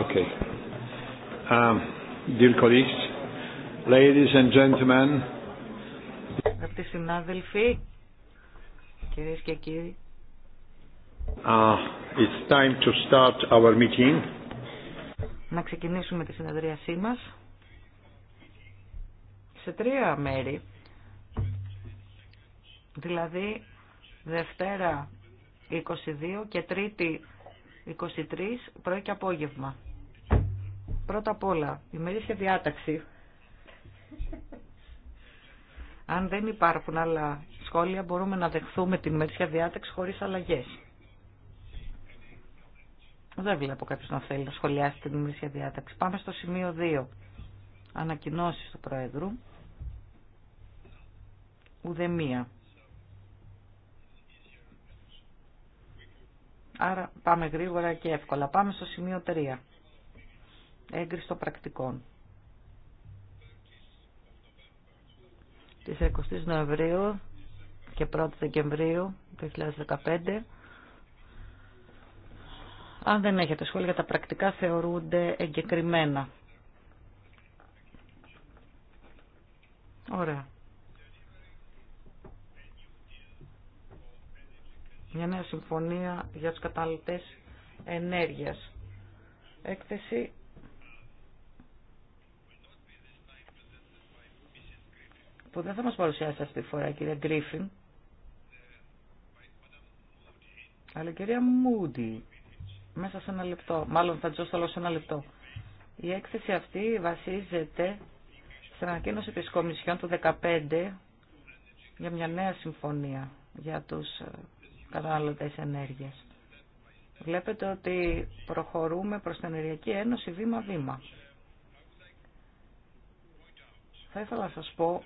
Okay. Um, dear colleagues, ladies and gentlemen. Αγαπητοί συνάδελφοι, κυρίες και κύριοι. Uh, it's time to start our meeting. Να ξεκινήσουμε τη συνεδρίασή μας σε τρία μέρη. Δηλαδή Δευτέρα 22 και Τρίτη 23 πρωί και απόγευμα. Πρώτα απ' όλα, η μερίσια διάταξη. Αν δεν υπάρχουν άλλα σχόλια, μπορούμε να δεχθούμε την μερίσια διάταξη χωρίς αλλαγές. Δεν βλέπω κάποιος να θέλει να σχολιάσει την μερίσια διάταξη. Πάμε στο σημείο 2. Ανακοινώσεις του Πρόεδρου. Ουδεμία. άρα πάμε γρήγορα και εύκολα. Πάμε στο σημείο 3. Έγκριση των πρακτικών. Της 20 Νοεμβρίου και 1 Δεκεμβρίου 2015. Αν δεν έχετε σχόλια, τα πρακτικά θεωρούνται εγκεκριμένα. Ωραία. μια νέα συμφωνία για τους καταναλωτές ενέργειας. Έκθεση που δεν θα μας παρουσιάσει αυτή τη φορά η κυρία Γκρίφιν, αλλά η κυρία Μούντι, μέσα σε ένα λεπτό, μάλλον θα τζώσω σε ένα λεπτό. Η έκθεση αυτή βασίζεται στην ανακοίνωση της Κομισιόν του 2015 για μια νέα συμφωνία για τους ε, κατάλληλες ενέργειες. Βλέπετε ότι προχωρούμε προς την Ενεργειακή Ένωση βήμα-βήμα. Θα ήθελα να σας πω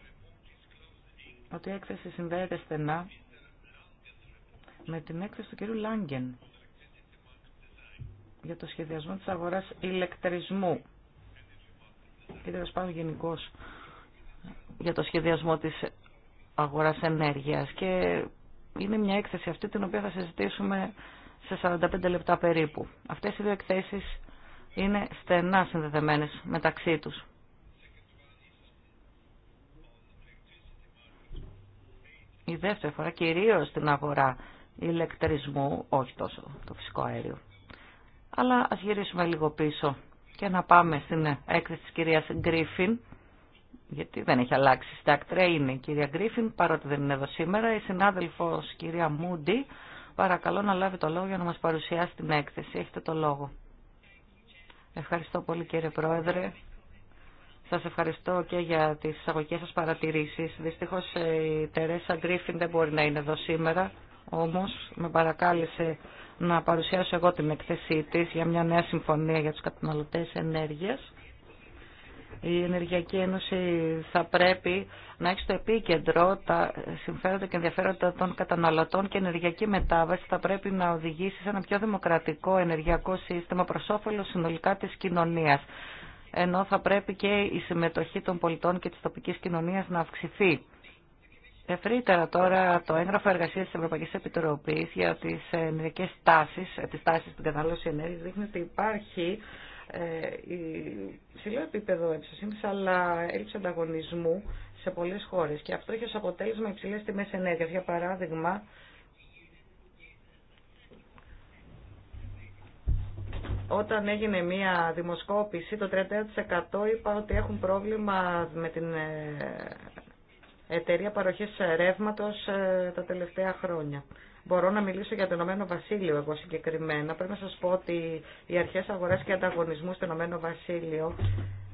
ότι η έκθεση συνδέεται στενά με την έκθεση του κ. Λάγκεν για το σχεδιασμό της αγοράς ηλεκτρισμού και τέλο πάντων γενικώ για το σχεδιασμό της αγοράς ενέργειας και είναι μια έκθεση αυτή την οποία θα συζητήσουμε σε 45 λεπτά περίπου. Αυτές οι δύο εκθέσεις είναι στενά συνδεδεμένες μεταξύ τους. Η δεύτερη φορά κυρίως στην αγορά ηλεκτρισμού, όχι τόσο το φυσικό αέριο. Αλλά ας γυρίσουμε λίγο πίσω και να πάμε στην έκθεση της κυρίας Γκρίφιν γιατί δεν έχει αλλάξει. Στα ακτρέ είναι η κυρία Γκρίφιν, παρότι δεν είναι εδώ σήμερα. Η συνάδελφος κυρία Μούντι, παρακαλώ να λάβει το λόγο για να μας παρουσιάσει την έκθεση. Έχετε το λόγο. Ευχαριστώ πολύ κύριε Πρόεδρε. Σας ευχαριστώ και για τις εισαγωγικές σας παρατηρήσεις. Δυστυχώς ε, η Τερέσα Γκρίφιν δεν μπορεί να είναι εδώ σήμερα, όμως με παρακάλεσε να παρουσιάσω εγώ την εκθεσή της για μια νέα συμφωνία για τους καταναλωτέ ενέργειας η Ενεργειακή Ένωση θα πρέπει να έχει στο επίκεντρο τα συμφέροντα και ενδιαφέροντα των καταναλωτών και η ενεργειακή μετάβαση θα πρέπει να οδηγήσει σε ένα πιο δημοκρατικό ενεργειακό σύστημα προ όφελο συνολικά τη κοινωνία. Ενώ θα πρέπει και η συμμετοχή των πολιτών και τη τοπική κοινωνία να αυξηθεί. Ευρύτερα τώρα το έγγραφο εργασία τη Ευρωπαϊκή Επιτροπή για τι ενεργειακέ τάσει, τι τάσει στην κατανάλωση ενέργεια, δείχνει ότι υπάρχει ε, ψηλό επίπεδο ευσοσύνης, αλλά έλλειψη ανταγωνισμού σε πολλές χώρες. Και αυτό έχει ως αποτέλεσμα υψηλές τιμές ενέργειας. Για παράδειγμα, όταν έγινε μία δημοσκόπηση, το 30% είπα ότι έχουν πρόβλημα με την ε, εταιρεία παροχής ρεύματος ε, τα τελευταία χρόνια. Μπορώ να μιλήσω για το Ηνωμένο Βασίλειο εγώ συγκεκριμένα. Πρέπει να σας πω ότι οι αρχές αγοράς και ανταγωνισμού στο Ηνωμένο Βασίλειο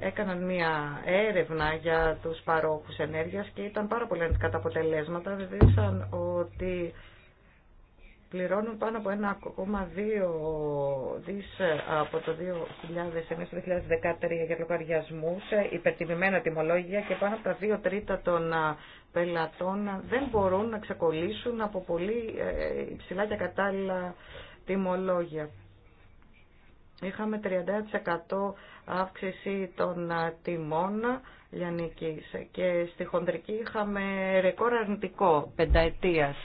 έκαναν μια έρευνα για τους παρόχους ενέργειας και ήταν πάρα πολύ καταποτελέσματα. τα αποτελέσματα. Δείξαν ότι πληρώνουν πάνω από 1,2 δις από το 2009 2013 για λογαριασμούς, υπερτιμημένα τιμολόγια και πάνω από τα 2 τρίτα των πελατών δεν μπορούν να ξεκολλήσουν από πολύ ε, υψηλά και κατάλληλα τιμολόγια. Είχαμε 30% αύξηση των ε, τιμών λιανικής και στη χοντρική είχαμε ρεκόρ αρνητικό πενταετίας.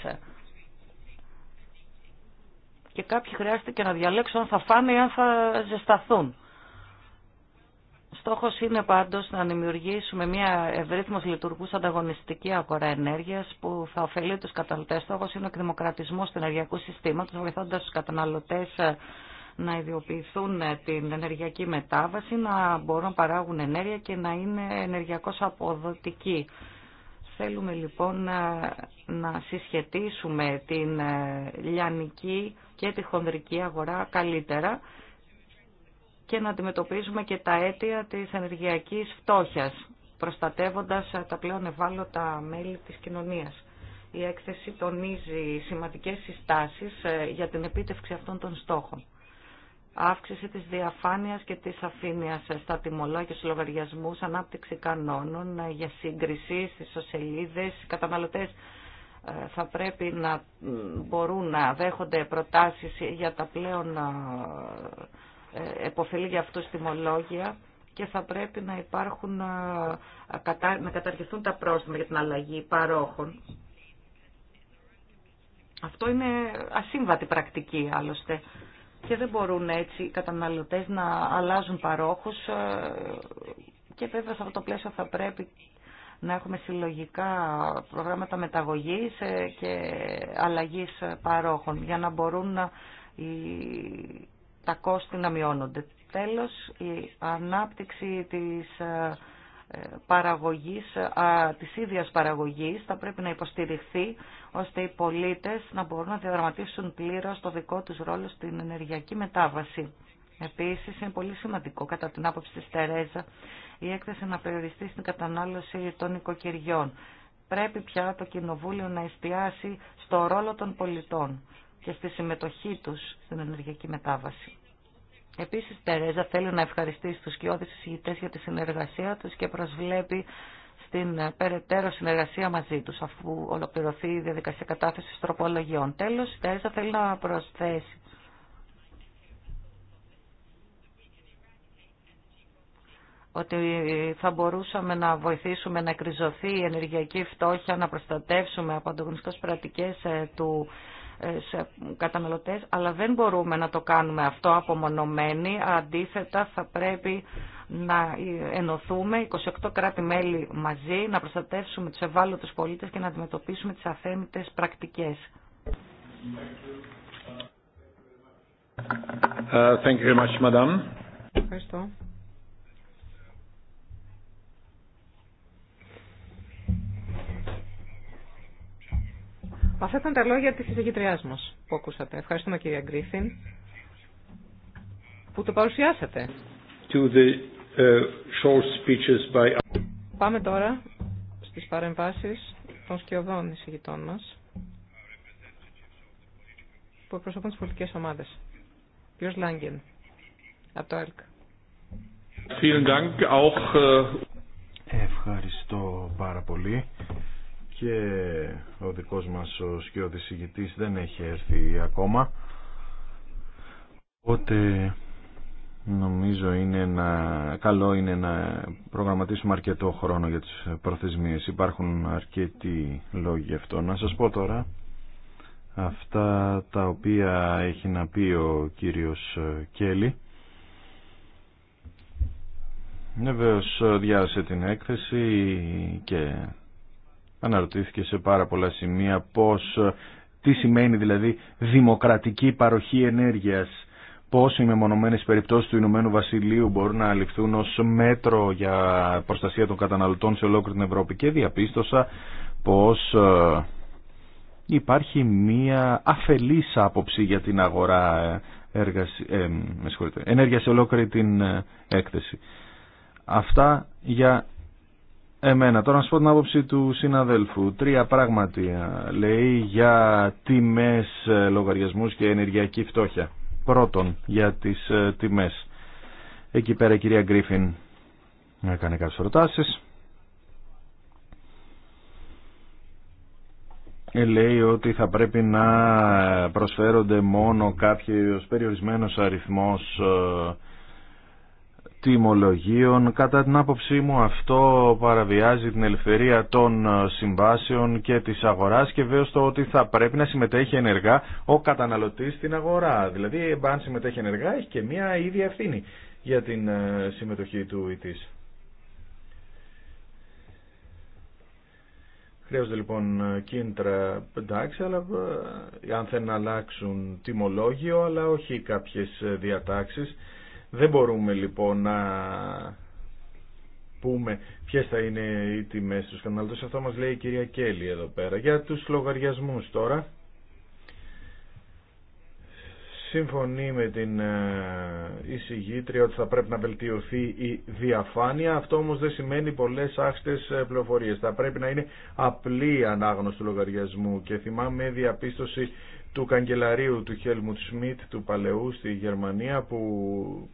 Και κάποιοι χρειάστηκε να διαλέξουν αν θα φάνε ή αν θα ζεσταθούν. Στόχο είναι πάντως να δημιουργήσουμε μια ευρύθμως λειτουργού ανταγωνιστική αγορά ενέργεια που θα ωφελεί του καταναλωτέ στόχο είναι ο εκδημοκρατισμό του ενεργειακού συστήματο, βοηθώντα του καταναλωτέ ε, να ιδιοποιηθούν ε, την ενεργειακή μετάβαση, να μπορούν να παράγουν ενέργεια και να είναι ενεργειακώ αποδοτικοί. Θέλουμε λοιπόν ε, να συσχετήσουμε την λιανική και τη χονδρική αγορά καλύτερα και να αντιμετωπίζουμε και τα αίτια της ενεργειακής φτώχειας, προστατεύοντας τα πλέον ευάλωτα μέλη της κοινωνίας. Η έκθεση τονίζει σημαντικές συστάσεις ε, για την επίτευξη αυτών των στόχων. Αύξηση της διαφάνειας και της αφήνειας ε, στα τιμολόγια και στους λογαριασμούς, ανάπτυξη κανόνων ε, για σύγκριση στις σελίδες, οι καταναλωτές θα πρέπει να μπορούν να δέχονται προτάσεις για τα πλέον ε, εποφελεί για αυτούς τιμολόγια και θα πρέπει να υπάρχουν, ε, να καταργηθούν τα πρόστιμα για την αλλαγή παρόχων. Αυτό είναι ασύμβατη πρακτική άλλωστε και δεν μπορούν έτσι οι καταναλωτές να αλλάζουν παρόχους ε, και βέβαια σε αυτό το πλαίσιο θα πρέπει να έχουμε συλλογικά προγράμματα μεταγωγής και αλλαγής παρόχων για να μπορούν οι τα κόστη να μειώνονται. Τέλος, η ανάπτυξη της ε, ε, παραγωγής, της ίδιας παραγωγής θα πρέπει να υποστηριχθεί ώστε οι πολίτες να μπορούν να διαδραματίσουν πλήρως το δικό τους ρόλο στην ενεργειακή μετάβαση. Επίσης είναι πολύ σημαντικό κατά την άποψη της Τερέζα η έκθεση να περιοριστεί στην κατανάλωση των οικοκυριών. Πρέπει πια το Κοινοβούλιο να εστιάσει στο ρόλο των πολιτών και στη συμμετοχή τους στην ενεργειακή μετάβαση. Επίσης, Τερέζα θέλει να ευχαριστήσει του κοιόδης συζητητέ για τη συνεργασία τους και προσβλέπει στην ε, περαιτέρω συνεργασία μαζί τους, αφού ολοκληρωθεί η διαδικασία κατάθεσης τροπολογιών. Τέλος, η Τερέζα θέλει να προσθέσει ότι θα μπορούσαμε να βοηθήσουμε να εκριζωθεί η ενεργειακή φτώχεια, να προστατεύσουμε από ανταγωνιστικές πρακτικές ε, του ε, σε καταναλωτές, αλλά δεν μπορούμε να το κάνουμε αυτό απομονωμένοι. Αντίθετα, θα πρέπει να ενωθούμε 28 κράτη-μέλη μαζί, να προστατεύσουμε τους ευάλωτους πολίτες και να αντιμετωπίσουμε τις αθέμητες πρακτικές. Uh, thank you very much, Αυτά ήταν τα λόγια της εισηγητριάς μας που ακούσατε. Ευχαριστούμε κυρία Γκρίφιν που το παρουσιάσατε. Uh, Πάμε τώρα στις παρεμβάσεις των σκιωδών εισηγητών μας που εκπροσωπούν τις πολιτικές ομάδες. Ποιος Λάγκεν από το ΕΛΚ. Äh- Ευχαριστώ πάρα πολύ και ο δικός μας ο σκιώδης δεν έχει έρθει ακόμα οπότε νομίζω είναι να... καλό είναι να προγραμματίσουμε αρκετό χρόνο για τις προθεσμίες υπάρχουν αρκετοί λόγοι γι' αυτό να σας πω τώρα αυτά τα οποία έχει να πει ο κύριος Κέλλη Βεβαίω διάσε την έκθεση και αναρωτήθηκε σε πάρα πολλά σημεία πώς, τι σημαίνει δηλαδή δημοκρατική παροχή ενέργειας πώς οι μεμονωμένες περιπτώσεις του Ηνωμένου Βασιλείου μπορούν να ληφθούν ως μέτρο για προστασία των καταναλωτών σε ολόκληρη την Ευρώπη και διαπίστωσα πως ε, υπάρχει μία αφελής άποψη για την αγορά ε, ε ενέργεια σε ολόκληρη την ε, έκθεση. Αυτά για εμένα. Τώρα να σου πω την άποψη του συναδέλφου. Τρία πράγματα λέει για τιμές ε, λογαριασμούς και ενεργειακή φτώχεια. Πρώτον, για τις ε, τιμές. Εκεί πέρα η κυρία Γκρίφιν έκανε κάποιες προτάσεις. Ε, λέει ότι θα πρέπει να προσφέρονται μόνο κάποιος περιορισμένος αριθμός τιμολογίων. Κατά την άποψή μου αυτό παραβιάζει την ελευθερία των ε, συμβάσεων και της αγοράς και βέβαια το ότι θα πρέπει να συμμετέχει ενεργά ο καταναλωτής στην αγορά. Δηλαδή αν συμμετέχει ενεργά έχει και μία ίδια ευθύνη για την ε, συμμετοχή του ή της. Χρειάζονται λοιπόν ε, κίντρα εντάξει, αλλά αν θέλουν να αλλάξουν τιμολόγιο, αλλά όχι κάποιες διατάξεις δεν μπορούμε λοιπόν να πούμε ποιε θα είναι οι τιμέ στου καταναλωτέ. Αυτό μα λέει η κυρία Κέλλη εδώ πέρα. Για του λογαριασμού τώρα. Συμφωνεί με την ε, εισηγήτρια ότι θα πρέπει να βελτιωθεί η διαφάνεια. Αυτό όμως δεν σημαίνει πολλές άχτες ε, πληροφορίες. Θα πρέπει να είναι απλή ανάγνωση του λογαριασμού και θυμάμαι διαπίστωση του καγκελαρίου του Χέλμουτ Σμιτ του Παλαιού στη Γερμανία που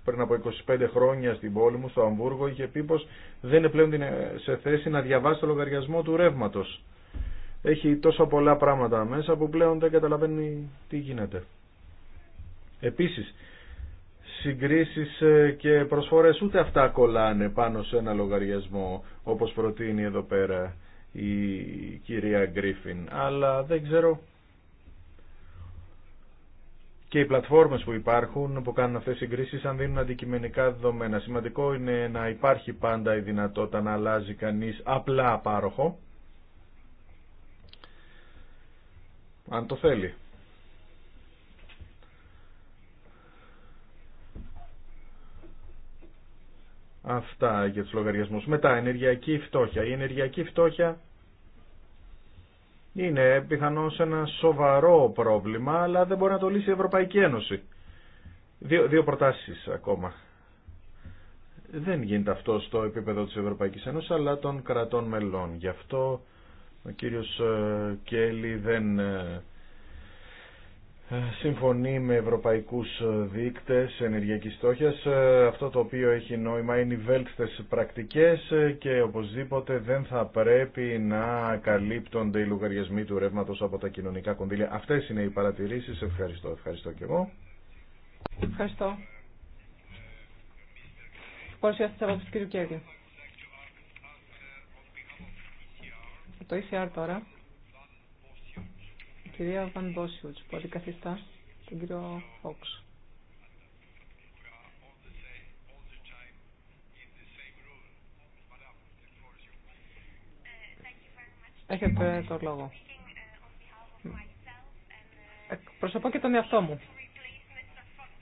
πριν από 25 χρόνια στην πόλη μου στο Αμβούργο είχε πει πως δεν είναι πλέον σε θέση να διαβάσει το λογαριασμό του ρεύματο. Έχει τόσο πολλά πράγματα μέσα που πλέον δεν καταλαβαίνει τι γίνεται. Επίσης, συγκρίσεις ε, και προσφορές ούτε αυτά κολλάνε πάνω σε ένα λογαριασμό όπως προτείνει εδώ πέρα η κυρία Γκρίφιν αλλά δεν ξέρω και οι πλατφόρμες που υπάρχουν που κάνουν αυτές τις συγκρίσεις αν δίνουν αντικειμενικά δεδομένα. Σημαντικό είναι να υπάρχει πάντα η δυνατότητα να αλλάζει κανείς απλά πάροχο αν το θέλει. Αυτά για τους λογαριασμούς. Μετά, ενεργειακή φτώχεια. Η ενεργειακή φτώχεια είναι πιθανό ένα σοβαρό πρόβλημα, αλλά δεν μπορεί να το λύσει η Ευρωπαϊκή Ένωση. Δύο, δύο προτάσεις ακόμα. Δεν γίνεται αυτό στο επίπεδο της Ευρωπαϊκής Ένωσης, αλλά των κρατών μελών. Γι' αυτό ο κύριος ε, Κέλλη δεν ε, ε, συμφωνεί με ευρωπαϊκούς ε, δείκτες ενεργειακής στόχιας. Ε, αυτό το οποίο έχει νόημα είναι οι βέλτιστες πρακτικές και οπωσδήποτε δεν θα πρέπει να καλύπτονται οι λογαριασμοί του ρεύματος από τα κοινωνικά κονδύλια. Αυτές είναι οι παρατηρήσεις. Ευχαριστώ. Ευχαριστώ και εγώ. Ευχαριστώ. Παρουσιάστε τις του κ. Το ECR τώρα κυρία Βαν Μπόσιουτς που αντικαθιστά τον κύριο Φόξ. Έχετε το λόγο. Προσωπώ και τον εαυτό μου.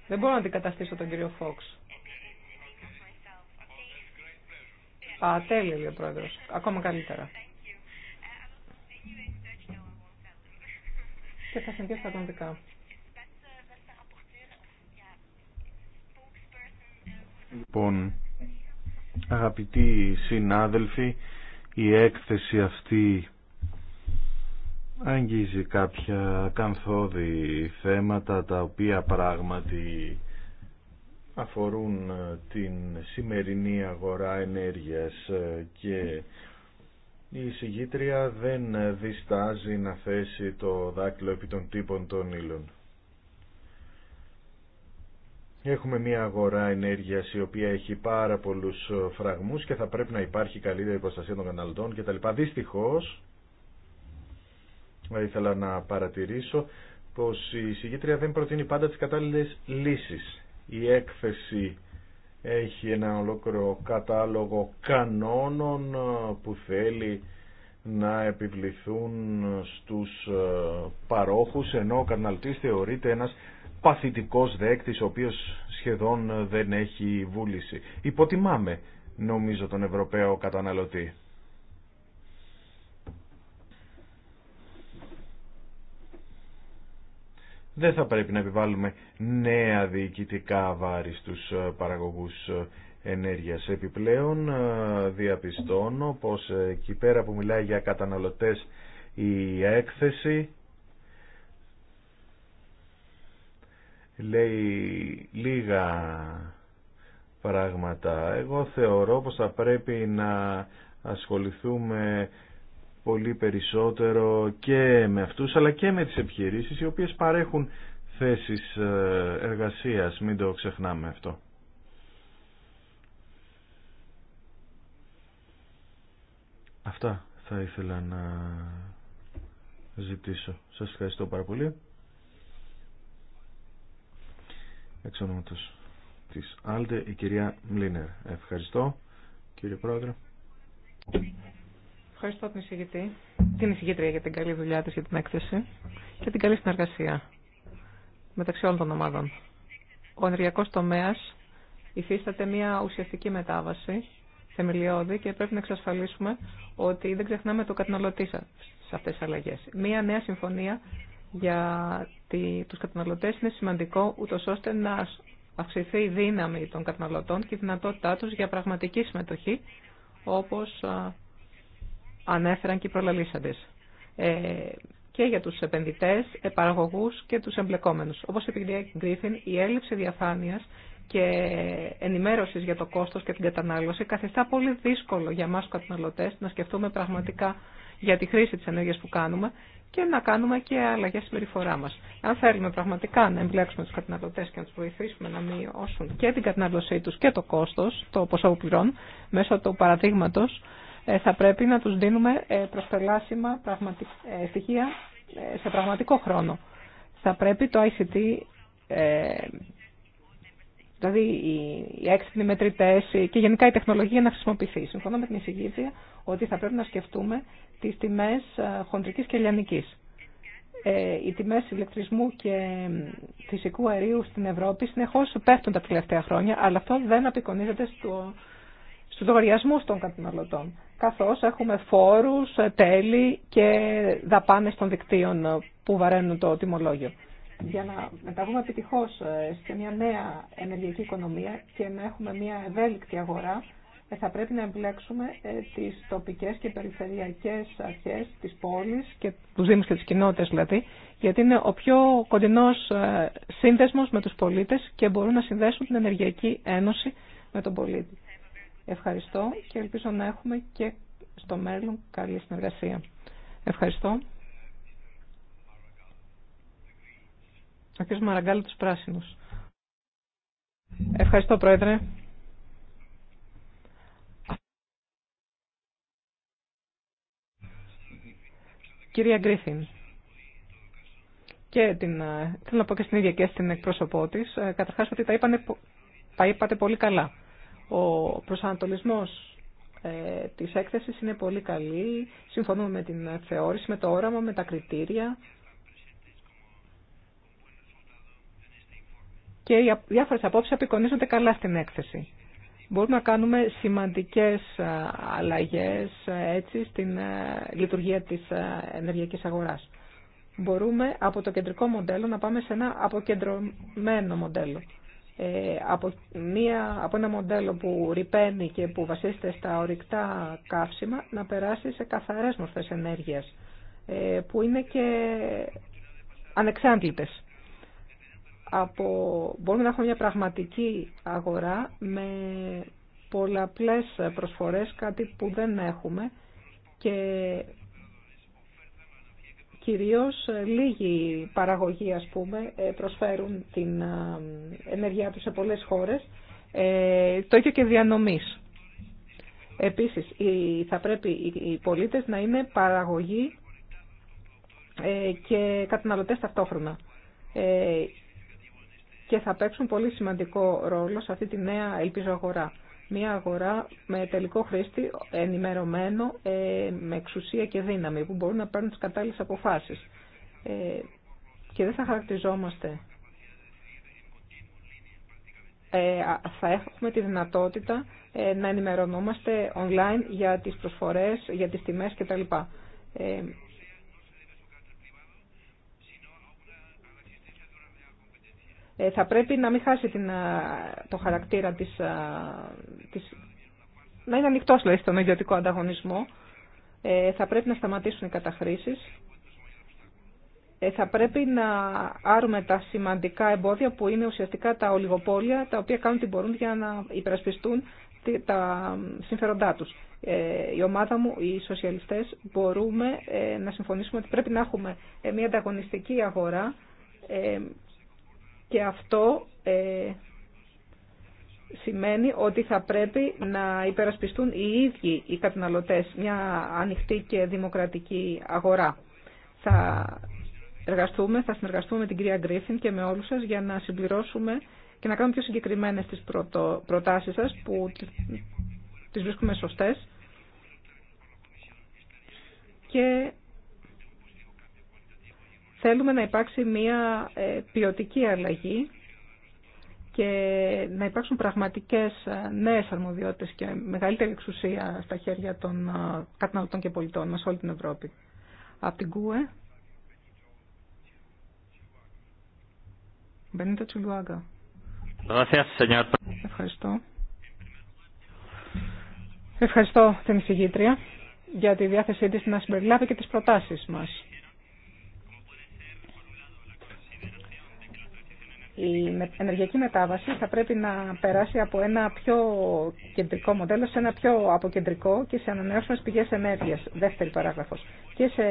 Δεν μπορώ να αντικαταστήσω τον κύριο Φόξ. Α, τέλειο, λέει ο πρόεδρος. Ακόμα καλύτερα. και θα συνδυάσω τα Λοιπόν, αγαπητοί συνάδελφοι, η έκθεση αυτή αγγίζει κάποια κανθόδη θέματα τα οποία πράγματι αφορούν ε, την σημερινή αγορά ενέργειας ε, και η εισηγήτρια δεν διστάζει να θέσει το δάκτυλο επί των τύπων των ύλων. Έχουμε μια αγορά ενέργειας η οποία έχει πάρα πολλούς φραγμούς και θα πρέπει να υπάρχει καλύτερη προστασία των καταναλωτών κτλ. Δυστυχώς, ήθελα να παρατηρήσω πως η εισηγήτρια δεν προτείνει πάντα τις κατάλληλες λύσεις. Η έκθεση έχει ένα ολόκληρο κατάλογο κανόνων ε, που θέλει να επιβληθούν στους ε, παρόχους ενώ ο καταναλωτής θεωρείται ένας παθητικός δέκτης ο οποίος σχεδόν δεν έχει βούληση. Υποτιμάμε νομίζω τον Ευρωπαίο καταναλωτή. δεν θα πρέπει να επιβάλλουμε νέα διοικητικά βάρη στους ε, παραγωγούς ε, ενέργειας. Επιπλέον ε, διαπιστώνω πως εκεί πέρα που μιλάει για καταναλωτές η έκθεση λέει λίγα πράγματα. Εγώ θεωρώ πως θα πρέπει να ασχοληθούμε πολύ περισσότερο και με αυτούς αλλά και με τις επιχειρήσεις οι οποίες παρέχουν θέσεις ε, εργασίας, μην το ξεχνάμε αυτό. Αυτά θα ήθελα να ζητήσω. Σας ευχαριστώ πάρα πολύ. Εξ ονόματος της Άλτε, η κυρία Μλίνερ. Ευχαριστώ, κύριε Πρόεδρε. Ευχαριστώ την εισηγητή, την εισηγήτρια για την καλή δουλειά της, για την έκθεση και την καλή συνεργασία μεταξύ όλων των ομάδων. Ο ενεργειακός τομέας υφίσταται μια ουσιαστική μετάβαση θεμελιώδη και πρέπει να εξασφαλίσουμε ότι δεν ξεχνάμε το καταναλωτή σε αυτές τις αλλαγές. Μια νέα συμφωνία για τους καταναλωτές είναι σημαντικό ούτω ώστε να αυξηθεί η δύναμη των καταναλωτών και η δυνατότητά τους για πραγματική συμμετοχή όπως ανέφεραν και οι προλαλήσαντες. Ε, και για τους επενδυτές, παραγωγούς και τους εμπλεκόμενους. Όπως είπε η κυρία Γκρίφιν, η έλλειψη διαφάνειας και ενημέρωσης για το κόστος και την κατανάλωση καθιστά πολύ δύσκολο για εμάς τους καταναλωτές να σκεφτούμε πραγματικά για τη χρήση της ενέργειας που κάνουμε και να κάνουμε και αλλαγέ στη περιφορά μα. Αν θέλουμε πραγματικά να εμπλέξουμε του καταναλωτέ και να του βοηθήσουμε να μειώσουν και την κατανάλωσή του και το κόστο, το ποσό που πληρώνουν, μέσω του παραδείγματο ε, θα πρέπει να τους δίνουμε ε, προσπελάσιμα ε, στοιχεία σε πραγματικό χρόνο. Θα πρέπει το ICT, δηλαδή οι έξυπνοι μετρητέ και γενικά η τεχνολογία να χρησιμοποιηθεί. Συμφωνώ με την εισηγήτρια ότι θα πρέπει να σκεφτούμε τις τιμές χοντρικής και λιανικής. Οι τιμές ηλεκτρισμού και φυσικού αερίου στην Ευρώπη συνεχώς πέφτουν τα τελευταία χρόνια, αλλά αυτό δεν απεικονίζεται στο, στους λογαριασμούς των καταναλωτών καθώς έχουμε φόρους, ε, τέλη και δαπάνες των δικτύων ε, που βαραίνουν το τιμολόγιο. Για να μεταβούμε επιτυχώς ε, σε μια νέα ενεργειακή οικονομία και να έχουμε μια ευέλικτη αγορά, θα πρέπει να εμπλέξουμε τις τοπικές και περιφερειακές αρχές της πόλης και τους δήμους και τις κοινότητες δηλαδή, γιατί είναι ο πιο κοντινός σύνδεσμος με τους πολίτες και μπορούν να συνδέσουν την Ενεργειακή Ένωση με τον πολίτη. Ευχαριστώ και ελπίζω να έχουμε και στο μέλλον καλή συνεργασία. Ευχαριστώ. Ο κ. Μαραγκάλη τους Πράσινους. Ευχαριστώ, Πρόεδρε. Κυρία Γκρίφιν, και την, ε, θέλω να πω και στην ίδια και στην εκπρόσωπό τη, ε, καταρχάς ότι τα, είπανε, τα είπατε πολύ καλά. Ο προσανατολισμός ε, της έκθεσης είναι πολύ καλή. Συμφωνούμε με την θεώρηση, με το όραμα, με τα κριτήρια. Και οι διάφορες απόψεις απεικονίζονται καλά στην έκθεση. Μπορούμε να κάνουμε σημαντικές ε, αλλαγές ε, έτσι στην ε, λειτουργία της ενεργειακής αγοράς. Μπορούμε από το κεντρικό μοντέλο να πάμε σε ένα αποκεντρωμένο μοντέλο. Ε, από, μία, από ένα μοντέλο που ρηπαίνει και που βασίζεται στα ορυκτά καύσιμα να περάσει σε καθαρές μορφές ενέργειας ε, που είναι και ανεξάντλητες. Από, μπορούμε να έχουμε μια πραγματική αγορά με πολλαπλές προσφορές, κάτι που δεν έχουμε και Κυρίως ε, λίγη παραγωγή, ας πούμε, ε, προσφέρουν την ε, ενέργειά τους σε πολλές χώρες. Το ίδιο και διανομής. Επίσης, θα πρέπει οι πολίτες να είναι παραγωγοί και καταναλωτές ταυτόχρονα και θα παίξουν πολύ σημαντικό ρόλο σε αυτή τη νέα ελπίζω αγορά μια αγορά με τελικό χρήστη ενημερωμένο, ε, με εξουσία και δύναμη, που μπορούν να παίρνουν τις κατάλληλες αποφάσεις. Ε, και δεν θα χαρακτηριζόμαστε. Ε, θα έχουμε τη δυνατότητα να ενημερωνόμαστε online για τις προσφορές, για τις τιμές κτλ. Ε, θα πρέπει να μην χάσει την, ε, το χαρακτήρα της, ε, της να είναι ανοιχτό λέει, στον ιδιωτικό ανταγωνισμό. θα πρέπει να σταματήσουν οι καταχρήσεις. θα πρέπει να άρουμε τα σημαντικά εμπόδια που είναι ουσιαστικά τα ολιγοπόλια, τα οποία κάνουν την μπορούν για να υπερασπιστούν τα συμφέροντά τους. Ε, η ομάδα μου, οι σοσιαλιστές, μπορούμε να συμφωνήσουμε ότι πρέπει να έχουμε μια ανταγωνιστική αγορά και αυτό ε, σημαίνει ότι θα πρέπει να υπερασπιστούν οι ίδιοι οι καταναλωτές μια ανοιχτή και δημοκρατική αγορά. Θα εργαστούμε, θα συνεργαστούμε με την κυρία Γκρίφιν και με όλους σας για να συμπληρώσουμε και να κάνουμε πιο συγκεκριμένες τις προτάσεις σας που τις βρίσκουμε σωστές και Θέλουμε να υπάρξει μια ε, ποιοτική αλλαγή και να υπάρξουν πραγματικές ε, νέες αρμοδιότητες και μεγαλύτερη εξουσία στα χέρια των ε, καταναλωτών και πολιτών μας όλη την Ευρώπη. Από την ΚΟΥΕ. Μπενίτα Ευχαριστώ. Ευχαριστώ την εισηγήτρια για τη διάθεσή της να συμπεριλάβει και τις προτάσεις μας. η ενεργειακή μετάβαση θα πρέπει να περάσει από ένα πιο κεντρικό μοντέλο σε ένα πιο αποκεντρικό και σε ανανεώσιμε πηγέ ενέργεια, δεύτερη παράγραφο, και σε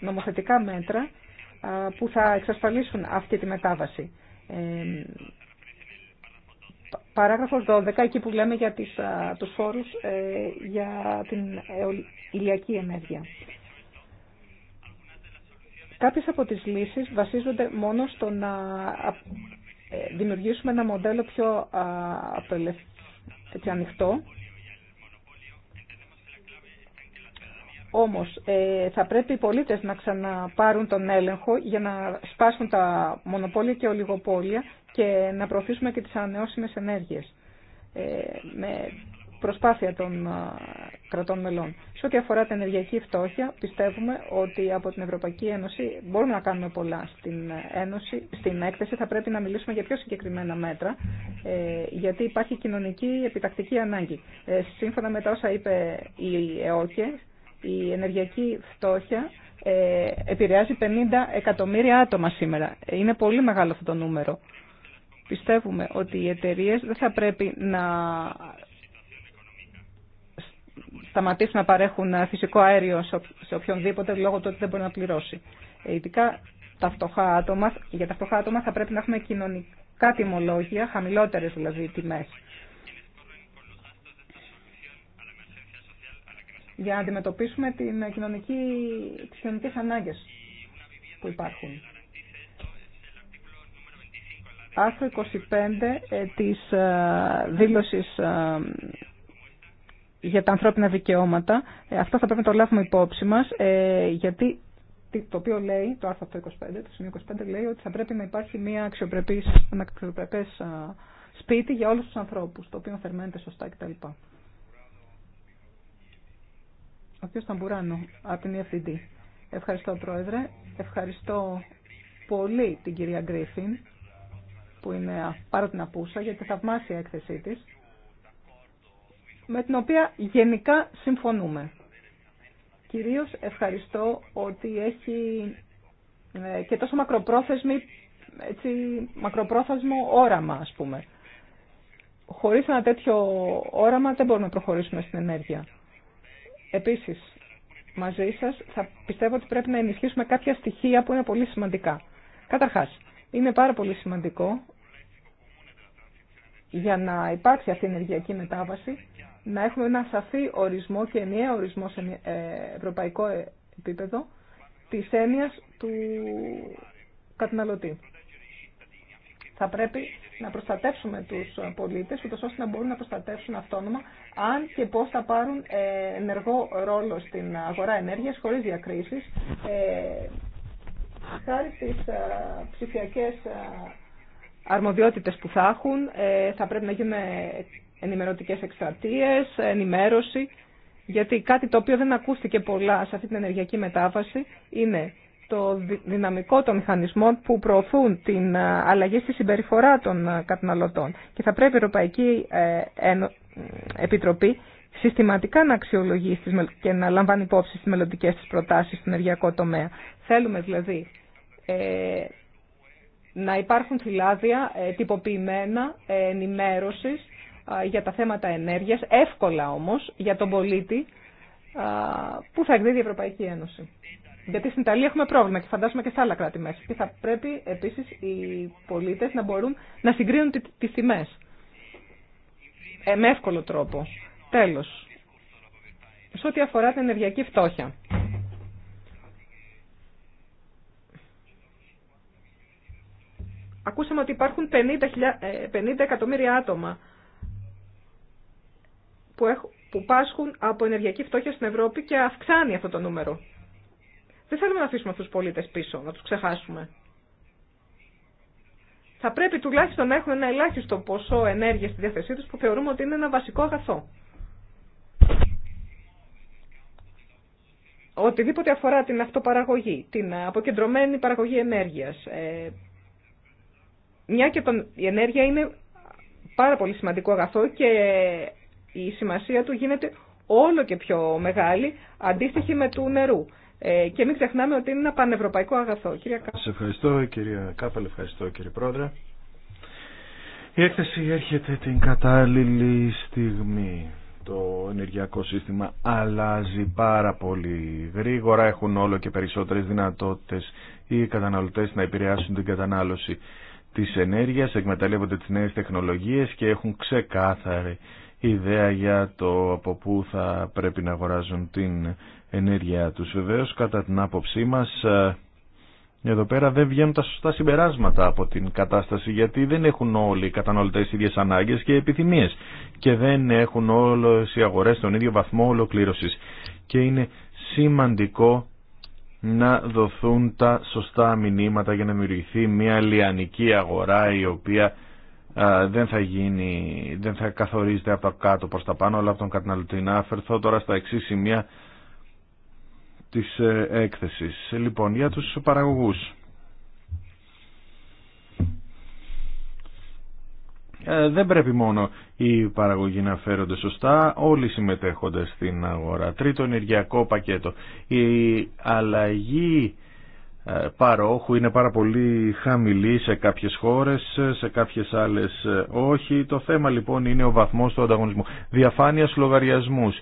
νομοθετικά μέτρα που θα εξασφαλίσουν αυτή τη μετάβαση. Ε, παράγραφος 12, εκεί που λέμε για τις, τους φόρους ε, για την ηλιακή ενέργεια. Κάποιες από τις λύσεις βασίζονται μόνο στο να ε, δημιουργήσουμε ένα μοντέλο πιο, πιο ανοιχτό. Όμως ε, θα πρέπει οι πολίτες να ξαναπάρουν τον έλεγχο για να σπάσουν τα μονοπόλια και ολιγοπόλια και να προωθήσουμε και τις ανανεώσιμες ενέργειες. Ε, με προσπάθεια των ε, κρατών μελών. Σε ό,τι αφορά την ενεργειακή φτώχεια, πιστεύουμε ότι από την Ευρωπαϊκή Ένωση μπορούμε να κάνουμε πολλά. Στην, Ένωση, στην έκθεση θα πρέπει να μιλήσουμε για πιο συγκεκριμένα μέτρα, ε, γιατί υπάρχει κοινωνική επιτακτική ανάγκη. Ε, σύμφωνα με τα όσα είπε η ΕΟΚΕ, η ενεργειακή φτώχεια επηρεάζει 50 εκατομμύρια άτομα σήμερα. Είναι πολύ μεγάλο αυτό το νούμερο πιστεύουμε ότι οι εταιρείε δεν θα πρέπει να σταματήσουν να παρέχουν ε, φυσικό αέριο σε οποιονδήποτε λόγω του ότι δεν μπορεί να πληρώσει. Ε, ειδικά τα φτωχά άτομα, για τα φτωχά άτομα θα πρέπει να έχουμε κοινωνικά τιμολόγια, χαμηλότερες δηλαδή τιμές. για να αντιμετωπίσουμε την κοινωνική, τις κοινωνικές ανάγκες που υπάρχουν. Άρθρο 25 ε, της δήλωσης για τα ανθρώπινα δικαιώματα. Ε, αυτό θα πρέπει να το λάβουμε υπόψη μας, ε, γιατί το οποίο λέει, το άρθρο 25, το 25 λέει ότι θα πρέπει να υπάρχει μια αξιοπρεπής, ένα σπίτι για όλους τους ανθρώπους, το οποίο θερμαίνεται σωστά κτλ. Ο κ. Σταμπουράνο, από την EFDD Ευχαριστώ, Πρόεδρε. Ευχαριστώ πολύ την κυρία Γκρίφιν, που είναι πάρα την απούσα, για τη θαυμάσια έκθεσή της με την οποία γενικά συμφωνούμε. Κυρίως ευχαριστώ ότι έχει ε, και τόσο μακροπρόθεσμη, έτσι, μακροπρόθεσμο όραμα, ας πούμε. Χωρίς ένα τέτοιο όραμα δεν μπορούμε να προχωρήσουμε στην ενέργεια. Επίσης, μαζί σας θα πιστεύω ότι πρέπει να ενισχύσουμε κάποια στοιχεία που είναι πολύ σημαντικά. Καταρχάς, είναι πάρα πολύ σημαντικό για να υπάρξει αυτή η ενεργειακή μετάβαση, να έχουμε ένα σαφή ορισμό και ενιαίο ορισμό σε ε, ευρωπαϊκό επίπεδο της έννοια του καταναλωτή. Θα πρέπει να προστατεύσουμε τους πολίτες, ούτως ώστε να μπορούν να προστατεύσουν αυτόνομα αν και πώ θα πάρουν ε, ενεργό ρόλο στην αγορά ενέργειας χωρίς διακρίσεις, ε, χάρη στι ψηφιακέ αρμοδιότητες που θα έχουν, ε, θα πρέπει να γίνουν ενημερωτικές εκστρατείες, ενημέρωση, γιατί κάτι το οποίο δεν ακούστηκε πολλά σε αυτή την ενεργειακή μετάβαση είναι το δυναμικό των μηχανισμών που προωθούν την ε, αλλαγή στη συμπεριφορά των ε, καταναλωτών. Και θα πρέπει η Ευρωπαϊκή Επιτροπή συστηματικά να αξιολογεί και να λαμβάνει υπόψη τις μελλοντικέ της προτάσεις στην ενεργειακό τομέα. Θέλουμε δηλαδή να υπάρχουν φυλάδια ε, τυποποιημένα ε, ενημέρωσης για τα θέματα ενέργειας, εύκολα όμως για τον πολίτη που θα εκδίδει η Ευρωπαϊκή Ένωση. Γιατί στην Ιταλία έχουμε πρόβλημα και φαντάζομαι και σε άλλα κράτη μέσα. Και θα πρέπει επίσης οι πολίτες να μπορούν να συγκρίνουν τις τιμές ε, με εύκολο τρόπο. Τέλος, σε ό,τι αφορά την ενεργειακή φτώχεια. Ακούσαμε ότι υπάρχουν 50, 50 ε, εκατομμύρια άτομα που, έχουν, πάσχουν από ενεργειακή φτώχεια στην Ευρώπη και αυξάνει αυτό το νούμερο. Δεν θέλουμε να αφήσουμε αυτούς τους πολίτες πίσω, να τους ξεχάσουμε. Θα πρέπει τουλάχιστον να έχουν ένα ελάχιστο ποσό ενέργεια στη διάθεσή τους που θεωρούμε ότι είναι ένα βασικό αγαθό. Οτιδήποτε αφορά την αυτοπαραγωγή, την αποκεντρωμένη παραγωγή ενέργειας, ε, μια και τον, η ενέργεια είναι πάρα πολύ σημαντικό αγαθό και η σημασία του γίνεται όλο και πιο μεγάλη, αντίστοιχη με του νερού. Ε, και μην ξεχνάμε ότι είναι ένα πανευρωπαϊκό αγαθό. Κυρία Σας ευχαριστώ κυρία Κάπελ, ευχαριστώ κύριε Πρόεδρε. Η έκθεση έρχεται την κατάλληλη στιγμή. Το ενεργειακό σύστημα αλλάζει πάρα πολύ γρήγορα. Έχουν όλο και περισσότερες δυνατότητες οι καταναλωτές να επηρεάσουν την κατανάλωση Τη ενέργειας, εκμεταλλεύονται τις νέες τεχνολογίες και έχουν ξεκάθαρη ιδέα για το από πού θα πρέπει να αγοράζουν την ενέργειά τους. Βεβαίως, κατά την άποψή μας, ε, εδώ πέρα δεν βγαίνουν τα σωστά συμπεράσματα από την κατάσταση γιατί δεν έχουν όλοι οι καταναλωτέ τι ίδιε ανάγκε και επιθυμίες και δεν έχουν όλε οι αγορέ τον ίδιο βαθμό ολοκλήρωση. Και είναι σημαντικό να δοθούν τα σωστά μηνύματα για να δημιουργηθεί μια λιανική αγορά η οποία δεν θα γίνει, δεν θα καθορίζεται από τα κάτω προς τα πάνω αλλά από τον καταναλωτή. Να αφαιρθώ τώρα στα εξή σημεία της ε, έκθεσης. Λοιπόν, για τους παραγωγούς. Ε, δεν πρέπει μόνο οι παραγωγοί να φέρονται σωστά, όλοι συμμετέχονται στην αγορά. Τρίτο ενεργειακό πακέτο. Η αλλαγή ε, παρόχου είναι πάρα πολύ χαμηλή σε κάποιες χώρες, σε κάποιες άλλες ε, όχι. Το θέμα λοιπόν είναι ο βαθμός του ανταγωνισμού. Διαφάνειας λογαριασμούς.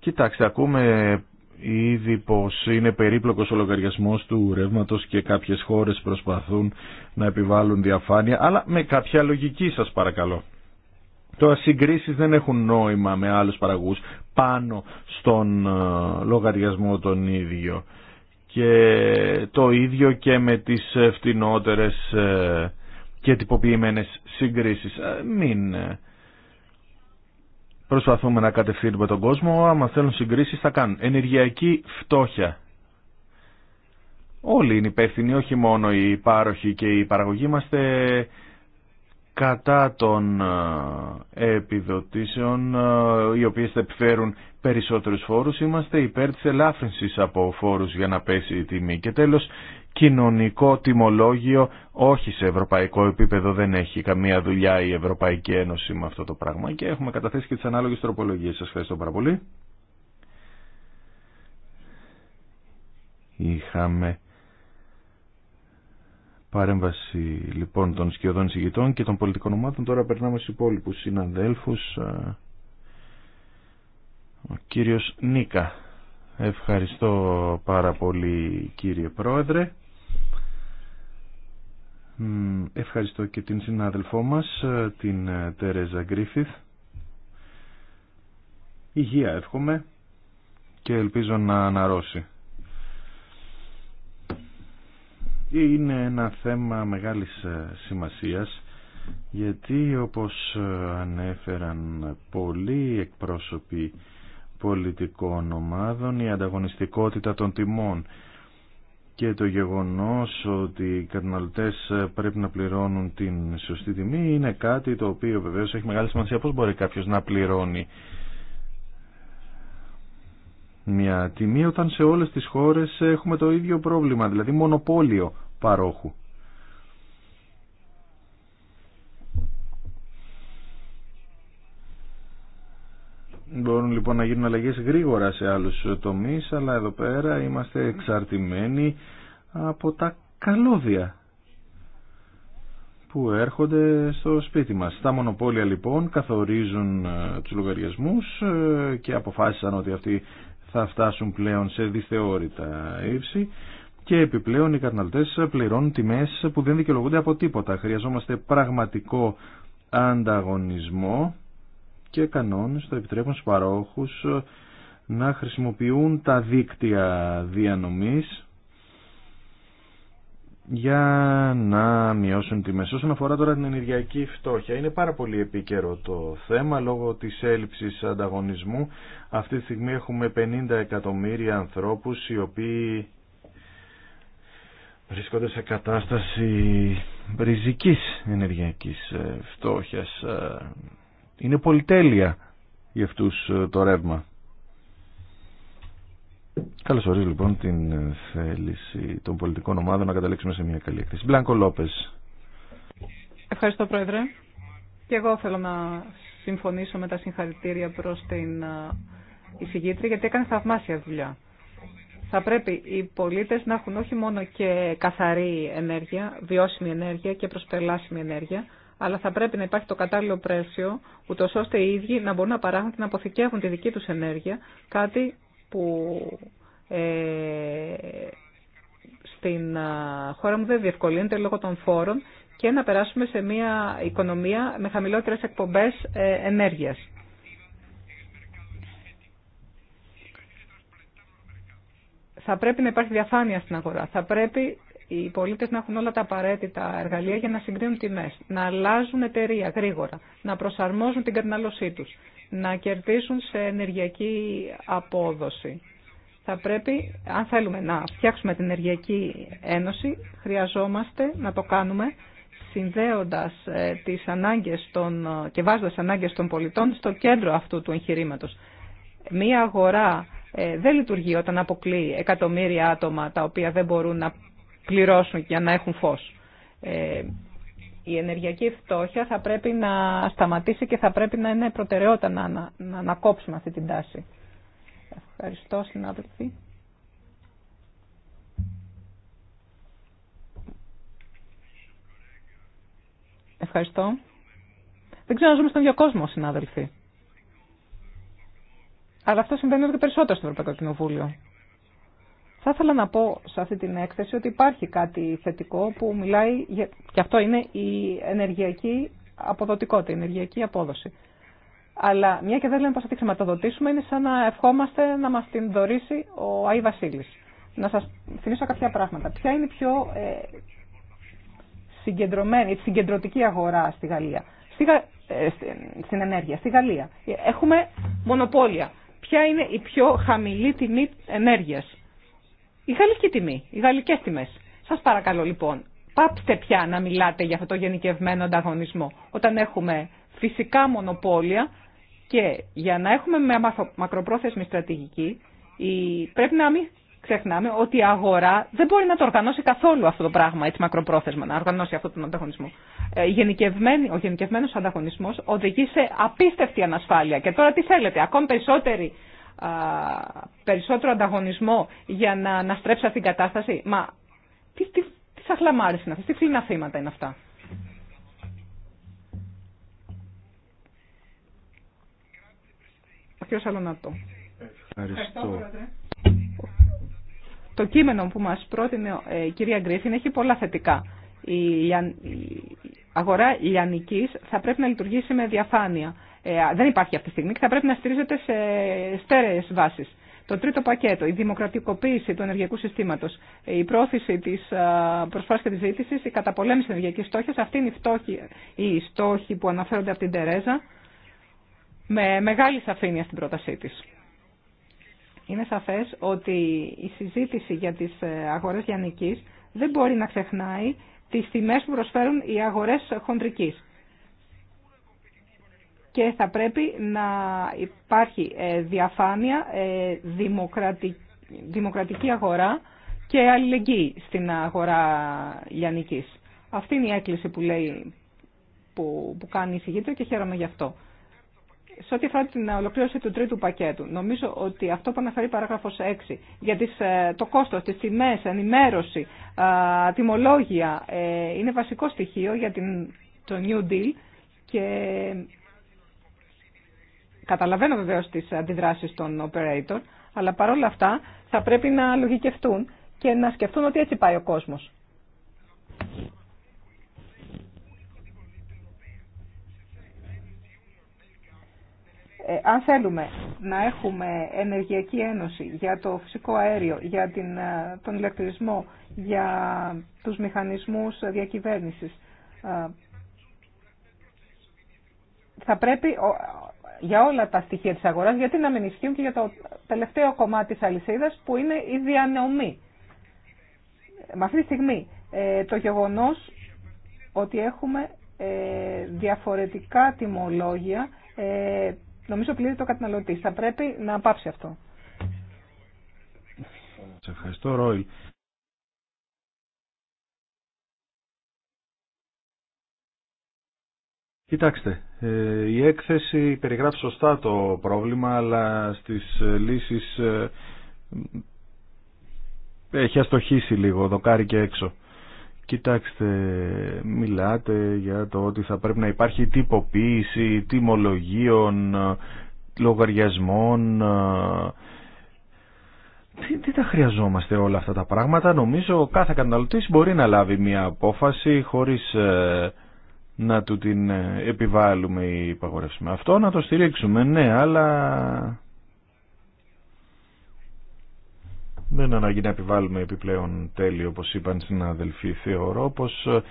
Κοιτάξτε, ακούμε ήδη πως είναι περίπλοκος ο λογαριασμός του ρεύματος και κάποιες χώρες προσπαθούν να επιβάλλουν διαφάνεια, αλλά με κάποια λογική σας παρακαλώ. Το συγκρίσεις δεν έχουν νόημα με άλλους παραγούς πάνω στον ε, λογαριασμό τον ίδιο. Και το ίδιο και με τις ε, φτηνότερες ε, και τυποποιημένες συγκρίσεις. Μην προσπαθούμε να κατευθύνουμε τον κόσμο, άμα θέλουν συγκρίσει θα κάνουν. Ενεργειακή φτώχεια. Όλοι είναι υπεύθυνοι, όχι μόνο οι πάροχοι και οι παραγωγοί. Είμαστε κατά των ε, επιδοτήσεων, ε, οι οποίες θα επιφέρουν περισσότερου φόρους. Είμαστε υπέρ τη ελάφρυνση από φόρου για να πέσει η τιμή. Και τέλος, κοινωνικό τιμολόγιο, όχι σε ευρωπαϊκό επίπεδο δεν έχει καμία δουλειά η Ευρωπαϊκή Ένωση με αυτό το πράγμα και έχουμε καταθέσει και τις ανάλογες τροπολογίες. Σας ευχαριστώ πάρα πολύ. Είχαμε παρέμβαση λοιπόν των σκιωδών εισηγητών και των πολιτικών ομάδων. Τώρα περνάμε στους υπόλοιπους συναδέλφους. Ο κύριος Νίκα. Ευχαριστώ πάρα πολύ κύριε Πρόεδρε. Ευχαριστώ και την συνάδελφό μας, ε, την ε, Τερέζα Γκρίφιθ. Υγεία εύχομαι και ελπίζω να αναρρώσει. Είναι ένα θέμα μεγάλης ε, σημασίας γιατί όπως ανέφεραν πολλοί εκπρόσωποι πολιτικών ομάδων η ανταγωνιστικότητα των τιμών και το γεγονός ότι οι καταναλωτές πρέπει να πληρώνουν την σωστή τιμή είναι κάτι το οποίο βεβαίως έχει μεγάλη σημασία πώς μπορεί κάποιος να πληρώνει μια τιμή όταν σε όλες τις χώρες έχουμε το ίδιο πρόβλημα δηλαδή μονοπόλιο παρόχου Μπορούν λοιπόν να γίνουν αλλαγές γρήγορα σε άλλους τομείς, αλλά εδώ πέρα είμαστε εξαρτημένοι από τα καλώδια που έρχονται στο σπίτι μας. Τα μονοπόλια λοιπόν καθορίζουν ε, τους λογαριασμούς ε, και αποφάσισαν ότι αυτοί θα φτάσουν πλέον σε δυσθεώρητα ύψη και επιπλέον οι καταναλωτές πληρώνουν τιμές που δεν δικαιολογούνται από τίποτα. Χρειαζόμαστε πραγματικό ανταγωνισμό και κανόνες θα επιτρέπουν στους παρόχους ε, να χρησιμοποιούν τα δίκτυα διανομής για να μειώσουν μέση. Όσον αφορά τώρα την ενεργειακή φτώχεια, είναι πάρα πολύ επίκαιρο το θέμα λόγω της έλλειψης ανταγωνισμού. Αυτή τη στιγμή έχουμε 50 εκατομμύρια ανθρώπους οι οποίοι βρίσκονται σε κατάσταση ριζικής ενεργειακής ε, φτώχειας. Ε, είναι πολυτέλεια για αυτούς ε, το ρεύμα. Καλώς ορίζω λοιπόν την ε, θέληση των πολιτικών ομάδων να καταλήξουμε σε μια καλή εκθέση. Μπλάνκο Λόπες. Ευχαριστώ Πρόεδρε. Και εγώ θέλω να συμφωνήσω με τα συγχαρητήρια προς την ε, εισηγήτρια γιατί έκανε θαυμάσια δουλειά. Θα πρέπει οι πολίτες να έχουν όχι μόνο και καθαρή ενέργεια, βιώσιμη ενέργεια και προσπελάσιμη ενέργεια, αλλά θα πρέπει να υπάρχει το κατάλληλο πρέσιο, ούτω ώστε οι ίδιοι να μπορούν να παράγουν και να αποθηκεύουν τη δική τους ενέργεια, κάτι που ε, στην χώρα μου δεν διευκολύνεται λόγω των φόρων και να περάσουμε σε μια οικονομία με χαμηλότερες εκπομπές ε, ενέργειας. Θα πρέπει να υπάρχει διαφάνεια στην αγορά. Θα πρέπει οι πολίτες να έχουν όλα τα απαραίτητα εργαλεία για να συγκρίνουν τιμές, να αλλάζουν εταιρεία γρήγορα, να προσαρμόζουν την κατανάλωσή τους, να κερδίσουν σε ενεργειακή απόδοση. Θα πρέπει, αν θέλουμε να φτιάξουμε την Ενεργειακή Ένωση, χρειαζόμαστε να το κάνουμε συνδέοντας ε, τις ανάγκες των, και βάζοντας ανάγκες των πολιτών στο κέντρο αυτού του εγχειρήματο. Μία αγορά ε, δεν λειτουργεί όταν αποκλεί εκατομμύρια άτομα τα οποία δεν μπορούν να πληρώσουν για να έχουν φως. Ε, η ενεργειακή φτώχεια θα πρέπει να σταματήσει και θα πρέπει να είναι προτεραιότητα να, να, να ανακόψουμε αυτή την τάση. Ευχαριστώ συνάδελφοι. Ευχαριστώ. Δεν ξέρω να ζούμε στον ίδιο κόσμο, συνάδελφοι. Αλλά αυτό συμβαίνει όλο και περισσότερο στο Ευρωπαϊκό Κοινοβούλιο. Θα ήθελα να πω σε αυτή την έκθεση ότι υπάρχει κάτι θετικό που μιλάει, και αυτό είναι η ενεργειακή αποδοτικότητα, η ενεργειακή απόδοση. Αλλά μια και δεν λέμε πώς θα τη χρηματοδοτήσουμε, είναι σαν να ευχόμαστε να μας την δωρήσει ο Άι Βασίλης. Να σας θυμίσω κάποια πράγματα. Ποια είναι η πιο ε, συγκεντρωμένη, η συγκεντρωτική αγορά στη Γαλλία, στη, ε, στην ενέργεια, στη Γαλλία. Έχουμε μονοπόλια. Ποια είναι η πιο χαμηλή τιμή ενέργειας η γαλλική τιμή, οι γαλλικές τιμές. Σας παρακαλώ λοιπόν, πάψτε πια να μιλάτε για αυτό το γενικευμένο ανταγωνισμό. Όταν έχουμε φυσικά μονοπόλια και για να έχουμε μια μακροπρόθεσμη στρατηγική, πρέπει να μην ξεχνάμε ότι η αγορά δεν μπορεί να το οργανώσει καθόλου αυτό το πράγμα, έτσι μακροπρόθεσμα, να οργανώσει αυτό τον ανταγωνισμό. Ε, ο γενικευμένο ανταγωνισμό οδηγεί σε απίστευτη ανασφάλεια. Και τώρα τι θέλετε, ακόμη περισσότερη περισσότερο ανταγωνισμό για να αναστρέψει αυτήν την κατάσταση. Μα τι, τι, τι σαχλαμάρες είναι αυτές, τι φλήνα θύματα είναι αυτά. Ο Το κείμενο που μας πρότεινε ε, η κυρία Γκρίφιν έχει πολλά θετικά. Η αγορά λιανικής θα πρέπει να λειτουργήσει με διαφάνεια ε, δεν υπάρχει αυτή τη στιγμή και θα πρέπει να στηρίζεται σε στέρεε βάσει. Το τρίτο πακέτο, η δημοκρατικοποίηση του ενεργειακού συστήματο, ε, η πρόθεση τη και τη ζήτηση, η καταπολέμηση ενεργειακή φτώχεια, αυτή είναι η φτώχη, οι στόχοι που αναφέρονται από την Τερέζα με μεγάλη σαφήνεια στην πρότασή τη. Είναι σαφέ ότι η συζήτηση για τι ε, αγορέ λιανική δεν μπορεί να ξεχνάει τι τιμέ που προσφέρουν οι αγορέ χοντρικής και θα πρέπει να υπάρχει ε, διαφάνεια, ε, δημοκρατική αγορά και αλληλεγγύη στην αγορά λιανικής. Αυτή είναι η έκκληση που, λέει, που, κάνει η και χαίρομαι γι' αυτό. Σε ό,τι αφορά την ολοκλήρωση του τρίτου πακέτου, νομίζω ότι αυτό που αναφέρει παράγραφος 6 για ε, το κόστος, τις τιμέ, ενημέρωση, τιμολόγια είναι βασικό στοιχείο για την, το New Deal και Καταλαβαίνω βεβαίω τι αντιδράσει των operator, αλλά παρόλα αυτά θα πρέπει να λογικευτούν και να σκεφτούν ότι έτσι πάει ο κόσμο. Ε, αν θέλουμε να έχουμε ενεργειακή ένωση για το φυσικό αέριο, για την, ε, τον ηλεκτρισμό, για τους μηχανισμούς διακυβέρνησης, ε, θα πρέπει για όλα τα στοιχεία της αγοράς, γιατί να μην ισχύουν και για το τελευταίο κομμάτι της αλυσίδας που είναι η διανομή. Με αυτή τη στιγμή ε, το γεγονός ότι έχουμε ε, διαφορετικά τιμολόγια ε, νομίζω πλήρει το καταναλωτή. Θα πρέπει να πάψει αυτό. Σε ευχαριστώ Ρόιλ. Κοιτάξτε, ε, η έκθεση περιγράφει σωστά το πρόβλημα, αλλά στις λύσεις ε, έχει αστοχήσει λίγο, δοκάρει και έξω. Κοιτάξτε, μιλάτε για το ότι θα πρέπει να υπάρχει τυποποίηση τιμολογίων, λογαριασμών. Ε, τι, τι τα χρειαζόμαστε όλα αυτά τα πράγματα. Νομίζω κάθε καταναλωτής μπορεί να λάβει μια απόφαση χωρίς να του την ε, επιβάλλουμε ή υπαγορεύσουμε. Αυτό να το στηρίξουμε, ναι, αλλά δεν ανάγκη να επιβάλλουμε επιπλέον τέλειο, όπως είπαν στην αδελφή. Θεωρώ πως ε,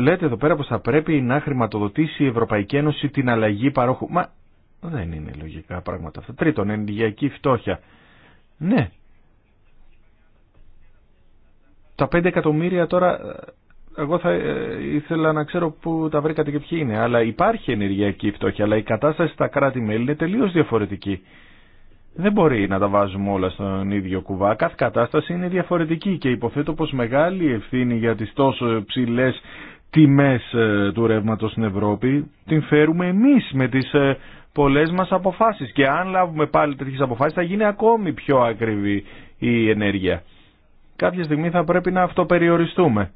λέτε εδώ πέρα πως θα πρέπει να χρηματοδοτήσει η Ευρωπαϊκή Ένωση την αλλαγή παρόχου. Μα δεν είναι λογικά πράγματα αυτά. Τρίτον, ενεργειακή φτώχεια. Ναι. Τα 5 εκατομμύρια τώρα ε, εγώ θα ε, ήθελα να ξέρω πού τα βρήκατε και ποιοι είναι. Αλλά υπάρχει ενεργειακή φτώχεια, αλλά η κατάσταση στα κράτη-μέλη είναι τελείω διαφορετική. Δεν μπορεί να τα βάζουμε όλα στον ίδιο κουβά. Κάθε κατάσταση είναι διαφορετική και υποθέτω πως μεγάλη ευθύνη για τι τόσο ψηλές τιμές ε, του ρεύματο στην Ευρώπη την φέρουμε εμεί με τις ε, πολλέ μα αποφάσει Και αν λάβουμε πάλι τέτοιε αποφάσει θα γίνει ακόμη πιο ακριβή η ενέργεια. Κάποια στιγμή θα πρέπει να αυτοπεριοριστούμε.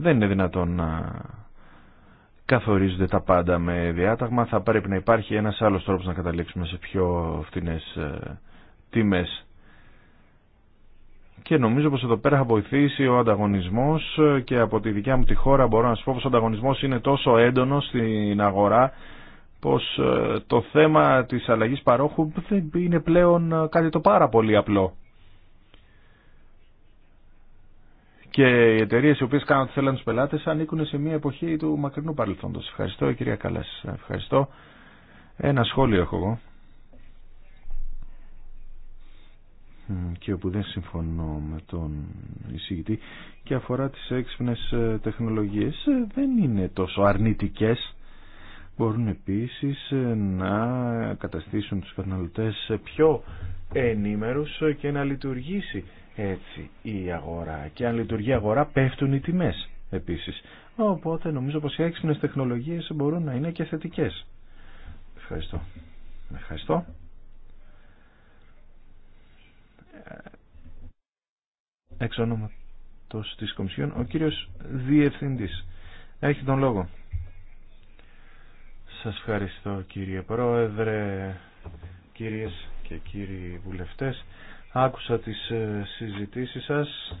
Δεν είναι δυνατόν να καθορίζονται τα πάντα με διάταγμα. Θα πρέπει να υπάρχει ένας άλλος τρόπος να καταλήξουμε σε πιο φθηνές ε, τιμές. Και νομίζω πως εδώ πέρα θα βοηθήσει ο ανταγωνισμός και από τη δικιά μου τη χώρα μπορώ να σου πω πως ο ανταγωνισμός είναι τόσο έντονος στην αγορά πως ε, το θέμα της αλλαγής παρόχου δεν είναι πλέον ε, κάτι το πάρα πολύ απλό. Και οι εταιρείε οι οποίε κάνουν ό,τι θέλουν του πελάτε ανήκουν σε μια εποχή του μακρινού παρελθόντος. Ευχαριστώ, κυρία Καλά. Ευχαριστώ. Ένα σχόλιο έχω εγώ. και όπου δεν συμφωνώ με τον εισηγητή και αφορά τις έξυπνε ε, τεχνολογίες ε, δεν είναι τόσο αρνητικές μπορούν επίσης ε, να καταστήσουν τους καταναλωτέ πιο ενήμερους και να λειτουργήσει έτσι η αγορά. Και αν λειτουργεί αγορά πέφτουν οι τιμές επίσης. Οπότε νομίζω πως οι έξυπνες τεχνολογίες μπορούν να είναι και θετικέ. Ευχαριστώ. Ευχαριστώ. Εξ ονόματος της Κομισιόν, ο κύριος Διευθυντής. Έχει τον λόγο. Σας ευχαριστώ κύριε Πρόεδρε, κυρίες και κύριοι βουλευτές. Άκουσα τις ε, συζητήσεις σας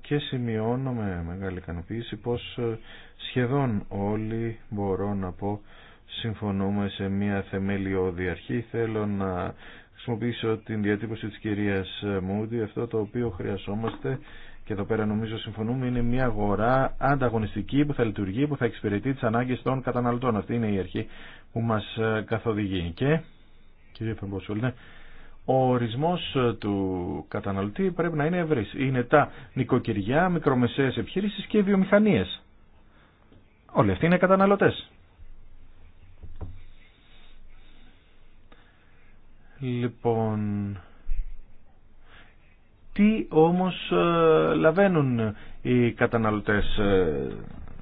και σημειώνω με μεγάλη ικανοποίηση πως ε, σχεδόν όλοι μπορώ να πω συμφωνούμε σε μια θεμελιώδη αρχή. Θέλω να χρησιμοποιήσω την διατύπωση της κυρίας Μούντι. Αυτό το οποίο χρειαζόμαστε και εδώ πέρα νομίζω συμφωνούμε είναι μια αγορά ανταγωνιστική που θα λειτουργεί, που θα εξυπηρετεί τις ανάγκες των καταναλωτών. Αυτή είναι η αρχή που μας ε, καθοδηγεί. Και κύριε Φεμποσούλ, ναι, ο ορισμός ε, του καταναλωτή πρέπει να είναι ευρύς. Είναι τα νοικοκυριά, μικρομεσαίες επιχειρήσεις και βιομηχανίες. Όλοι αυτοί είναι καταναλωτές. Λοιπόν, τι όμως ε, λαβαίνουν οι καταναλωτές ε,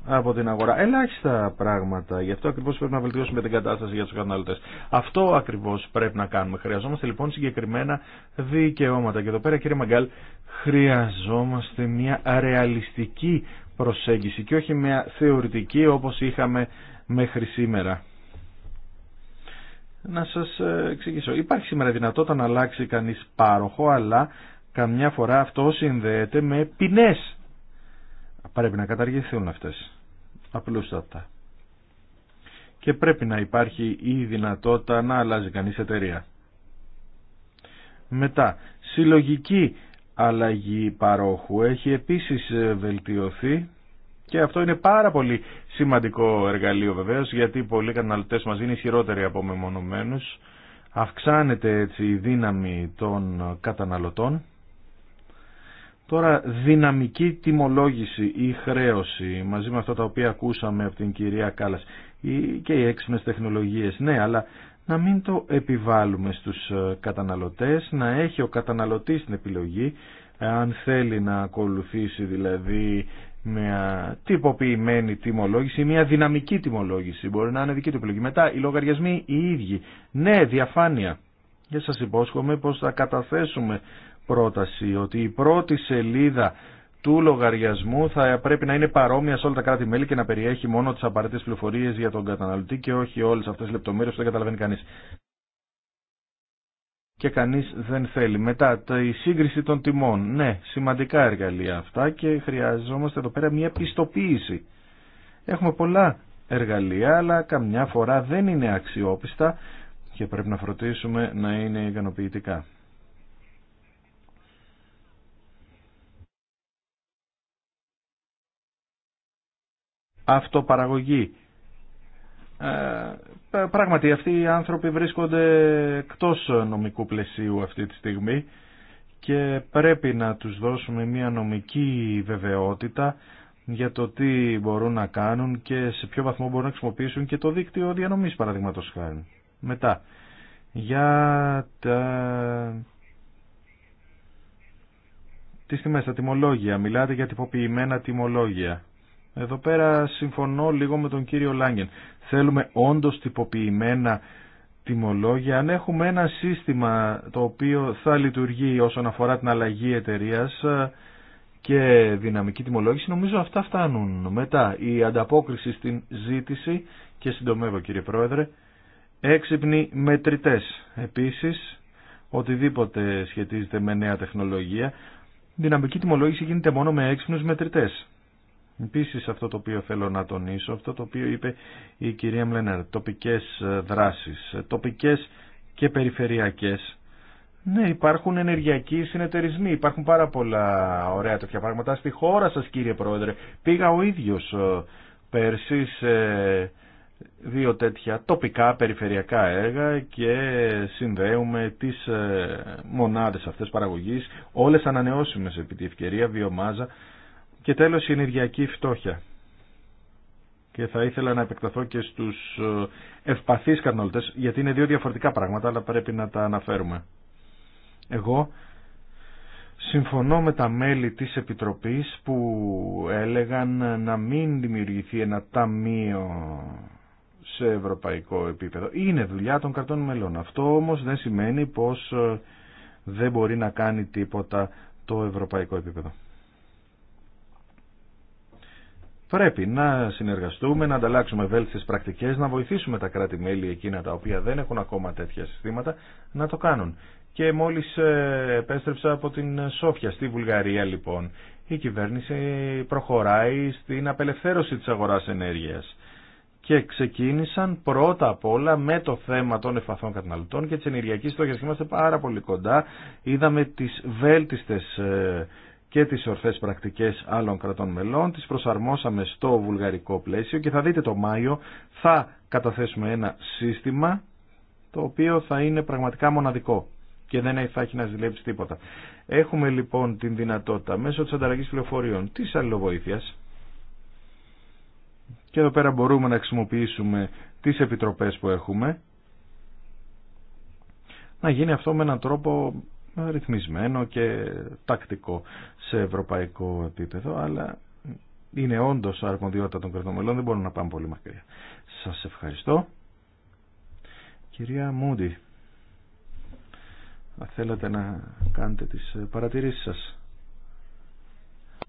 από την αγορά. Ελάχιστα πράγματα. Γι' αυτό ακριβώ πρέπει να βελτιώσουμε την κατάσταση για του καταναλωτέ. Αυτό ακριβώ πρέπει να κάνουμε. Χρειαζόμαστε λοιπόν συγκεκριμένα δικαιώματα. Και εδώ πέρα, κύριε Μαγκάλ, χρειαζόμαστε μια ρεαλιστική προσέγγιση και όχι μια θεωρητική όπω είχαμε μέχρι σήμερα. Να σα ε, εξηγήσω. Υπάρχει σήμερα δυνατότητα να αλλάξει κανεί πάροχο, αλλά καμιά φορά αυτό συνδέεται με ποινέ. Πρέπει να καταργηθούν αυτές απλούστατα. Και πρέπει να υπάρχει η δυνατότητα να αλλάζει κανείς εταιρεία. Μετά, συλλογική αλλαγή παρόχου έχει επίσης ε, βελτιωθεί και αυτό είναι πάρα πολύ σημαντικό εργαλείο βεβαίως γιατί πολλοί καταναλωτές μας είναι ισχυρότεροι από μεμονωμένους. Αυξάνεται έτσι η δύναμη των καταναλωτών Τώρα δυναμική τιμολόγηση ή χρέωση μαζί με αυτά τα οποία ακούσαμε από την κυρία Κάλλας και οι έξυπνες τεχνολογίες, ναι, αλλά να μην το επιβάλλουμε στους ε, καταναλωτές, να έχει ο καταναλωτής την επιλογή, αν θέλει να ακολουθήσει δηλαδή μια τυποποιημένη τιμολόγηση, μια δυναμική τιμολόγηση, μπορεί να είναι δική του επιλογή. Μετά οι λογαριασμοί οι ίδιοι, ναι, διαφάνεια. Και σας υπόσχομαι πως θα καταθέσουμε πρόταση ότι η πρώτη σελίδα του λογαριασμού θα πρέπει να είναι παρόμοια σε όλα τα κράτη-μέλη και να περιέχει μόνο τι απαραίτητε πληροφορίε για τον καταναλωτή και όχι όλε αυτέ τι λεπτομέρειε που δεν καταλαβαίνει κανεί. Και κανεί δεν θέλει. Μετά, η σύγκριση των τιμών. Ναι, σημαντικά εργαλεία αυτά και χρειαζόμαστε εδώ πέρα μια πιστοποίηση. Έχουμε πολλά εργαλεία, αλλά καμιά φορά δεν είναι αξιόπιστα και πρέπει να φροντίσουμε να είναι ικανοποιητικά. αυτοπαραγωγή. Ε, πράγματι αυτοί οι άνθρωποι βρίσκονται εκτός νομικού πλαισίου αυτή τη στιγμή και πρέπει να τους δώσουμε μια νομική βεβαιότητα για το τι μπορούν να κάνουν και σε ποιο βαθμό μπορούν να χρησιμοποιήσουν και το δίκτυο διανομής παραδείγματος χάρη. Μετά, για τα... τις τιμές, τα τιμολόγια. Μιλάτε για τυποποιημένα τιμολόγια. Εδώ πέρα συμφωνώ λίγο με τον κύριο Λάγκεν. Θέλουμε όντως τυποποιημένα τιμολόγια. Αν έχουμε ένα σύστημα το οποίο θα λειτουργεί όσον αφορά την αλλαγή εταιρεία ε, και δυναμική τιμολόγηση, νομίζω αυτά φτάνουν. Μετά η ανταπόκριση στην ζήτηση και συντομεύω κύριε Πρόεδρε, έξυπνοι μετρητές. Επίσης, οτιδήποτε σχετίζεται με νέα τεχνολογία, δυναμική τιμολόγηση γίνεται μόνο με έξυπνους μετρητές. Επίση αυτό το οποίο θέλω να τονίσω, αυτό το οποίο είπε η κυρία Μλενέρ, τοπικές ε, δράσεις, ε, τοπικές και περιφερειακές. Ναι, υπάρχουν ενεργειακοί συνεταιρισμοί, υπάρχουν πάρα πολλά ωραία τέτοια πράγματα. Στη χώρα σας κύριε Πρόεδρε, πήγα ο ίδιος ε, πέρσι σε δύο τέτοια τοπικά περιφερειακά έργα και συνδέουμε τις μονάδες αυτές παραγωγής, όλες ανανεώσιμες επί τη ευκαιρία, βιομάζα, και τέλος η ενεργειακή φτώχεια. Και θα ήθελα να επεκταθώ και στους ε, ευπαθείς καταναλωτές, γιατί είναι δύο διαφορετικά πράγματα, αλλά πρέπει να τα αναφέρουμε. Εγώ συμφωνώ με τα μέλη της Επιτροπής που έλεγαν να μην δημιουργηθεί ένα ταμείο σε ευρωπαϊκό επίπεδο. Είναι δουλειά των κρατών μελών. Αυτό όμως δεν σημαίνει πως ε, δεν μπορεί να κάνει τίποτα το ευρωπαϊκό επίπεδο. Πρέπει να συνεργαστούμε, να ανταλλάξουμε βέλτιστες πρακτικές, να βοηθήσουμε τα κράτη-μέλη εκείνα τα οποία δεν έχουν ακόμα τέτοια συστήματα να το κάνουν. Και μόλις ε, επέστρεψα από την Σόφια στη Βουλγαρία λοιπόν, η κυβέρνηση προχωράει στην απελευθέρωση της αγοράς ενέργειας. Και ξεκίνησαν πρώτα απ' όλα με το θέμα των εφαθών καταναλωτών και τη ενεργειακή στόχη. Είμαστε πάρα πολύ κοντά. Είδαμε τις βέλτιστες ε, και τις ορθές πρακτικές άλλων κρατών μελών, τις προσαρμόσαμε στο βουλγαρικό πλαίσιο και θα δείτε το Μάιο θα καταθέσουμε ένα σύστημα το οποίο θα είναι πραγματικά μοναδικό και δεν θα έχει να ζηλέψει τίποτα. Έχουμε λοιπόν την δυνατότητα μέσω της ανταλλαγής πληροφοριών της αλληλοβοήθειας και εδώ πέρα μπορούμε να χρησιμοποιήσουμε τις επιτροπές που έχουμε να γίνει αυτό με έναν τρόπο ρυθμισμένο και τακτικό σε ευρωπαϊκό επίπεδο, αλλά είναι όντως αρμοδιότητα των κρατομέλων, δεν μπορούμε να πάμε πολύ μακριά. Σας ευχαριστώ. Κυρία Μούντι, θα θέλατε να κάνετε τις παρατηρήσεις σας.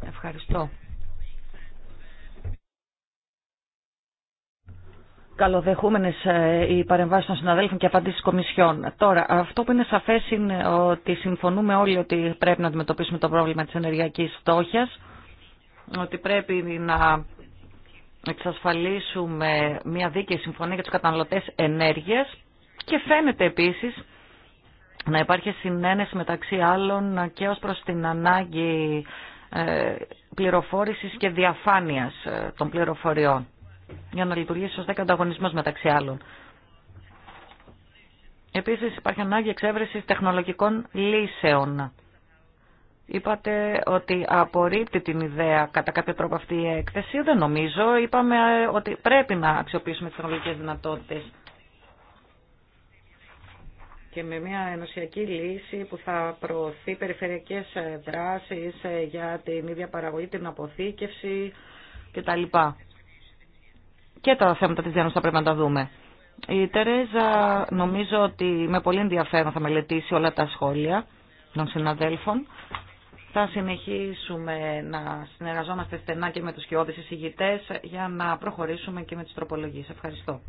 Ευχαριστώ. καλοδεχούμενε ε, οι παρεμβάσει των συναδέλφων και απαντήσει κομισιών. Τώρα, αυτό που είναι σαφέ είναι ότι συμφωνούμε όλοι ότι πρέπει να αντιμετωπίσουμε το πρόβλημα τη ενεργειακή φτώχεια, ότι πρέπει να εξασφαλίσουμε μια δίκαιη συμφωνία για του καταναλωτέ ενέργεια και φαίνεται επίση να υπάρχει συνένεση μεταξύ άλλων και ω προ την ανάγκη ε, πληροφόρησης και διαφάνειας ε, των πληροφοριών για να λειτουργήσει σωστά και μεταξύ άλλων. Επίσης υπάρχει ανάγκη εξέβρεση τεχνολογικών λύσεων. Είπατε ότι απορρίπτει την ιδέα κατά κάποιο τρόπο αυτή η έκθεση. Δεν νομίζω. Είπαμε ε, ότι πρέπει να αξιοποιήσουμε τις τεχνολογικές δυνατότητες. Και με μια ενωσιακή λύση που θα προωθεί περιφερειακές ε, δράσεις ε, για την ίδια παραγωγή, την αποθήκευση κτλ και τα θέματα της διάνοσης θα πρέπει να τα δούμε. Η Τερέζα νομίζω ότι με πολύ ενδιαφέρον θα μελετήσει όλα τα σχόλια των συναδέλφων. Θα συνεχίσουμε να συνεργαζόμαστε στενά και με τους κοιόδης εισηγητές για να προχωρήσουμε και με τις τροπολογίες. Ευχαριστώ.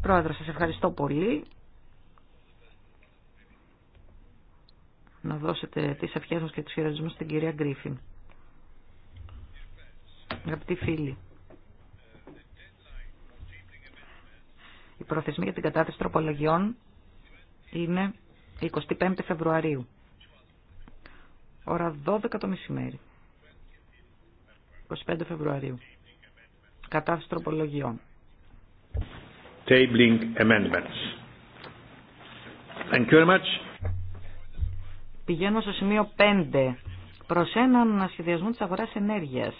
Πρόεδρο, σας ευχαριστώ πολύ. Να δώσετε τις ευχές μας και τους στην κυρία Γκρίφιν. Αγαπητοί φίλοι. Η προθεσμή για την κατάθεση τροπολογιών είναι 25 Φεβρουαρίου, ώρα 12 το μεσημέρι. 25 Φεβρουαρίου. Κατάθεση τροπολογιών. Tabling amendments. Thank you very much. Πηγαίνουμε στο σημείο 5. Προς έναν σχεδιασμό της αγοράς ενέργειας.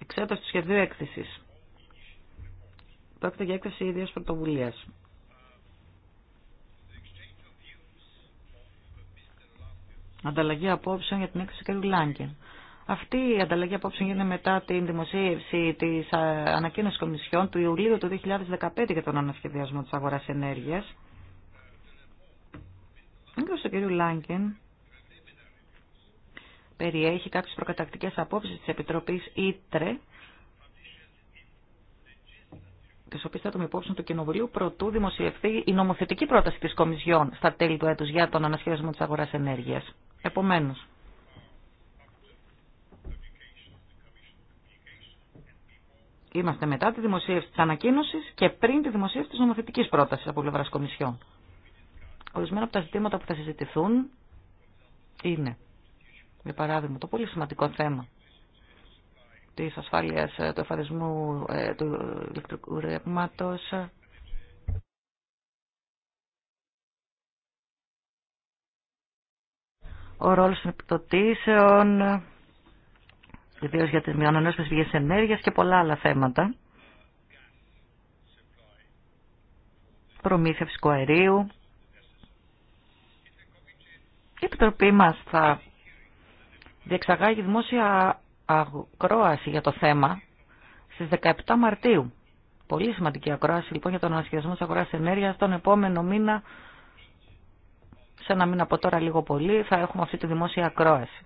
Εξέταση του σχεδίου έκθεσης. Πρόκειται για έκθεση ίδιας πρωτοβουλίας. Ανταλλαγή απόψεων για την έκθεση κ. Λάγκεν. Αυτή η ανταλλαγή απόψεων γίνεται μετά την δημοσίευση τη ε, ανακοίνωση Κομισιόν του Ιουλίου του 2015 για τον ανασχεδιασμό τη αγορά ενέργεια. Μέρο του κ. Λάγκεν περιέχει κάποιε προκατακτικέ απόψει τη Επιτροπή ΙΤΡΕ τι οποίε θα υπόψη του Κοινοβουλίου, προτού δημοσιευθεί η νομοθετική πρόταση τη Κομισιόν στα τέλη του έτου για τον ανασχεδιασμό τη αγορά ενέργεια. Επομένω. Είμαστε μετά τη δημοσίευση τη ανακοίνωση και πριν τη δημοσίευση τη νομοθετική πρόταση από πλευρά Κομισιόν. Ορισμένα από τα ζητήματα που θα συζητηθούν είναι, για παράδειγμα, το πολύ σημαντικό θέμα της ασφάλειας ε, του εφαρισμού ε, του ηλεκτρικού ρεύματος. Ο ρόλος των επιπτωτήσεων ιδίως για τις μειονονές πηγές ενέργειας και πολλά άλλα θέματα. Προμήθεια φυσικού αερίου. Η Επιτροπή μας θα διεξαγάγει δημόσια ακρόαση για το θέμα στις 17 Μαρτίου. Πολύ σημαντική ακρόαση λοιπόν για τον ανασχεδιασμό της αγοράς ενέργειας τον επόμενο μήνα, σε ένα μήνα από τώρα λίγο πολύ, θα έχουμε αυτή τη δημόσια ακρόαση.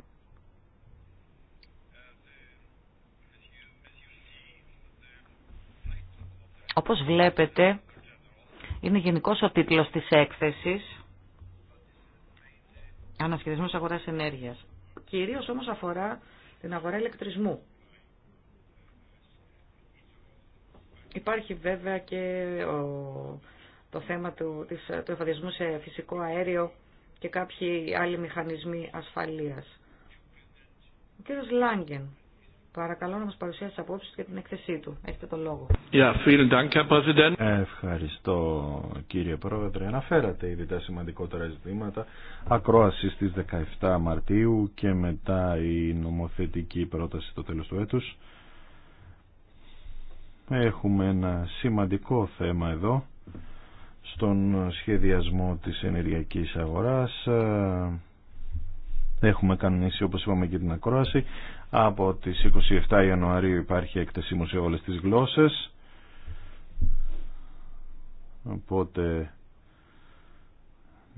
Όπως βλέπετε, είναι γενικός ο τίτλος της έκθεσης «Ανασχεδισμός αγοράς ενέργειας». Κυρίως όμως αφορά την αγορά ηλεκτρισμού. Υπάρχει βέβαια και το θέμα του, της, του σε φυσικό αέριο και κάποιοι άλλοι μηχανισμοί ασφαλείας. Ο κύριος Λάγκεν Παρακαλώ να μας παρουσιάσει τις απόψεις και την έκθεσή του. Έχετε το λόγο. Ευχαριστώ κύριε Πρόεδρε. Αναφέρατε ήδη τα σημαντικότερα ζητήματα. Ακρόαση στις 17 Μαρτίου και μετά η νομοθετική πρόταση το τέλος του έτους. Έχουμε ένα σημαντικό θέμα εδώ στον σχεδιασμό της ενεργειακής αγοράς Έχουμε κανονίσει, όπως είπαμε και την ακρόαση, από τις 27 Ιανουαρίου υπάρχει έκθεση μου σε όλες τις γλώσσες. Οπότε,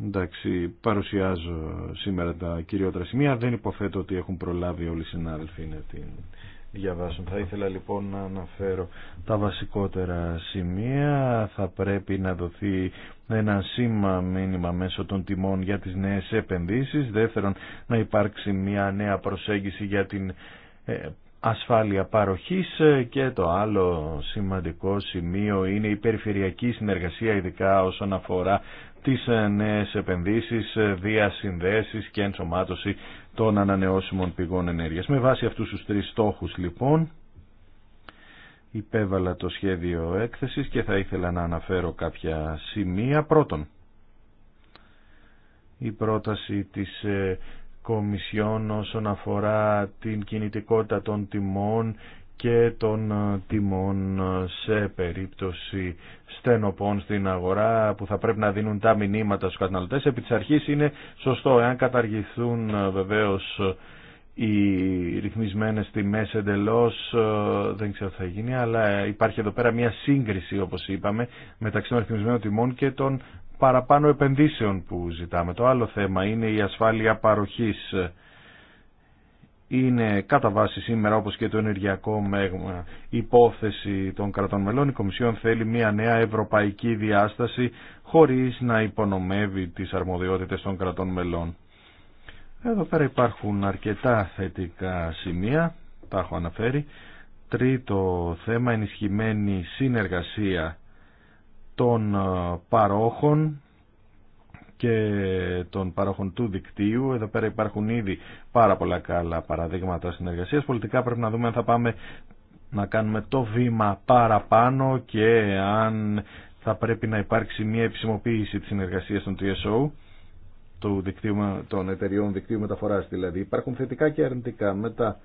εντάξει, παρουσιάζω σήμερα τα κυριότερα σημεία. Δεν υποθέτω ότι έχουν προλάβει όλοι οι συνάδελφοι είναι την διαβάσουν. Θα ήθελα λοιπόν να αναφέρω τα βασικότερα σημεία. Θα πρέπει να δοθεί ένα σήμα μήνυμα μέσω των τιμών για τις νέες επενδύσεις. Δεύτερον, να υπάρξει μια νέα προσέγγιση για την ε, ασφάλεια παροχής ε, και το άλλο σημαντικό σημείο είναι η περιφερειακή συνεργασία ειδικά όσον αφορά τις ε, νέες επενδύσεις, ε, διασυνδέσεις και ενσωμάτωση των ανανεώσιμων πηγών ενέργειας. Με βάση αυτούς τους τρεις στόχους λοιπόν υπέβαλα το σχέδιο έκθεσης και θα ήθελα να αναφέρω κάποια σημεία. Πρώτον, η πρόταση της ε, Κομισιόν όσον αφορά την κινητικότητα των τιμών και των ε, τιμών ε, σε περίπτωση στενοπών στην αγορά που θα πρέπει να δίνουν τα μηνύματα στους καταναλωτές. Επί της αρχής είναι σωστό, εάν καταργηθούν ε, βεβαίως οι ρυθμισμένες τιμές εντελώς δεν ξέρω τι θα γίνει, αλλά υπάρχει εδώ πέρα μια σύγκριση όπως είπαμε μεταξύ των ρυθμισμένων τιμών και των παραπάνω επενδύσεων που ζητάμε. Το άλλο θέμα είναι η ασφάλεια παροχής είναι κατά βάση σήμερα όπως και το ενεργειακό μέγμα υπόθεση των κρατών μελών. Η Κομισιόν θέλει μια νέα ευρωπαϊκή διάσταση χωρίς να υπονομεύει τις αρμοδιότητες των κρατών μελών. Εδώ πέρα υπάρχουν αρκετά θετικά σημεία, τα έχω αναφέρει. Τρίτο θέμα, ενισχυμένη συνεργασία των παρόχων και των παρόχων του δικτύου. Εδώ πέρα υπάρχουν ήδη πάρα πολλά καλά παραδείγματα συνεργασίας. Πολιτικά πρέπει να δούμε αν θα πάμε να κάνουμε το βήμα παραπάνω και αν θα πρέπει να υπάρξει μια επισημοποίηση της συνεργασίας των TSO του δικτύου, των εταιριών δικτύου μεταφοράς δηλαδή. Υπάρχουν θετικά και αρνητικά μετά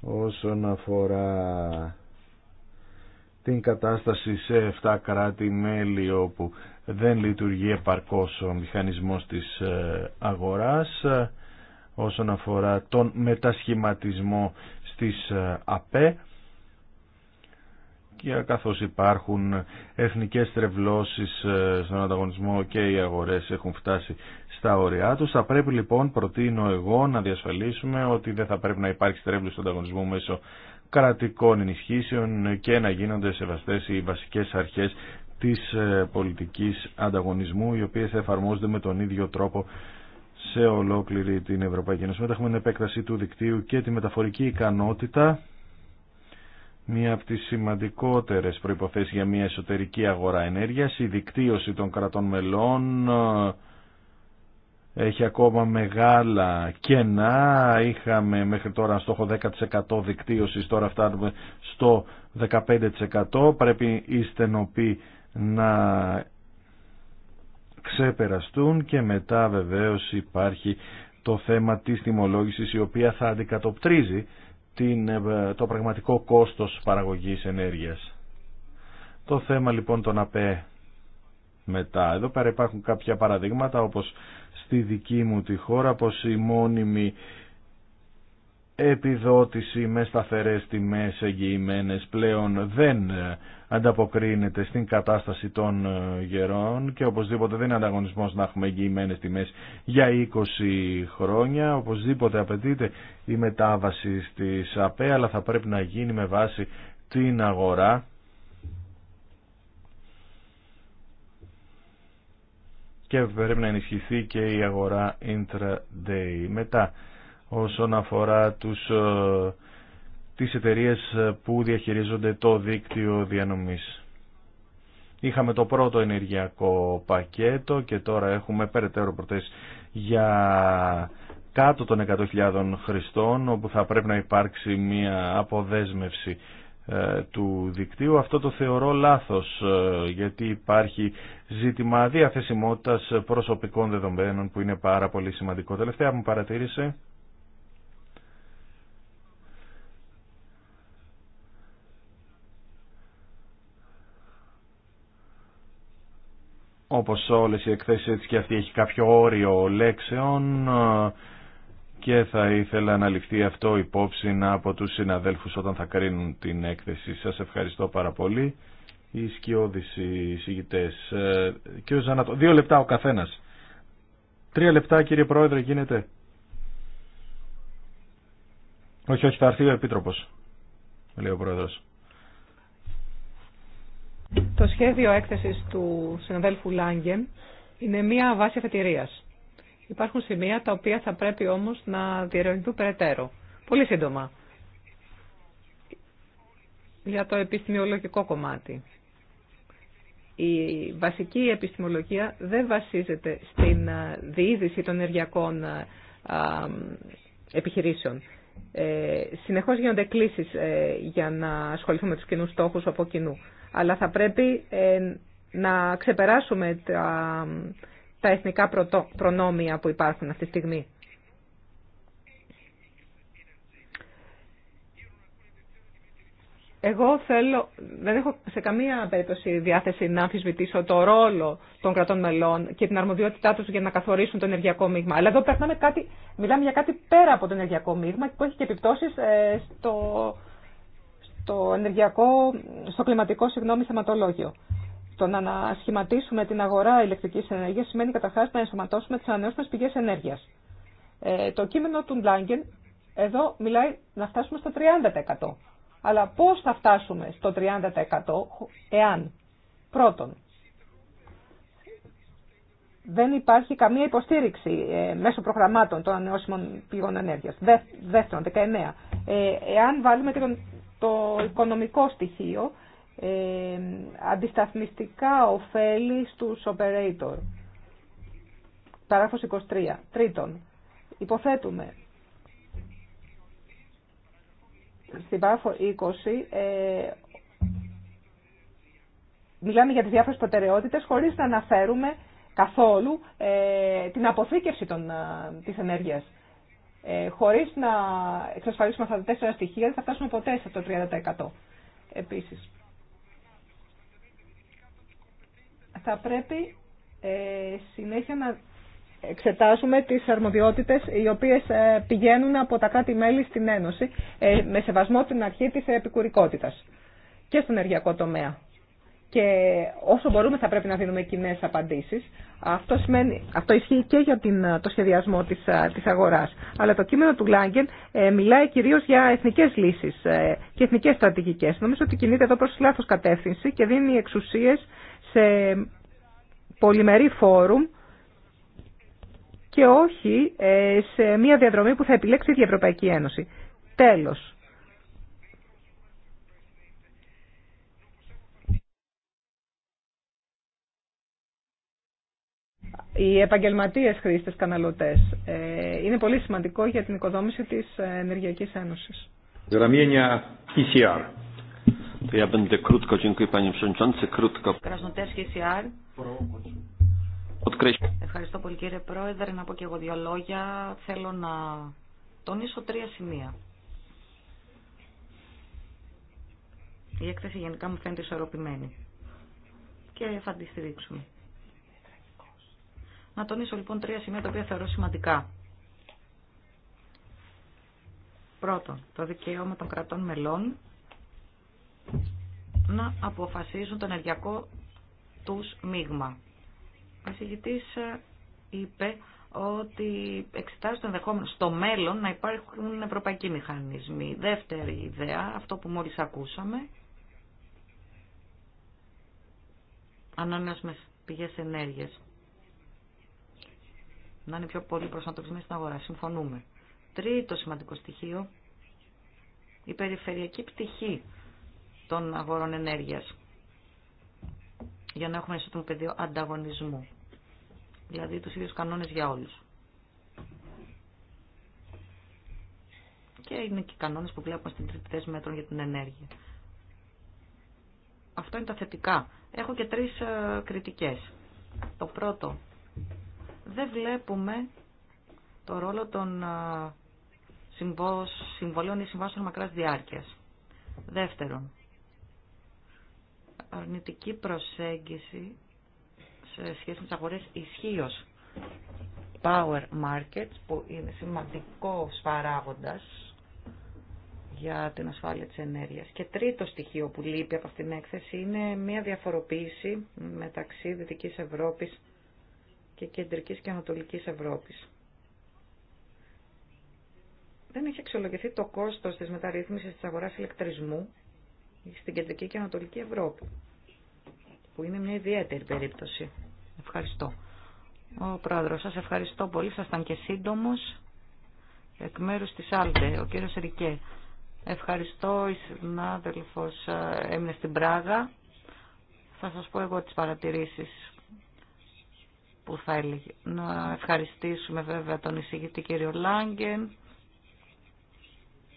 όσον αφορά την κατάσταση σε 7 κράτη-μέλη όπου δεν λειτουργεί επαρκώς ο μηχανισμός της ε, αγοράς ε, όσον αφορά τον μετασχηματισμό στις ε, ΑΠΕ και καθώς υπάρχουν εθνικές τρευλώσεις στον ανταγωνισμό και οι αγορές έχουν φτάσει στα όρια τους. Θα πρέπει λοιπόν, προτείνω εγώ, να διασφαλίσουμε ότι δεν θα πρέπει να υπάρχει τρεύλος στον ανταγωνισμό μέσω κρατικών ενισχύσεων και να γίνονται σεβαστές οι βασικές αρχές της ε, πολιτικής ανταγωνισμού οι οποίες θα εφαρμόζονται με τον ίδιο τρόπο σε ολόκληρη την Ευρωπαϊκή Ένωση. Μετά έχουμε την επέκταση του δικτύου και τη μεταφορική ικανότητα μία από τις σημαντικότερες προϋποθέσεις για μια εσωτερική αγορά ενέργειας, η δικτύωση των κρατών μελών ε, έχει ακόμα μεγάλα κενά, είχαμε μέχρι τώρα στόχο 10% δικτύωσης, τώρα φτάνουμε στο 15%, πρέπει οι να ξεπεραστούν και μετά βεβαίως υπάρχει το θέμα της τιμολόγησης η οποία θα αντικατοπτρίζει την, ε, το πραγματικό κόστος παραγωγής ενέργειας. Το θέμα λοιπόν των ΑΠΕ μετά. Εδώ πέρα υπάρχουν κάποια παραδείγματα όπως στη δική μου τη χώρα πως η μόνιμη επιδότηση με σταθερές τιμές εγγυημένες πλέον δεν ε, ανταποκρίνεται στην κατάσταση των ε, γερών και οπωσδήποτε δεν είναι ανταγωνισμός να έχουμε εγγυημένες τιμές για 20 χρόνια. Οπωσδήποτε απαιτείται η μετάβαση στη ΑΠΕ αλλά θα πρέπει να γίνει με βάση την αγορά και πρέπει να ενισχυθεί και η αγορά intraday. Μετά όσον αφορά τους, ε, τις εταιρείες που διαχειρίζονται το δίκτυο διανομής. Είχαμε το πρώτο ενεργειακό πακέτο και τώρα έχουμε περαιτέρω προτές για κάτω των 100.000 χρηστών όπου θα πρέπει να υπάρξει μια αποδέσμευση ε, του δικτύου. Αυτό το θεωρώ λάθος ε, γιατί υπάρχει ζήτημα διαθεσιμότητας προσωπικών δεδομένων που είναι πάρα πολύ σημαντικό. Τελευταία μου παρατήρησε όπως όλες οι εκθέσεις έτσι και αυτή έχει κάποιο όριο λέξεων ε, και θα ήθελα να ληφθεί αυτό υπόψη από τους συναδέλφους όταν θα κρίνουν την έκθεση. Σας ευχαριστώ πάρα πολύ. Οι σκιώδεις εισηγητές. Ε, Κύριο Ζανατό, δύο λεπτά ο καθένας. Τρία λεπτά κύριε Πρόεδρε γίνεται. Όχι, όχι, θα έρθει ο Επίτροπος, λέει ο Πρόεδρος. Το σχέδιο έκθεσης του συναδέλφου Λάγκεν είναι μία βάση αφετηρίας. Υπάρχουν σημεία τα οποία θα πρέπει όμως να διερευνηθούν περαιτέρω. Πολύ σύντομα. Για το επιστημιολογικό κομμάτι. Η βασική επιστημολογία δεν βασίζεται στην ε, διείδηση των ενεργειακών ε, επιχειρήσεων. Ε, συνεχώς γίνονται κλήσεις ε, για να ασχοληθούμε με τους κοινούς στόχους από κοινού αλλά θα πρέπει ε, να ξεπεράσουμε τα, εθνικά προνόμια που υπάρχουν αυτή τη στιγμή. Εγώ θέλω, δεν έχω σε καμία περίπτωση διάθεση να αμφισβητήσω το ρόλο των κρατών μελών και την αρμοδιότητά τους για να καθορίσουν το ενεργειακό μείγμα. Αλλά εδώ περνάμε κάτι, μιλάμε για κάτι πέρα από το ενεργειακό μείγμα που έχει και επιπτώσεις ε, στο, στο ενεργειακό, στο κλιματικό συγγνώμη, θεματολόγιο. Το να ανασχηματίσουμε την αγορά ηλεκτρικής ενέργειας σημαίνει καταρχά να ενσωματώσουμε τις ανανεώσιμε πηγές ενέργειας. Ε, το κείμενο του Ντλάγκεν εδώ μιλάει να φτάσουμε στο 30%. Αλλά πώς θα φτάσουμε στο 30% εάν πρώτον δεν υπάρχει καμία υποστήριξη ε, μέσω προγραμμάτων των ανανεώσιμων πηγών ενέργεια. Δεύτερον, 19. Ε, εάν βάλουμε και τον το οικονομικό στοιχείο, ε, αντισταθμιστικά ωφέλη στους operator. Παράγραφος 23. Τρίτον, υποθέτουμε στην παράγραφο 20 ε, μιλάμε για τις διάφορες προτεραιότητες χωρίς να αναφέρουμε καθόλου ε, την αποθήκευση των, ε, της ενέργειας. Ε, χωρίς να εξασφαλίσουμε αυτά τα τέσσερα στοιχεία δεν θα φτάσουμε ποτέ σε αυτό το 30%. επίση. θα πρέπει ε, συνέχεια να εξετάσουμε τις αρμοδιότητες οι οποίες ε, πηγαίνουν από τα κράτη-μέλη στην Ένωση ε, με σεβασμό την αρχή της επικουρικότητας και στον ενεργειακό τομέα και όσο μπορούμε θα πρέπει να δίνουμε κοινέ απαντήσεις. Αυτό, σημαίνει, αυτό ισχύει και για την, το σχεδιασμό της, της αγοράς. Αλλά το κείμενο του Λάγκεν ε, μιλάει κυρίως για εθνικές λύσεις ε, και εθνικές στρατηγικές. Νομίζω ότι κινείται εδώ προς λάθος κατεύθυνση και δίνει εξουσίες σε πολυμερή φόρουμ και όχι ε, σε μια διαδρομή που θα επιλέξει η Ευρωπαϊκή Ένωση. Τέλος. οι επαγγελματίες χρήστες καναλωτές. Ε, είναι πολύ σημαντικό για την οικοδόμηση τη Ενεργειακή Ένωση. Ευχαριστώ πολύ κύριε Πρόεδρε. Να πω και εγώ δύο λόγια. Θέλω να τονίσω τρία σημεία. Η έκθεση γενικά μου φαίνεται ισορροπημένη. Και θα τη στηρίξουμε. Να τονίσω λοιπόν τρία σημεία τα οποία θεωρώ σημαντικά. Πρώτον, το δικαίωμα των κρατών μελών να αποφασίζουν το ενεργειακό τους μείγμα. Ο εισηγητής ε, είπε ότι εξετάζει το ενδεχόμενο στο μέλλον να υπάρχουν ευρωπαϊκοί μηχανισμοί. Δεύτερη ιδέα, αυτό που μόλις ακούσαμε, ανώνυμες πηγές ενέργειας να είναι πιο πολύ προσανατολισμένοι στην αγορά. Συμφωνούμε. Τρίτο σημαντικό στοιχείο, η περιφερειακή πτυχή των αγορών ενέργειας για να έχουμε ισότιμο πεδίο ανταγωνισμού. Δηλαδή τους ίδιους κανόνες για όλους. Και είναι και οι κανόνες που βλέπουμε στην τριπτές μέτρων για την ενέργεια. Αυτό είναι τα θετικά. Έχω και τρεις ε, κριτικές. Το πρώτο δεν βλέπουμε το ρόλο των συμβολίων ή συμβάσεων μακράς διάρκειας. Δεύτερον, αρνητική προσέγγιση σε σχέση με τις αγορές ισχύω power markets που είναι σημαντικός παράγοντας για την ασφάλεια της ενέργειας. Και τρίτο στοιχείο που λείπει από αυτήν την έκθεση είναι μια διαφοροποίηση μεταξύ Δυτικής Ευρώπης και κεντρικής και ανατολικής Ευρώπης. Δεν έχει αξιολογηθεί το κόστος της μεταρρύθμισης της αγοράς ηλεκτρισμού στην κεντρική και ανατολική Ευρώπη, που είναι μια ιδιαίτερη περίπτωση. Ευχαριστώ. Ο Πρόεδρος, σας ευχαριστώ πολύ. Σας ήταν και σύντομος. Εκ μέρους της Άλτε, ο κύριος Ρικέ. Ευχαριστώ, η συνάδελφος ε, έμεινε στην Πράγα. Θα σας πω εγώ τις παρατηρήσεις που θα έλεγε. Να ευχαριστήσουμε βέβαια τον εισηγητή κύριο Λάγκεν.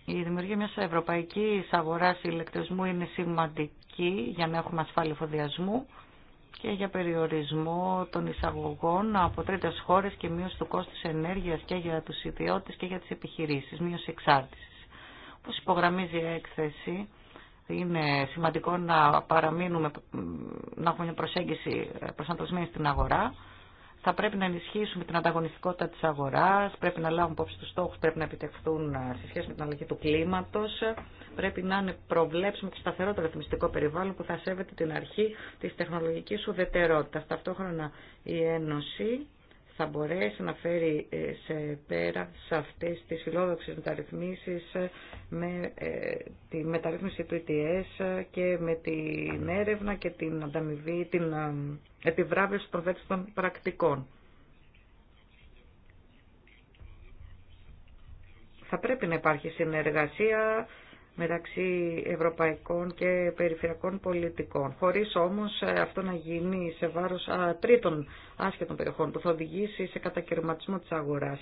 Η δημιουργία μιας ευρωπαϊκής αγοράς ηλεκτρισμού είναι σημαντική για να έχουμε ασφάλεια φοδιασμού και για περιορισμό των εισαγωγών από τρίτες χώρες και μείωση του κόστου ενέργειας και για τους ιδιώτες και για τις επιχειρήσεις, μείωση εξάρτησης. Όπως υπογραμμίζει η έκθεση, είναι σημαντικό να παραμείνουμε, να έχουμε μια προσέγγιση προσανατολισμένη στην αγορά θα πρέπει να ενισχύσουμε την ανταγωνιστικότητα της αγοράς, πρέπει να λάβουμε υπόψη τους στόχους, πρέπει να επιτευχθούν ε, σε σχέση με την αλλαγή του κλίματος, πρέπει να είναι προβλέψιμο και σταθερό το ρυθμιστικό περιβάλλον που θα σέβεται την αρχή της τεχνολογικής ουδετερότητας. Ταυτόχρονα η Ένωση θα μπορέσει να φέρει ε, σε πέρα σε αυτές τις φιλόδοξες μεταρρυθμίσεις ε, με ε, τη μεταρρύθμιση του ETS και με την έρευνα και την ανταμοιβή, την επιβράβευση των βέλτιστων πρακτικών. Θα πρέπει να υπάρχει συνεργασία μεταξύ ευρωπαϊκών και περιφερειακών πολιτικών, χωρίς όμως ε, αυτό να γίνει σε βάρος α, τρίτων άσχετων περιοχών που θα οδηγήσει σε κατακαιρματισμό της αγοράς.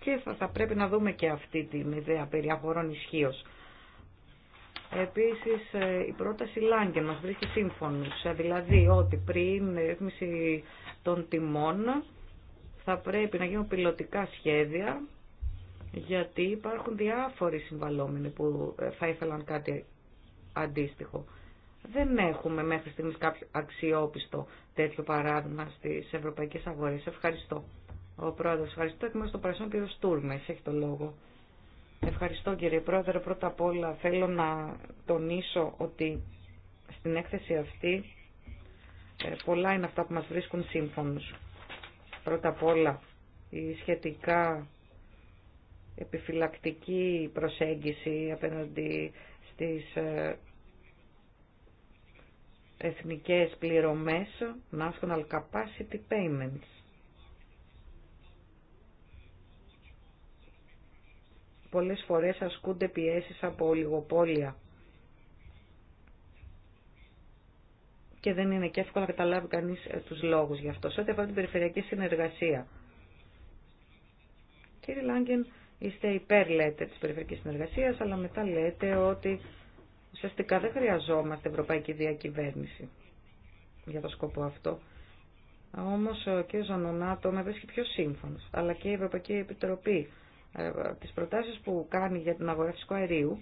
Και θα, πρέπει να δούμε και αυτή την ιδέα περί αγορών ισχύω. Επίσης ε, η πρόταση Λάγκεν μας βρίσκει σύμφωνος, ε, δηλαδή ότι πριν ρύθμιση των τιμών θα πρέπει να γίνουν πιλωτικά σχέδια γιατί υπάρχουν διάφοροι συμβαλόμενοι που ε, θα ήθελαν κάτι αντίστοιχο. Δεν έχουμε μέχρι στιγμής κάποιο αξιόπιστο τέτοιο παράδειγμα στις ευρωπαϊκές αγορές. Ευχαριστώ. Ο πρόεδρος, ευχαριστώ εκ μέρους των κύριο Στούρμες, έχει το λόγο. Ευχαριστώ κύριε πρόεδρε. Πρώτα απ' όλα θέλω να τονίσω ότι στην έκθεση αυτή ε, πολλά είναι αυτά που μας βρίσκουν σύμφωνος. Πρώτα απ' όλα η σχετικά επιφυλακτική προσέγγιση απέναντι στις ε, εθνικές πληρωμές National Capacity Payments. Πολλές φορές ασκούνται πιέσεις από ολιγοπόλια και δεν είναι και εύκολο να καταλάβει κανείς ε, τους λόγους γι' αυτό. Σε ό,τι αφορά την περιφερειακή συνεργασία. Κύριε Λάγκεν, Είστε υπέρ, λέτε, της περιφερειακής συνεργασίας, αλλά μετά λέτε ότι ουσιαστικά δεν χρειαζόμαστε ευρωπαϊκή διακυβέρνηση για το σκοπό αυτό. Όμως ο κ. Ζανονάτο με βρίσκει πιο σύμφωνος, αλλά και η Ευρωπαϊκή Επιτροπή ε, τις που κάνει για την αγορά φυσικού αερίου,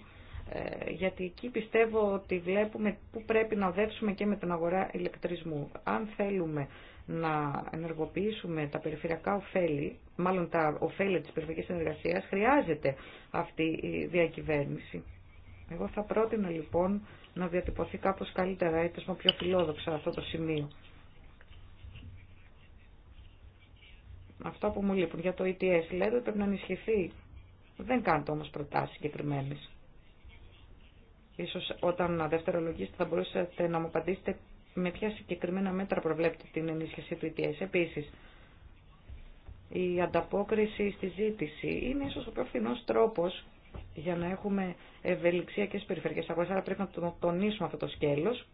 ε, γιατί εκεί πιστεύω ότι βλέπουμε πού πρέπει να οδεύσουμε και με την αγορά ηλεκτρισμού. Αν θέλουμε να ενεργοποιήσουμε τα περιφερειακά ωφέλη, μάλλον τα ωφέλη της περιφερειακής συνεργασίας, χρειάζεται αυτή η διακυβέρνηση. Εγώ θα πρότεινα λοιπόν να διατυπωθεί κάπως καλύτερα ή πιο φιλόδοξα αυτό το σημείο. Αυτό που μου λείπουν για το ETS λέτε ότι πρέπει να ενισχυθεί. Δεν κάνετε όμως προτάσεις συγκεκριμένε. Ίσως όταν δευτερολογήσετε θα μπορούσατε να μου απαντήσετε με ποια συγκεκριμένα μέτρα προβλέπετε την ενίσχυση του ETS. Επίσης, η ανταπόκριση στη ζήτηση. Είναι ίσως ο πιο φθηνός τρόπος για να έχουμε ευελιξία και στις περιφερειακές αγορές, άρα πρέπει να τονίσουμε αυτό το σκέλος.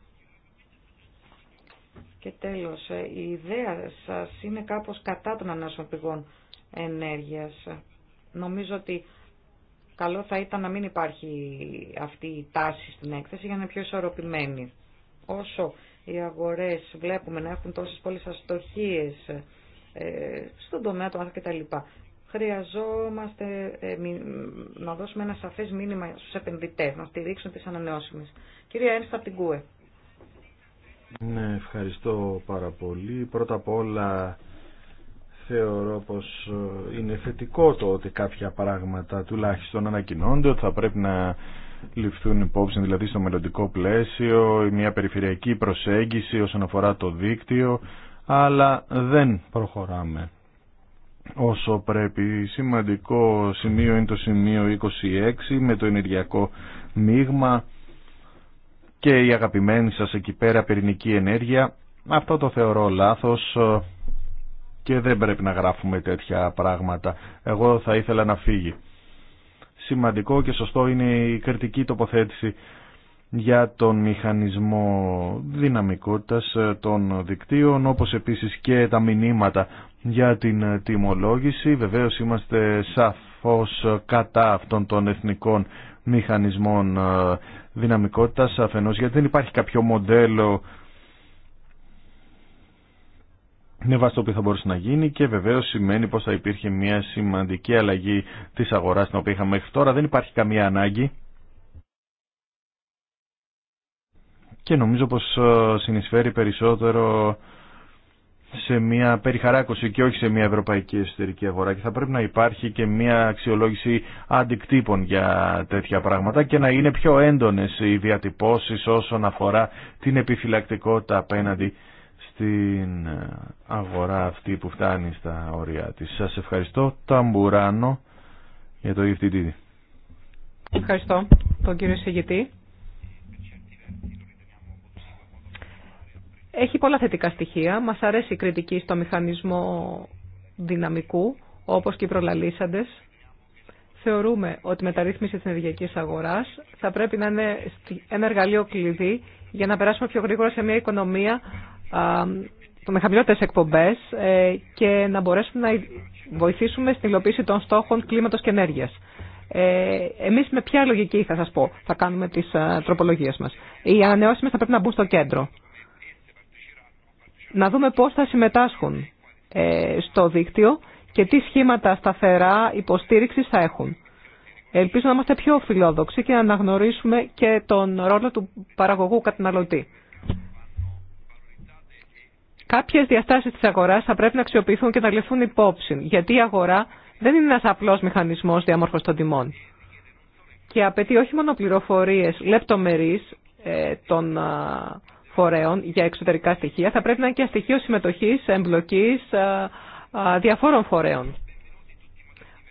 Και τέλος, ε, η ιδέα σας είναι κάπως κατά των ανάσων πηγών ενέργειας. Νομίζω ότι καλό θα ήταν να μην υπάρχει αυτή η τάση στην έκθεση για να είναι πιο ισορροπημένη. Όσο οι αγορές βλέπουμε να έχουν τόσες πολλές αστοχίες ε, στον τομέα του άνθρωπου κτλ. Χρειαζόμαστε ε, να δώσουμε ένα σαφές μήνυμα στους επενδυτές, να στηρίξουν τις ανανεώσιμες. Κυρία Ένστα από την ΚΟΕ. Ναι, ευχαριστώ πάρα πολύ. Πρώτα απ' όλα θεωρώ πως ε, είναι θετικό το ότι κάποια πράγματα τουλάχιστον ανακοινώνται ότι θα πρέπει να ληφθούν υπόψη δηλαδή στο μελλοντικό πλαίσιο, μια περιφερειακή προσέγγιση όσον αφορά το δίκτυο αλλά δεν προχωράμε όσο πρέπει. Σημαντικό σημείο είναι το σημείο 26 με το ενεργειακό μείγμα και η αγαπημένη σας εκεί πέρα πυρηνική ενέργεια. Αυτό το θεωρώ λάθος και δεν πρέπει να γράφουμε τέτοια πράγματα. Εγώ θα ήθελα να φύγει. Σημαντικό και σωστό είναι η κριτική τοποθέτηση για τον μηχανισμό δυναμικότητας ε, των δικτύων, όπως επίσης και τα μηνύματα για την ε, τιμολόγηση. Βεβαίως είμαστε σαφώς κατά αυτών των εθνικών μηχανισμών ε, δυναμικότητας, αφενός γιατί δεν υπάρχει κάποιο μοντέλο με βάση το οποίο θα μπορούσε να γίνει και βεβαίω σημαίνει πως θα υπήρχε μια σημαντική αλλαγή της αγοράς την οποία είχαμε μέχρι τώρα. Δεν υπάρχει καμία ανάγκη και νομίζω πως ε, συνεισφέρει περισσότερο σε μια περιχαράκωση και όχι σε μια ευρωπαϊκή εσωτερική αγορά και θα πρέπει να υπάρχει και μια αξιολόγηση αντικτύπων για τέτοια πράγματα και να είναι πιο έντονες οι διατυπώσεις όσον αφορά την επιφυλακτικότητα απέναντι στην ε, αγορά αυτή που φτάνει στα όρια της. Σας ευχαριστώ Ταμπουράνο για το EFTD. Ευχαριστώ τον κύριο Συγητή Έχει πολλά θετικά στοιχεία. μα αρέσει η κριτική στο μηχανισμό δυναμικού, όπω και οι προλαλήσαντε. Θεωρούμε ότι η μεταρρύθμιση τη ενεργειακή αγορά θα πρέπει να είναι ένα εργαλείο κλειδί για να περάσουμε πιο γρήγορα σε μια οικονομία με χαμηλότερες εκπομπές ε, και να μπορέσουμε να βοηθήσουμε στην υλοποίηση των στόχων κλίματο και ενέργεια. Ε, εμείς με ποια λογική θα σα πω θα κάνουμε τις τροπολογίε τροπολογίες μας. Οι ανανεώσιμες θα πρέπει να μπουν στο κέντρο να δούμε πώς θα συμμετάσχουν ε, στο δίκτυο και τι σχήματα σταθερά υποστήριξης θα έχουν. Ελπίζω να είμαστε πιο φιλόδοξοι και να αναγνωρίσουμε και τον ρόλο του παραγωγού καταναλωτή. Κάποιε διαστάσει τη αγορά θα πρέπει να αξιοποιηθούν και να ληφθούν υπόψη, γιατί η αγορά δεν είναι ένα απλό μηχανισμό διαμόρφωση των τιμών. Και απαιτεί όχι μόνο πληροφορίε λεπτομερεί ε, των φορέων για εξωτερικά στοιχεία θα πρέπει να είναι και στοιχείο συμμετοχής, εμπλοκής διαφόρων φορέων.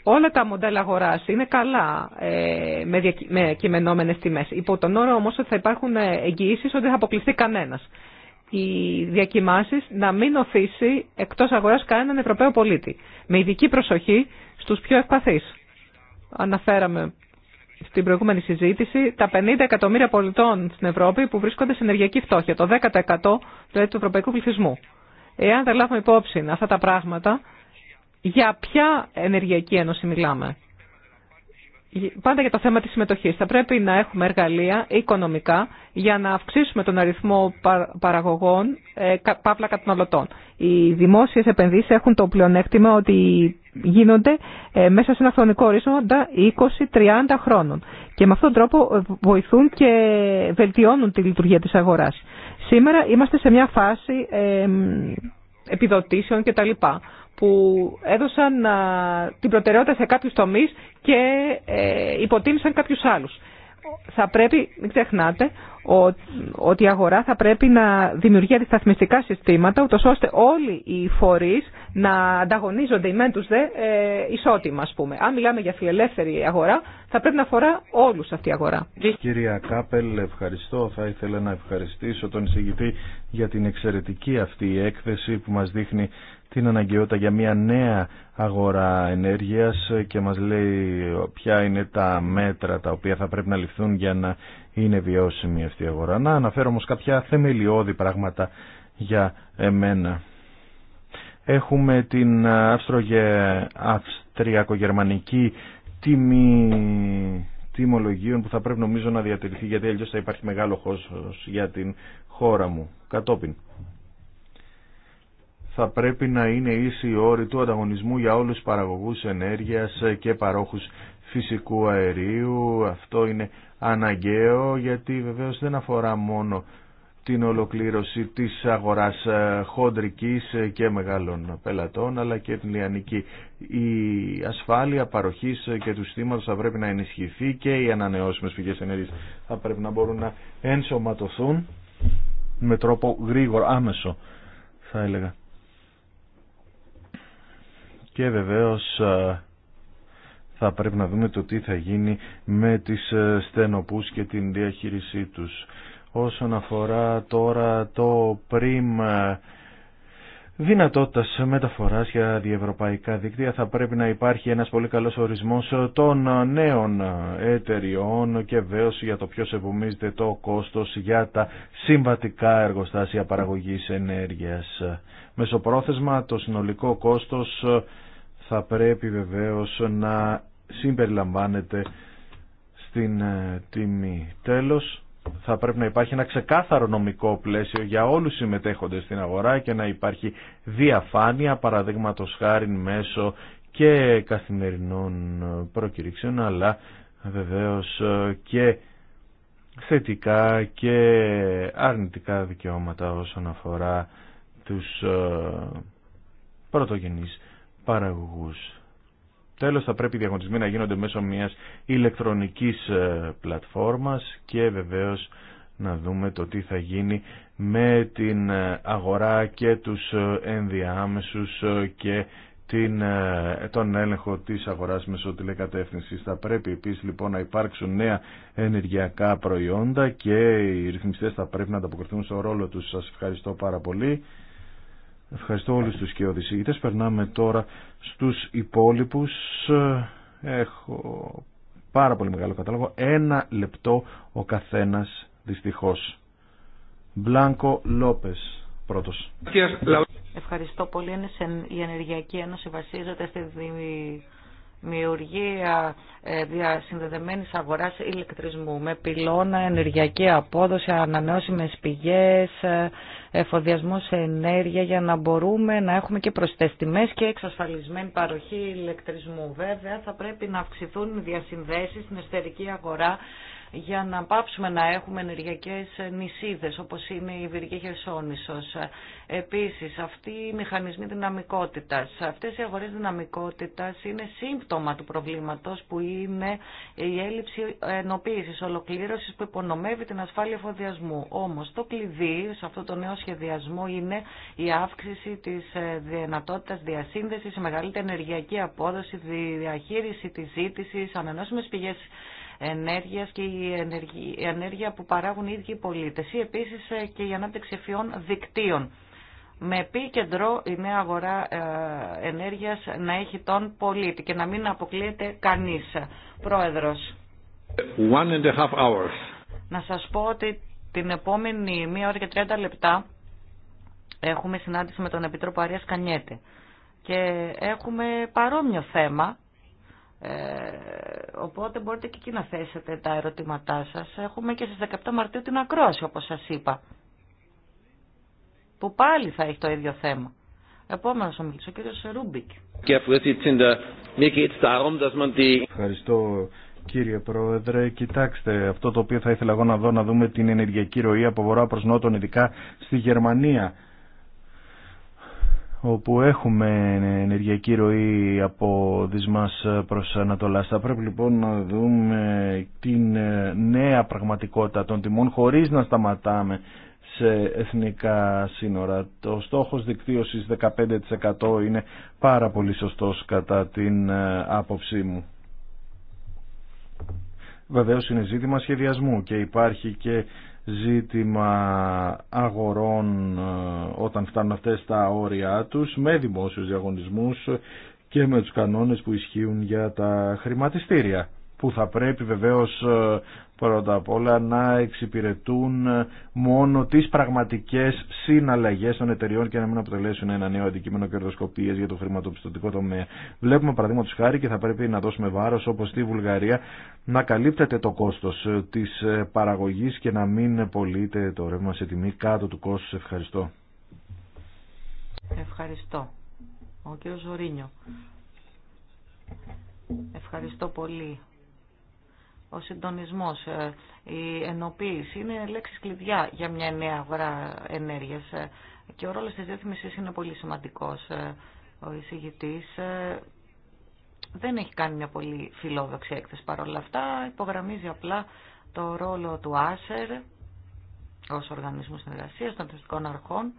Όλα τα μοντέλα αγοράς είναι καλά ε, με, δια, με κειμενόμενες τιμές. Υπό τον όρο όμως ότι θα υπάρχουν ε, εγγυήσει ότι θα αποκλειστεί κανένας. Οι διακοιμάσεις να μην οθήσει εκτός αγοράς κανέναν Ευρωπαίο πολίτη. Με ειδική προσοχή στους πιο ευπαθείς. Αναφέραμε στην προηγούμενη συζήτηση τα 50 εκατομμύρια πολιτών στην Ευρώπη που βρίσκονται σε ενεργειακή φτώχεια, το 10% δηλαδή, του ευρωπαϊκού πληθυσμού. Εάν δεν λάβουμε υπόψη αυτά τα πράγματα, για ποια ενεργειακή ένωση μιλάμε πάντα για το θέμα της συμμετοχής. Θα πρέπει να έχουμε εργαλεία οικονομικά για να αυξήσουμε τον αριθμό παραγωγών ε, παύλα καταναλωτών. Οι δημόσιες επενδύσεις έχουν το πλεονέκτημα ότι γίνονται ε, μέσα σε ένα χρονικό ορίζοντα 20-30 χρόνων. Και με αυτόν τον τρόπο ε, βοηθούν και βελτιώνουν τη λειτουργία της αγοράς. Σήμερα είμαστε σε μια φάση επιδοτήσεων κτλ που έδωσαν την προτεραιότητα σε κάποιους τομείς και ε, υποτίμησαν κάποιους άλλους. Θα πρέπει, μην ξεχνάτε, ότι η αγορά θα πρέπει να δημιουργεί αντισταθμιστικά συστήματα, ούτω ώστε όλοι οι φορείς να ανταγωνίζονται οι μεν τους δε ε, ισότιμα, ας πούμε. Αν μιλάμε για φιλελεύθερη αγορά, θα πρέπει να αφορά όλους αυτή η αγορά. Κυρία Κάπελ, ευχαριστώ. Θα ήθελα να ευχαριστήσω τον εισηγητή για την εξαιρετική αυτή έκθεση που μας δείχνει την αναγκαιότητα για μια νέα αγορά ενέργειας και μας λέει ποια είναι τα μέτρα τα οποία θα πρέπει να ληφθούν για να είναι βιώσιμη αυτή η αγορά. Να αναφέρω όμως κάποια θεμελιώδη πράγματα για εμένα. Έχουμε την αυστριακογερμανική τιμή τιμολογίων που θα πρέπει νομίζω να διατηρηθεί γιατί αλλιώς θα υπάρχει μεγάλο χώρος για την χώρα μου κατόπιν θα πρέπει να είναι ίση η όρη του ανταγωνισμού για όλους τους παραγωγούς ενέργειας και παρόχους φυσικού αερίου. Αυτό είναι αναγκαίο γιατί βεβαίως δεν αφορά μόνο την ολοκλήρωση της αγοράς ε, χοντρικής και μεγάλων πελατών αλλά και την λιανική. Η ασφάλεια παροχής και του στήματος θα πρέπει να ενισχυθεί και οι ανανεώσιμες πηγές ενέργειας θα πρέπει να μπορούν να ενσωματωθούν με τρόπο γρήγορο, άμεσο θα έλεγα και βεβαίως ε, θα πρέπει να δούμε το τι θα γίνει με τις ε, στενοπούς και την διαχείρισή τους. Όσον αφορά τώρα το πριμ ε, δυνατότητας μεταφοράς για διευρωπαϊκά δίκτυα θα πρέπει να υπάρχει ένας πολύ καλός ορισμός των νέων εταιριών και βέβαιως για το ποιος επομίζεται το κόστος για τα συμβατικά εργοστάσια παραγωγής ενέργειας. Μεσοπρόθεσμα το συνολικό κόστος θα πρέπει βεβαίως να συμπεριλαμβάνεται στην ε, τιμή. Τέλος, θα πρέπει να υπάρχει ένα ξεκάθαρο νομικό πλαίσιο για όλους συμμετέχοντες στην αγορά και να υπάρχει διαφάνεια, παραδείγματο χάρη μέσω και καθημερινών προκηρύξεων, αλλά βεβαίως ε, και θετικά και αρνητικά δικαιώματα όσον αφορά τους ε, πρωτογενείς παραγωγούς. Τέλος θα πρέπει οι διαγωνισμοί να γίνονται μέσω μιας ηλεκτρονικής ε, πλατφόρμας και βεβαίως να δούμε το τι θα γίνει με την ε, αγορά και τους ε, ενδιάμεσους και την, τον έλεγχο της αγοράς μέσω τηλεκατεύθυνσης. Θα πρέπει επίσης λοιπόν να υπάρξουν νέα ενεργειακά προϊόντα και οι ρυθμιστές θα πρέπει να ανταποκριθούν στο ρόλο τους. Σας ευχαριστώ πάρα πολύ. Ευχαριστώ όλους τους και οδησίγητες. Περνάμε τώρα στους υπόλοιπους. Έχω πάρα πολύ μεγάλο κατάλογο. Ένα λεπτό ο καθένας δυστυχώς. Μπλάνκο Λόπες πρώτος. Ευχαριστώ πολύ. Η Ενεργειακή Ένωση βασίζεται στη Δημιουργία ε, διασυνδεδεμένης αγοράς ηλεκτρισμού με πυλώνα, ενεργειακή απόδοση, ανανεώσιμες πηγές, ε, εφοδιασμό σε ενέργεια για να μπορούμε να έχουμε και προστεστιμές και εξασφαλισμένη παροχή ηλεκτρισμού. Βέβαια θα πρέπει να αυξηθούν οι διασυνδέσεις στην εσωτερική αγορά για να πάψουμε να έχουμε ενεργειακές νησίδες όπως είναι η Βυρική Χερσόνησος. Επίσης, αυτοί οι μηχανισμοί δυναμικότητας, αυτές οι αγορές δυναμικότητας είναι σύμπτωμα του προβλήματος που είναι η έλλειψη ενοποίησης, ολοκλήρωσης που υπονομεύει την ασφάλεια εφοδιασμού. Όμως το κλειδί σε αυτό το νέο σχεδιασμό είναι η αύξηση της δυνατότητας διασύνδεσης, η μεγαλύτερη ενεργειακή απόδοση, διαχείριση της ζήτησης, ανανόσιμες πηγές ενέργειας και η ενέργεια που παράγουν οι ίδιοι οι πολίτες ή επίσης ε, και η ανάπτυξη ευφυών δικτύων με επίκεντρο η νέα αγορά ε, ενέργειας να έχει τον πολίτη και να μην αποκλείεται κανείς. Πρόεδρος, One να σας πω ότι την επόμενη μία ώρα και 30 λεπτά έχουμε συνάντηση με τον Επιτρόπο Αρίας Κανιέτη και έχουμε παρόμοιο θέμα ε, οπότε μπορείτε και εκεί να θέσετε τα ερωτήματά σας. Έχουμε και στις 17 Μαρτίου την ακρόαση, όπως σας είπα, που πάλι θα έχει το ίδιο θέμα. Επόμενος ο ο κύριος Ρούμπικ. Ευχαριστώ κύριε Πρόεδρε. Κοιτάξτε, αυτό το οποίο θα ήθελα εγώ να δω, να δούμε την ενεργειακή ροή από βορρά προς νότον, ειδικά στη Γερμανία όπου έχουμε ενεργειακή ροή από δυσμάς προς Ανατολάς. Θα πρέπει λοιπόν να δούμε την ε, νέα πραγματικότητα των τιμών χωρίς να σταματάμε σε εθνικά σύνορα. Το στόχος δικτύωσης 15% είναι πάρα πολύ σωστός κατά την ε, άποψή μου. Βεβαίως είναι ζήτημα σχεδιασμού και υπάρχει και ζήτημα αγορών ε, όταν φτάνουν αυτές τα όρια τους με δημόσιους διαγωνισμούς και με τους κανόνες που ισχύουν για τα χρηματιστήρια που θα πρέπει βεβαίως ε, πρώτα απ' όλα να εξυπηρετούν ε, μόνο τις πραγματικές συναλλαγές των εταιριών και να μην αποτελέσουν ένα νέο αντικείμενο κερδοσκοπίες για το χρηματοπιστωτικό τομέα. Βλέπουμε παραδείγματο χάρη και θα πρέπει να δώσουμε βάρος όπως στη Βουλγαρία να καλύπτεται το κόστος ε, της παραγωγής και να μην πωλείται το ρεύμα σε τιμή κάτω του κόστου. Ευχαριστώ. Ευχαριστώ. Ο κύριος Ζωρίνιο. Ευχαριστώ πολύ ο συντονισμός, ε, η ενοποίηση είναι λέξεις κλειδιά για μια νέα αγορά ενέργειας ε, και ο ρόλος της διεύθυνσης είναι πολύ σημαντικός. Ε, ο εισηγητής δεν έχει κάνει μια πολύ φιλόδοξη έκθεση παρόλα αυτά, υπογραμμίζει απλά το ρόλο του Άσερ ως οργανισμού συνεργασίας των θεστικών αρχών.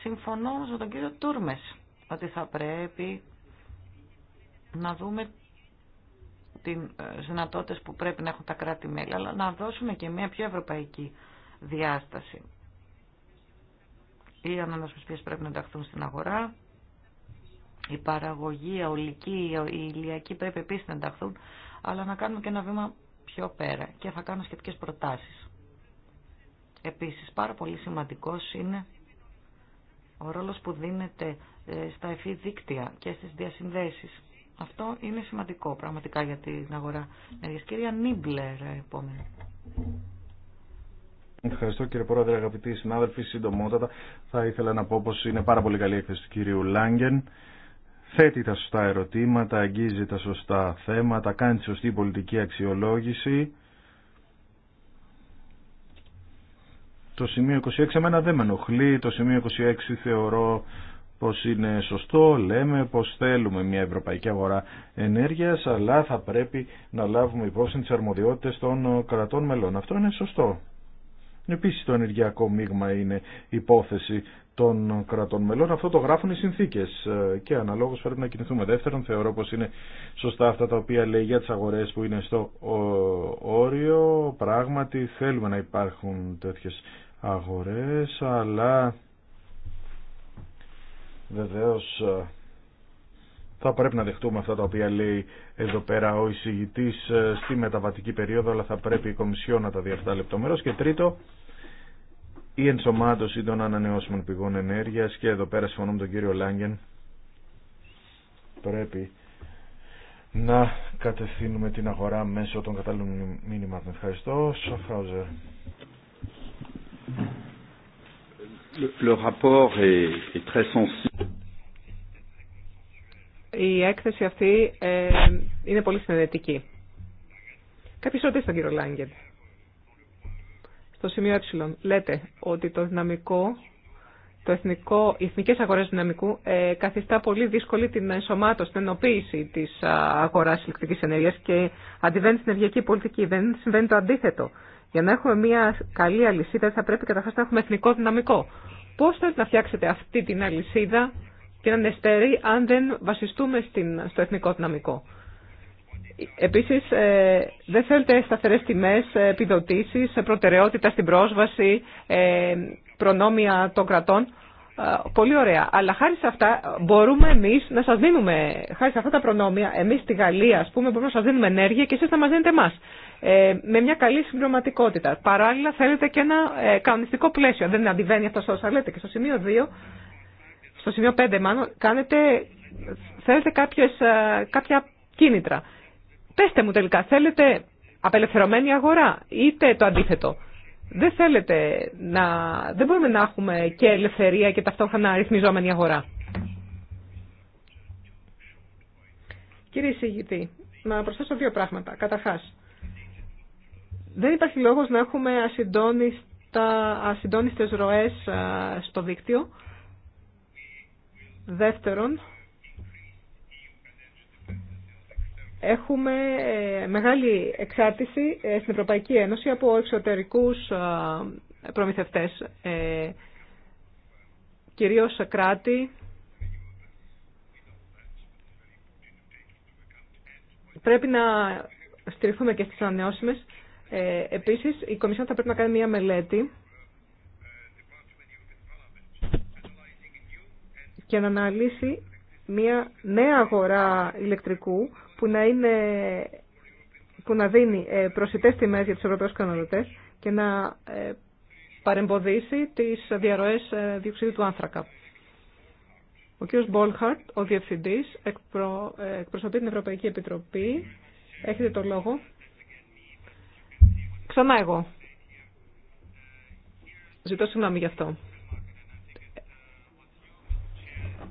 Συμφωνώ με τον κύριο Τούρμες ότι θα πρέπει να δούμε ε, τι δυνατότητε που πρέπει να έχουν τα κράτη-μέλη, αλλά να δώσουμε και μια πιο ευρωπαϊκή διάσταση. Οι ανανοσπιστέ πρέπει να ενταχθούν στην αγορά, η παραγωγή, η ολική, η ηλιακή πρέπει επίσης να ενταχθούν, αλλά να κάνουμε και ένα βήμα πιο πέρα και θα κάνω σχετικές προτάσεις. Επίσης, πάρα πολύ σημαντικός είναι ο ρόλος που δίνεται ε, στα εφή δίκτυα και στις διασυνδέσεις. Αυτό είναι σημαντικό πραγματικά για την αγορά Ναι, Κυρία Νίμπλερ, επόμενη. Ευχαριστώ κύριε Πρόεδρε, αγαπητοί συνάδελφοι. Συντομότατα θα ήθελα να πω πως είναι πάρα πολύ καλή έκθεση του κυρίου Λάγκεν. Θέτει τα σωστά ερωτήματα, αγγίζει τα σωστά θέματα, κάνει τη σωστή πολιτική αξιολόγηση. Το σημείο 26 εμένα δεν με ενοχλεί. Το σημείο 26 θεωρώ πως είναι σωστό, λέμε πως θέλουμε μια ευρωπαϊκή αγορά ενέργειας, αλλά θα πρέπει να λάβουμε υπόψη τις αρμοδιότητες των κρατών μελών. Αυτό είναι σωστό. Επίσης το ενεργειακό μείγμα είναι υπόθεση των κρατών μελών. Αυτό το γράφουν οι συνθήκες και αναλόγως πρέπει να κινηθούμε. Δεύτερον, θεωρώ πως είναι σωστά αυτά τα οποία λέει για τις αγορές που είναι στο όριο. Πράγματι θέλουμε να υπάρχουν τέτοιες αγορές, αλλά Βεβαίως ε, θα πρέπει να δεχτούμε αυτά τα οποία λέει εδώ πέρα ο εισηγητής ε, στη μεταβατική περίοδο, αλλά θα πρέπει η Κομισιό να τα δει λεπτομέρως. Και τρίτο, η ενσωμάτωση των ανανεώσιμων πηγών ενέργειας και εδώ πέρα συμφωνώ με τον κύριο Λάγκεν πρέπει να κατευθύνουμε την αγορά μέσω των κατάλληλων μήνυματων. Ευχαριστώ. Η έκθεση αυτή ε, είναι πολύ συνενετική. Κάποιε ρωτήσαν τον κύριο Λάγκεν. Στο σημείο ε λέτε ότι το δυναμικό, το εθνικό, οι εθνικές αγορές δυναμικού ε, καθιστά πολύ δύσκολη την ενσωμάτωση, την ενοποίηση της ε, αγοράς ηλεκτρικής ενέργειας και αντιβαίνει στην ενεργειακή πολιτική. Δεν συμβαίνει το αντίθετο. Για να έχουμε μια καλή αλυσίδα θα πρέπει καταρχά να έχουμε εθνικό δυναμικό. Πώ θέλετε να φτιάξετε αυτή την αλυσίδα και να είναι αν δεν βασιστούμε στην, στο εθνικό δυναμικό. Επίση, ε, δεν θέλετε σταθερέ τιμέ, ε, επιδοτήσει, ε, προτεραιότητα στην πρόσβαση, προνόμια των κρατών πολύ ωραία. Αλλά χάρη σε αυτά μπορούμε εμεί να σα δίνουμε, χάρη σε αυτά τα προνόμια, εμεί στη Γαλλία, α πούμε, μπορούμε να σα δίνουμε ενέργεια και εσεί να μα δίνετε εμά. Ε, με μια καλή συμπληρωματικότητα. Παράλληλα, θέλετε και ένα ε, κανονιστικό πλαίσιο. Δεν αντιβαίνει αυτό όσα λέτε. Και στο σημείο 2, στο σημείο 5 μάλλον, κάνετε, θέλετε κάποιες, ε, κάποια κίνητρα. Πετε μου τελικά, θέλετε απελευθερωμένη αγορά, είτε το αντίθετο. Δεν θέλετε να... Δεν μπορούμε να έχουμε και ελευθερία και ταυτόχρονα αριθμιζόμενη αγορά. Κύριε Συγητή, να προσθέσω δύο πράγματα. Καταρχά, δεν υπάρχει λόγος να έχουμε ασυντόνιστα, ασυντόνιστες ροές στο δίκτυο. Δεύτερον, έχουμε ε, μεγάλη εξάρτηση ε, στην Ευρωπαϊκή Ένωση από εξωτερικούς ε, προμηθευτές, κυρίως κράτη. Πρέπει να στηριχθούμε και στις ανανεώσιμες. Επίσης, η Κομισιόν θα πρέπει να κάνει μια μελέτη και να αναλύσει μια νέα αγορά ηλεκτρικού που να, είναι, που να δίνει ε, προσιτές τιμές για τους Ευρωπαίους καταναλωτές και να ε, παρεμποδίσει τις διαρροές ε, διοξιδίου του άνθρακα. Ο κ. Μπόλχαρτ, ο Διευθυντής, εκπρο... εκπροσωπεί την Ευρωπαϊκή Επιτροπή. Έχετε το λόγο. Ξανά εγώ. Ζητώ συγγνώμη γι' αυτό.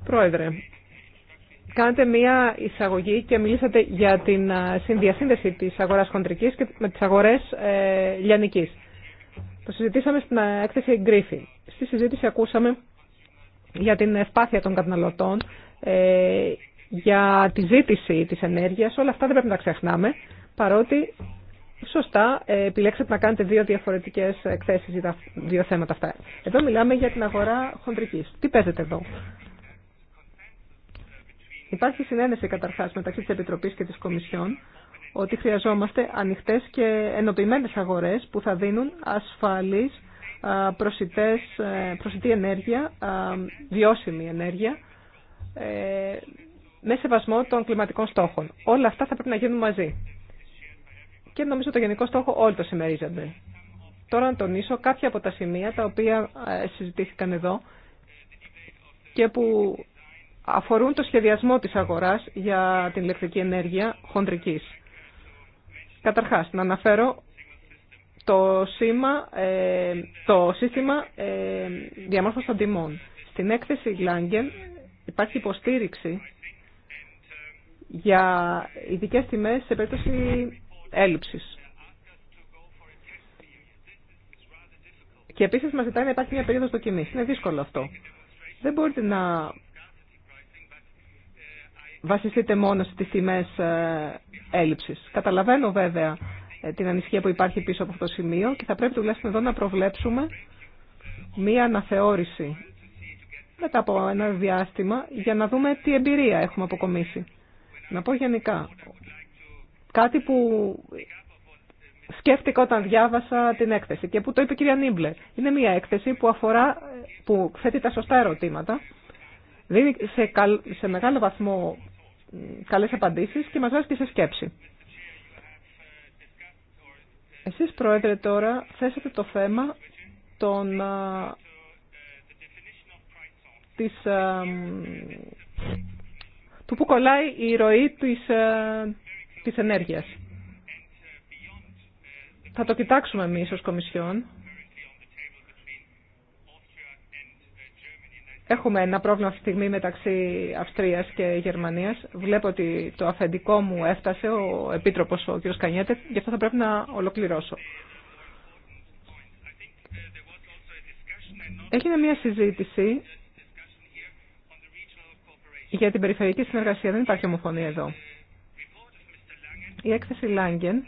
Πρόεδρε, κάνετε μία εισαγωγή και μιλήσατε για την συνδιασύνδεση της αγοράς χοντρικής και με τις αγορές ε, λιανικής. Το συζητήσαμε στην έκθεση Γκρίφη. Στη συζήτηση ακούσαμε για την ευπάθεια των καταναλωτών, ε, για τη ζήτηση της ενέργειας. Όλα αυτά δεν πρέπει να ξεχνάμε, παρότι σωστά ε, επιλέξατε να κάνετε δύο διαφορετικές εκθέσεις για τα δύο θέματα αυτά. Εδώ μιλάμε για την αγορά χοντρικής. Τι παίζετε εδώ. Υπάρχει συνένεση καταρχά μεταξύ τη Επιτροπή και τη Κομισιόν ότι χρειαζόμαστε ανοιχτέ και ενοποιημένες αγορές που θα δίνουν ασφαλή ε, προσιτή ενέργεια, βιώσιμη ενέργεια, ε, με σεβασμό των κλιματικών στόχων. Όλα αυτά θα πρέπει να γίνουν μαζί. Και νομίζω το γενικό στόχο όλοι το συμμερίζονται. Τώρα να τονίσω κάποια από τα σημεία τα οποία ε, συζητήθηκαν εδώ και που αφορούν το σχεδιασμό της αγοράς για την ηλεκτρική ενέργεια χοντρικής. Καταρχάς, να αναφέρω το, ε, το σύστημα ε, διαμόρφωσης των τιμών. Στην έκθεση Λάγκεν υπάρχει υποστήριξη για ειδικέ τιμές σε περίπτωση έλλειψης. Και επίσης μας ζητάει να υπάρχει μια περίοδος δοκιμής. Είναι δύσκολο αυτό. Δεν μπορείτε να βασιστείτε μόνο στις τιμές ε, έλλειψης. Καταλαβαίνω βέβαια ε, την ανησυχία που υπάρχει πίσω από αυτό το σημείο και θα πρέπει τουλάχιστον εδώ να προβλέψουμε μία αναθεώρηση μετά από ένα διάστημα για να δούμε τι εμπειρία έχουμε αποκομίσει. Να πω γενικά, κάτι που σκέφτηκα όταν διάβασα την έκθεση και που το είπε η κυρία Νίμπλε. Είναι μία έκθεση που αφορά, ε, που θέτει τα σωστά ερωτήματα, δίνει σε, μεγάλο βαθμό καλές απαντήσεις και μας βάζει και σε σκέψη. Εσείς, Πρόεδρε, τώρα θέσατε το θέμα των, της, του που κολλάει η ροή της, της ενέργειας. Θα το κοιτάξουμε εμείς ως Κομισιόν Έχουμε ένα πρόβλημα αυτή τη στιγμή μεταξύ Αυστρίας και Γερμανίας. Βλέπω ότι το αφεντικό μου έφτασε, ο Επίτροπος ο κ. Κανιέτε, γι' αυτό θα πρέπει να ολοκληρώσω. Έγινε μια συζήτηση για την περιφερειακή συνεργασία. Δεν υπάρχει ομοφωνία εδώ. Η έκθεση Λάγκεν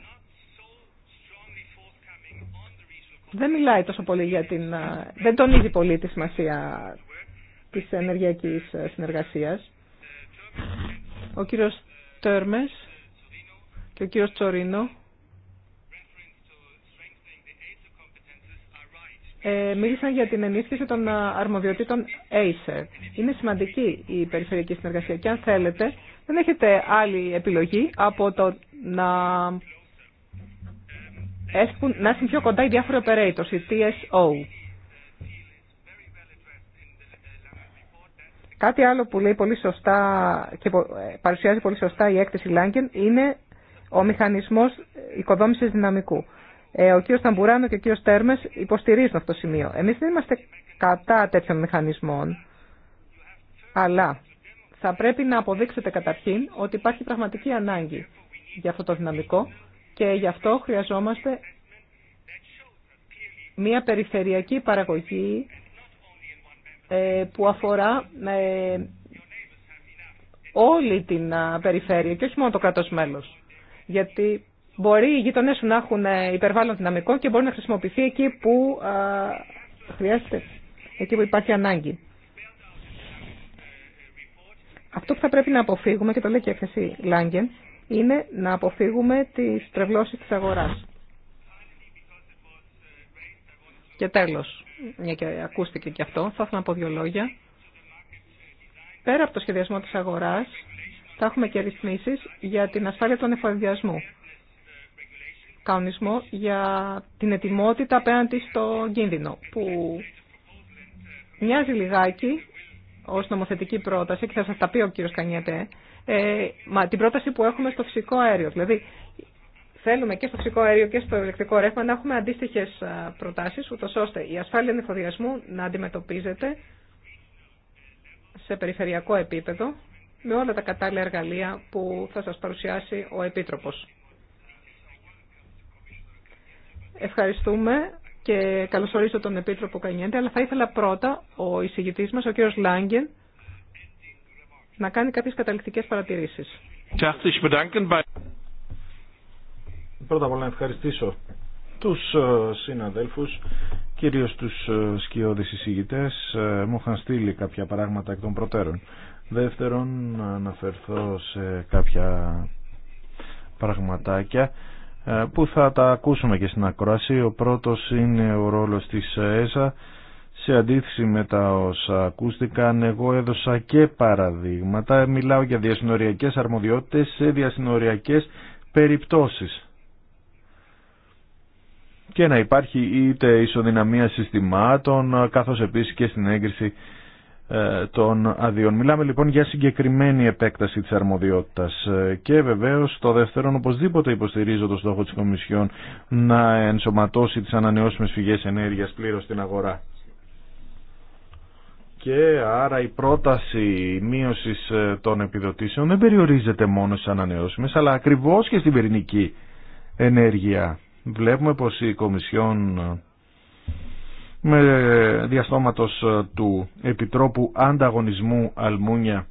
δεν μιλάει τόσο πολύ για την... δεν τονίζει πολύ τη σημασία της ενεργειακής συνεργασίας. Ο κύριος Τέρμες και ο κύριος Τσορίνο ε, μίλησαν για την ενίσχυση των ε, αρμοδιοτήτων Acer. Είναι σημαντική η περιφερειακή συνεργασία και αν θέλετε δεν έχετε άλλη επιλογή από το να έρθουν, να πιο κοντά οι διάφοροι operators, οι TSO. Κάτι άλλο που λέει πολύ σωστά και ε, παρουσιάζει πολύ σωστά η έκθεση Λάγκεν είναι ο μηχανισμός οικοδόμησης δυναμικού. Ε, ο κ. Σταμπουράνο και ο κ. Τέρμες υποστηρίζουν αυτό το σημείο. Εμείς δεν είμαστε κατά τέτοιων μηχανισμών, αλλά θα πρέπει να αποδείξετε καταρχήν ότι υπάρχει πραγματική ανάγκη για αυτό το δυναμικό και γι' αυτό χρειαζόμαστε μια περιφερειακή παραγωγή ε, που αφορά ε, όλη την περιφέρεια και όχι μόνο το κράτος μέλος. Γιατί μπορεί οι γείτονέ σου να έχουν ε, υπερβάλλον δυναμικό και μπορεί να χρησιμοποιηθεί εκεί που χρειάζεται, εκεί που υπάρχει ανάγκη. Αυτό που θα πρέπει να αποφύγουμε, και το λέει και η έκθεση Λάγκεν, είναι να αποφύγουμε τις τρευλώσεις της αγοράς. Και τέλος, μια και ακούστηκε και αυτό, θα ήθελα να πω δύο λόγια. Πέρα από το σχεδιασμό της αγοράς, θα έχουμε και ρυθμίσεις για την ασφάλεια του εφοδιασμού, Κανονισμό για την ετοιμότητα απέναντι στο κίνδυνο, που μοιάζει λιγάκι ως νομοθετική πρόταση, και θα σας τα πει ο κύριος Κανιέτε, ε, μα, την πρόταση που έχουμε στο φυσικό αέριο. Δηλαδή, θέλουμε και στο φυσικό αέριο και στο ηλεκτρικό ρεύμα να έχουμε αντίστοιχε προτάσει, ούτω ώστε η ασφάλεια ανεφοδιασμού να αντιμετωπίζεται σε περιφερειακό επίπεδο με όλα τα κατάλληλα εργαλεία που θα σας παρουσιάσει ο Επίτροπος. Ευχαριστούμε και καλωσορίζω τον Επίτροπο Κανιέντε, αλλά θα ήθελα πρώτα ο εισηγητής μας, ο κ. Λάγκεν, να κάνει κάποιες καταληκτικές παρατηρήσεις. Πρώτα απ' όλα να ευχαριστήσω τους ε, συναδέλφους, κυρίως τους ε, σκιώδεις εισηγητές. Ε, μου είχαν στείλει κάποια πράγματα εκ των προτέρων. Δεύτερον, να αναφερθώ σε κάποια πραγματάκια που θα τα ακούσουμε και στην ακρόαση. Ο πρώτος είναι ο ρόλος της ΕΣΑ. Σε αντίθεση με τα όσα ακούστηκαν, εγώ έδωσα και παραδείγματα. Μιλάω για διασυνοριακές αρμοδιότητες σε διασυνοριακές περιπτώσεις και να υπάρχει είτε ισοδυναμία συστημάτων καθώς επίσης και στην έγκριση ε, των αδειών. Μιλάμε λοιπόν για συγκεκριμένη επέκταση της αρμοδιότητας ε, και βεβαίως το δεύτερον οπωσδήποτε υποστηρίζω το στόχο της Κομισιόν να ενσωματώσει τις ανανεώσιμες φυγές ενέργειας πλήρως στην αγορά. Και άρα η πρόταση μείωσης ε, των επιδοτήσεων δεν περιορίζεται μόνο στις ανανεώσιμες αλλά ακριβώς και στην πυρηνική ενέργεια βλέπουμε πως η Κομισιόν ε, με διαστόματος ε, του Επιτρόπου Ανταγωνισμού Αλμούνια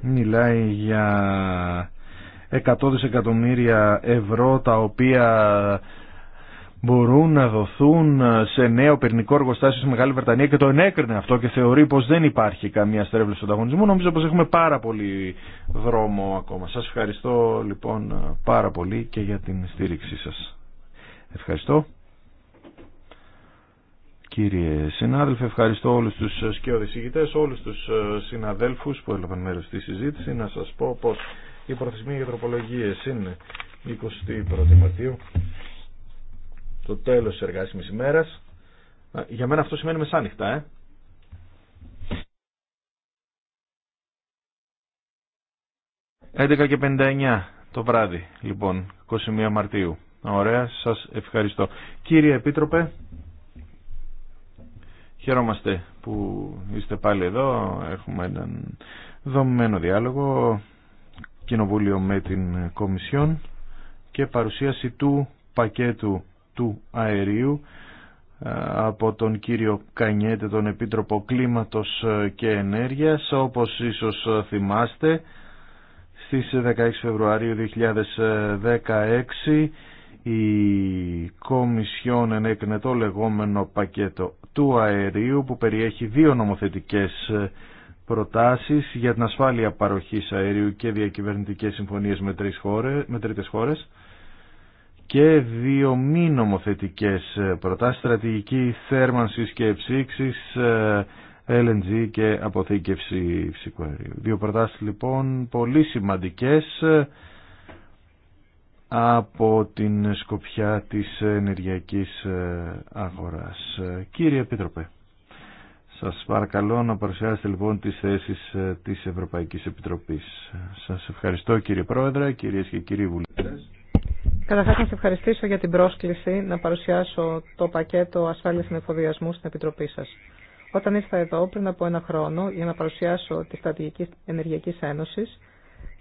μιλάει για 100 δισεκατομμύρια ευρώ τα οποία μπορούν να δοθούν ε, σε νέο πυρνικό εργοστάσιο στη Μεγάλη Βρετανία και το ενέκρινε αυτό και θεωρεί πως δεν υπάρχει καμία στρέβλωση του ανταγωνισμού. Νομίζω πως έχουμε πάρα πολύ δρόμο ακόμα. Σας ευχαριστώ λοιπόν ε, πάρα πολύ και για την στήριξή σας. Ευχαριστώ. Κύριε συνάδελφε, ευχαριστώ όλους τους ε, σκιοδησηγητές, όλους τους συναδέλφους που έλαβαν μέρος στη συζήτηση. Να σας πω πως οι προθεσμοι για είναι 21 21η Μαρτίου το τέλος της εργάσιμης ημέρας. Για μένα αυτό σημαίνει μεσάνυχτα, ε. και 59 το βράδυ, λοιπόν, 21 Μαρτίου. Ωραία, σας ευχαριστώ. Κύριε Επίτροπε, χαιρόμαστε που είστε πάλι εδώ. Έχουμε έναν δομημένο διάλογο, κοινοβούλιο με την Κομισιόν και παρουσίαση του πακέτου του αερίου ε, από τον κύριο Κανιέτε, τον Επίτροπο Κλίματος ε, και Ενέργειας. Όπως ίσως ε, θυμάστε, στις 16 Φεβρουαρίου 2016 η Κομισιόν ενέκρινε το λεγόμενο πακέτο του αερίου που περιέχει δύο νομοθετικές προτάσεις για την ασφάλεια παροχής αερίου και διακυβερνητικές συμφωνίες με, τρεις χώρες, με τρίτες χώρες και δύο μη νομοθετικές ε, προτάσεις, στρατηγική θέρμανσης και ψήξης, ε, LNG και αποθήκευση φυσικού αερίου. Δύο προτάσεις λοιπόν πολύ σημαντικές ε, από την σκοπιά της ενεργειακής αγοράς. Κύριε Επίτροπε, σας παρακαλώ να παρουσιάσετε λοιπόν τις θέσεις της Ευρωπαϊκής Επιτροπής. Σας ευχαριστώ κύριε Πρόεδρε, κυρίες και κύριοι βουλευτές. Καταρχά, να σα ευχαριστήσω για την πρόσκληση να παρουσιάσω το πακέτο ασφάλεια ενεφοδιασμού στην Επιτροπή σα. Όταν ήρθα εδώ πριν από ένα χρόνο για να παρουσιάσω τη Στρατηγική Ενεργειακή Ένωση,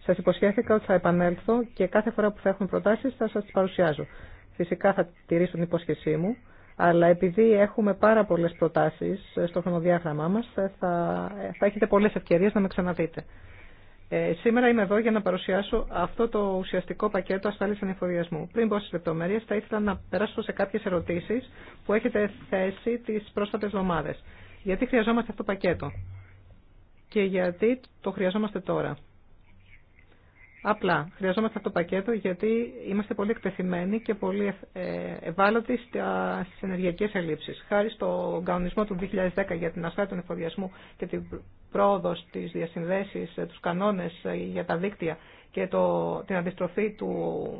Σα υποσχέθηκα ότι θα επανέλθω και κάθε φορά που θα έχουν προτάσει θα σα τι παρουσιάζω. Φυσικά θα τηρήσω την υπόσχεσή μου, αλλά επειδή έχουμε πάρα πολλέ προτάσει στο χρονοδιάγραμμά μας, θα, θα έχετε πολλέ ευκαιρίε να με ξαναδείτε. Ε, σήμερα είμαι εδώ για να παρουσιάσω αυτό το ουσιαστικό πακέτο ασφάλιση ανεφοδιασμού. Πριν πω στι λεπτομέρειε, θα ήθελα να περάσω σε κάποιε ερωτήσει που έχετε θέσει τι πρόσφατε εβδομάδε. Γιατί χρειαζόμαστε αυτό το πακέτο και γιατί το χρειαζόμαστε τώρα. Απλά χρειαζόμαστε αυτό το πακέτο γιατί είμαστε πολύ εκτεθειμένοι και πολύ ε, ευάλωτοι στι ενεργειακέ ελλείψει. Χάρη στον κανονισμό του 2010 για την ασφάλεια του εφοδιασμού και την πρόοδο στι διασυνδέσει, ε, του κανόνε ε, για τα δίκτυα και την αντιστροφή του,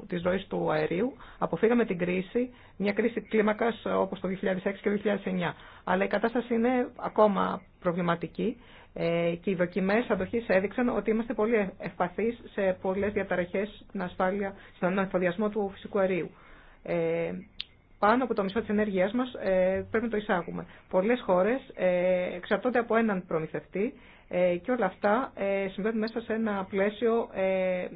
της ροής του αερίου. Αποφύγαμε την κρίση, μια κρίση κλίμακας ε, όπως το 2006 και το 2009. Αλλά η κατάσταση είναι ακόμα προβληματική ε, και οι δοκιμές αντοχής έδειξαν ότι είμαστε πολύ ε, ευπαθείς σε πολλές διαταραχές στην ασφάλεια, στον εφοδιασμό του φυσικού αερίου. Ε, πάνω από το μισό της ενέργειάς μας πρέπει να το εισάγουμε. Πολλές χώρες εξαρτώνται από έναν προμηθευτή ε, και όλα αυτά ε, συμβαίνουν μέσα σε ένα πλαίσιο ε,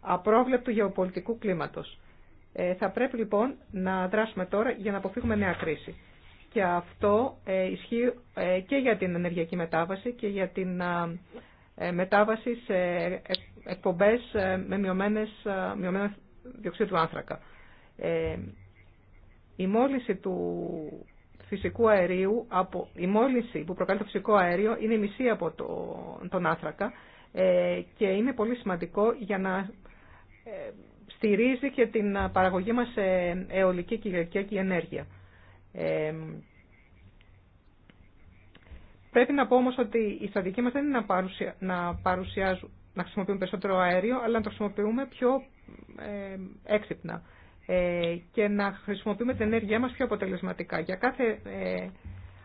απρόβλεπτου γεωπολιτικού κλίματος. Θα πρέπει λοιπόν να δράσουμε τώρα για να αποφύγουμε νέα κρίση. Και αυτό ισχύει και για την ενεργειακή μετάβαση και για την μετάβαση σε εκπομπές με μειωμένες, μειωμένες διοξείδιο του άνθρακα. Η μόλυνση του φυσικού αερίου, από, η μόλυνση που προκαλεί το φυσικό αέριο είναι η μισή από τον άνθρακα ε, και είναι πολύ σημαντικό για να ε, στηρίζει και την παραγωγή μας σε αιωλική και ηλιακή ενέργεια. Ε, πρέπει να πω όμως ότι η στρατηγική μας δεν είναι να, παρουσια, να να χρησιμοποιούμε περισσότερο αέριο, αλλά να το χρησιμοποιούμε πιο ε, έξυπνα. Ε, και να χρησιμοποιούμε την ενέργειά μας πιο αποτελεσματικά. Για κάθε ε,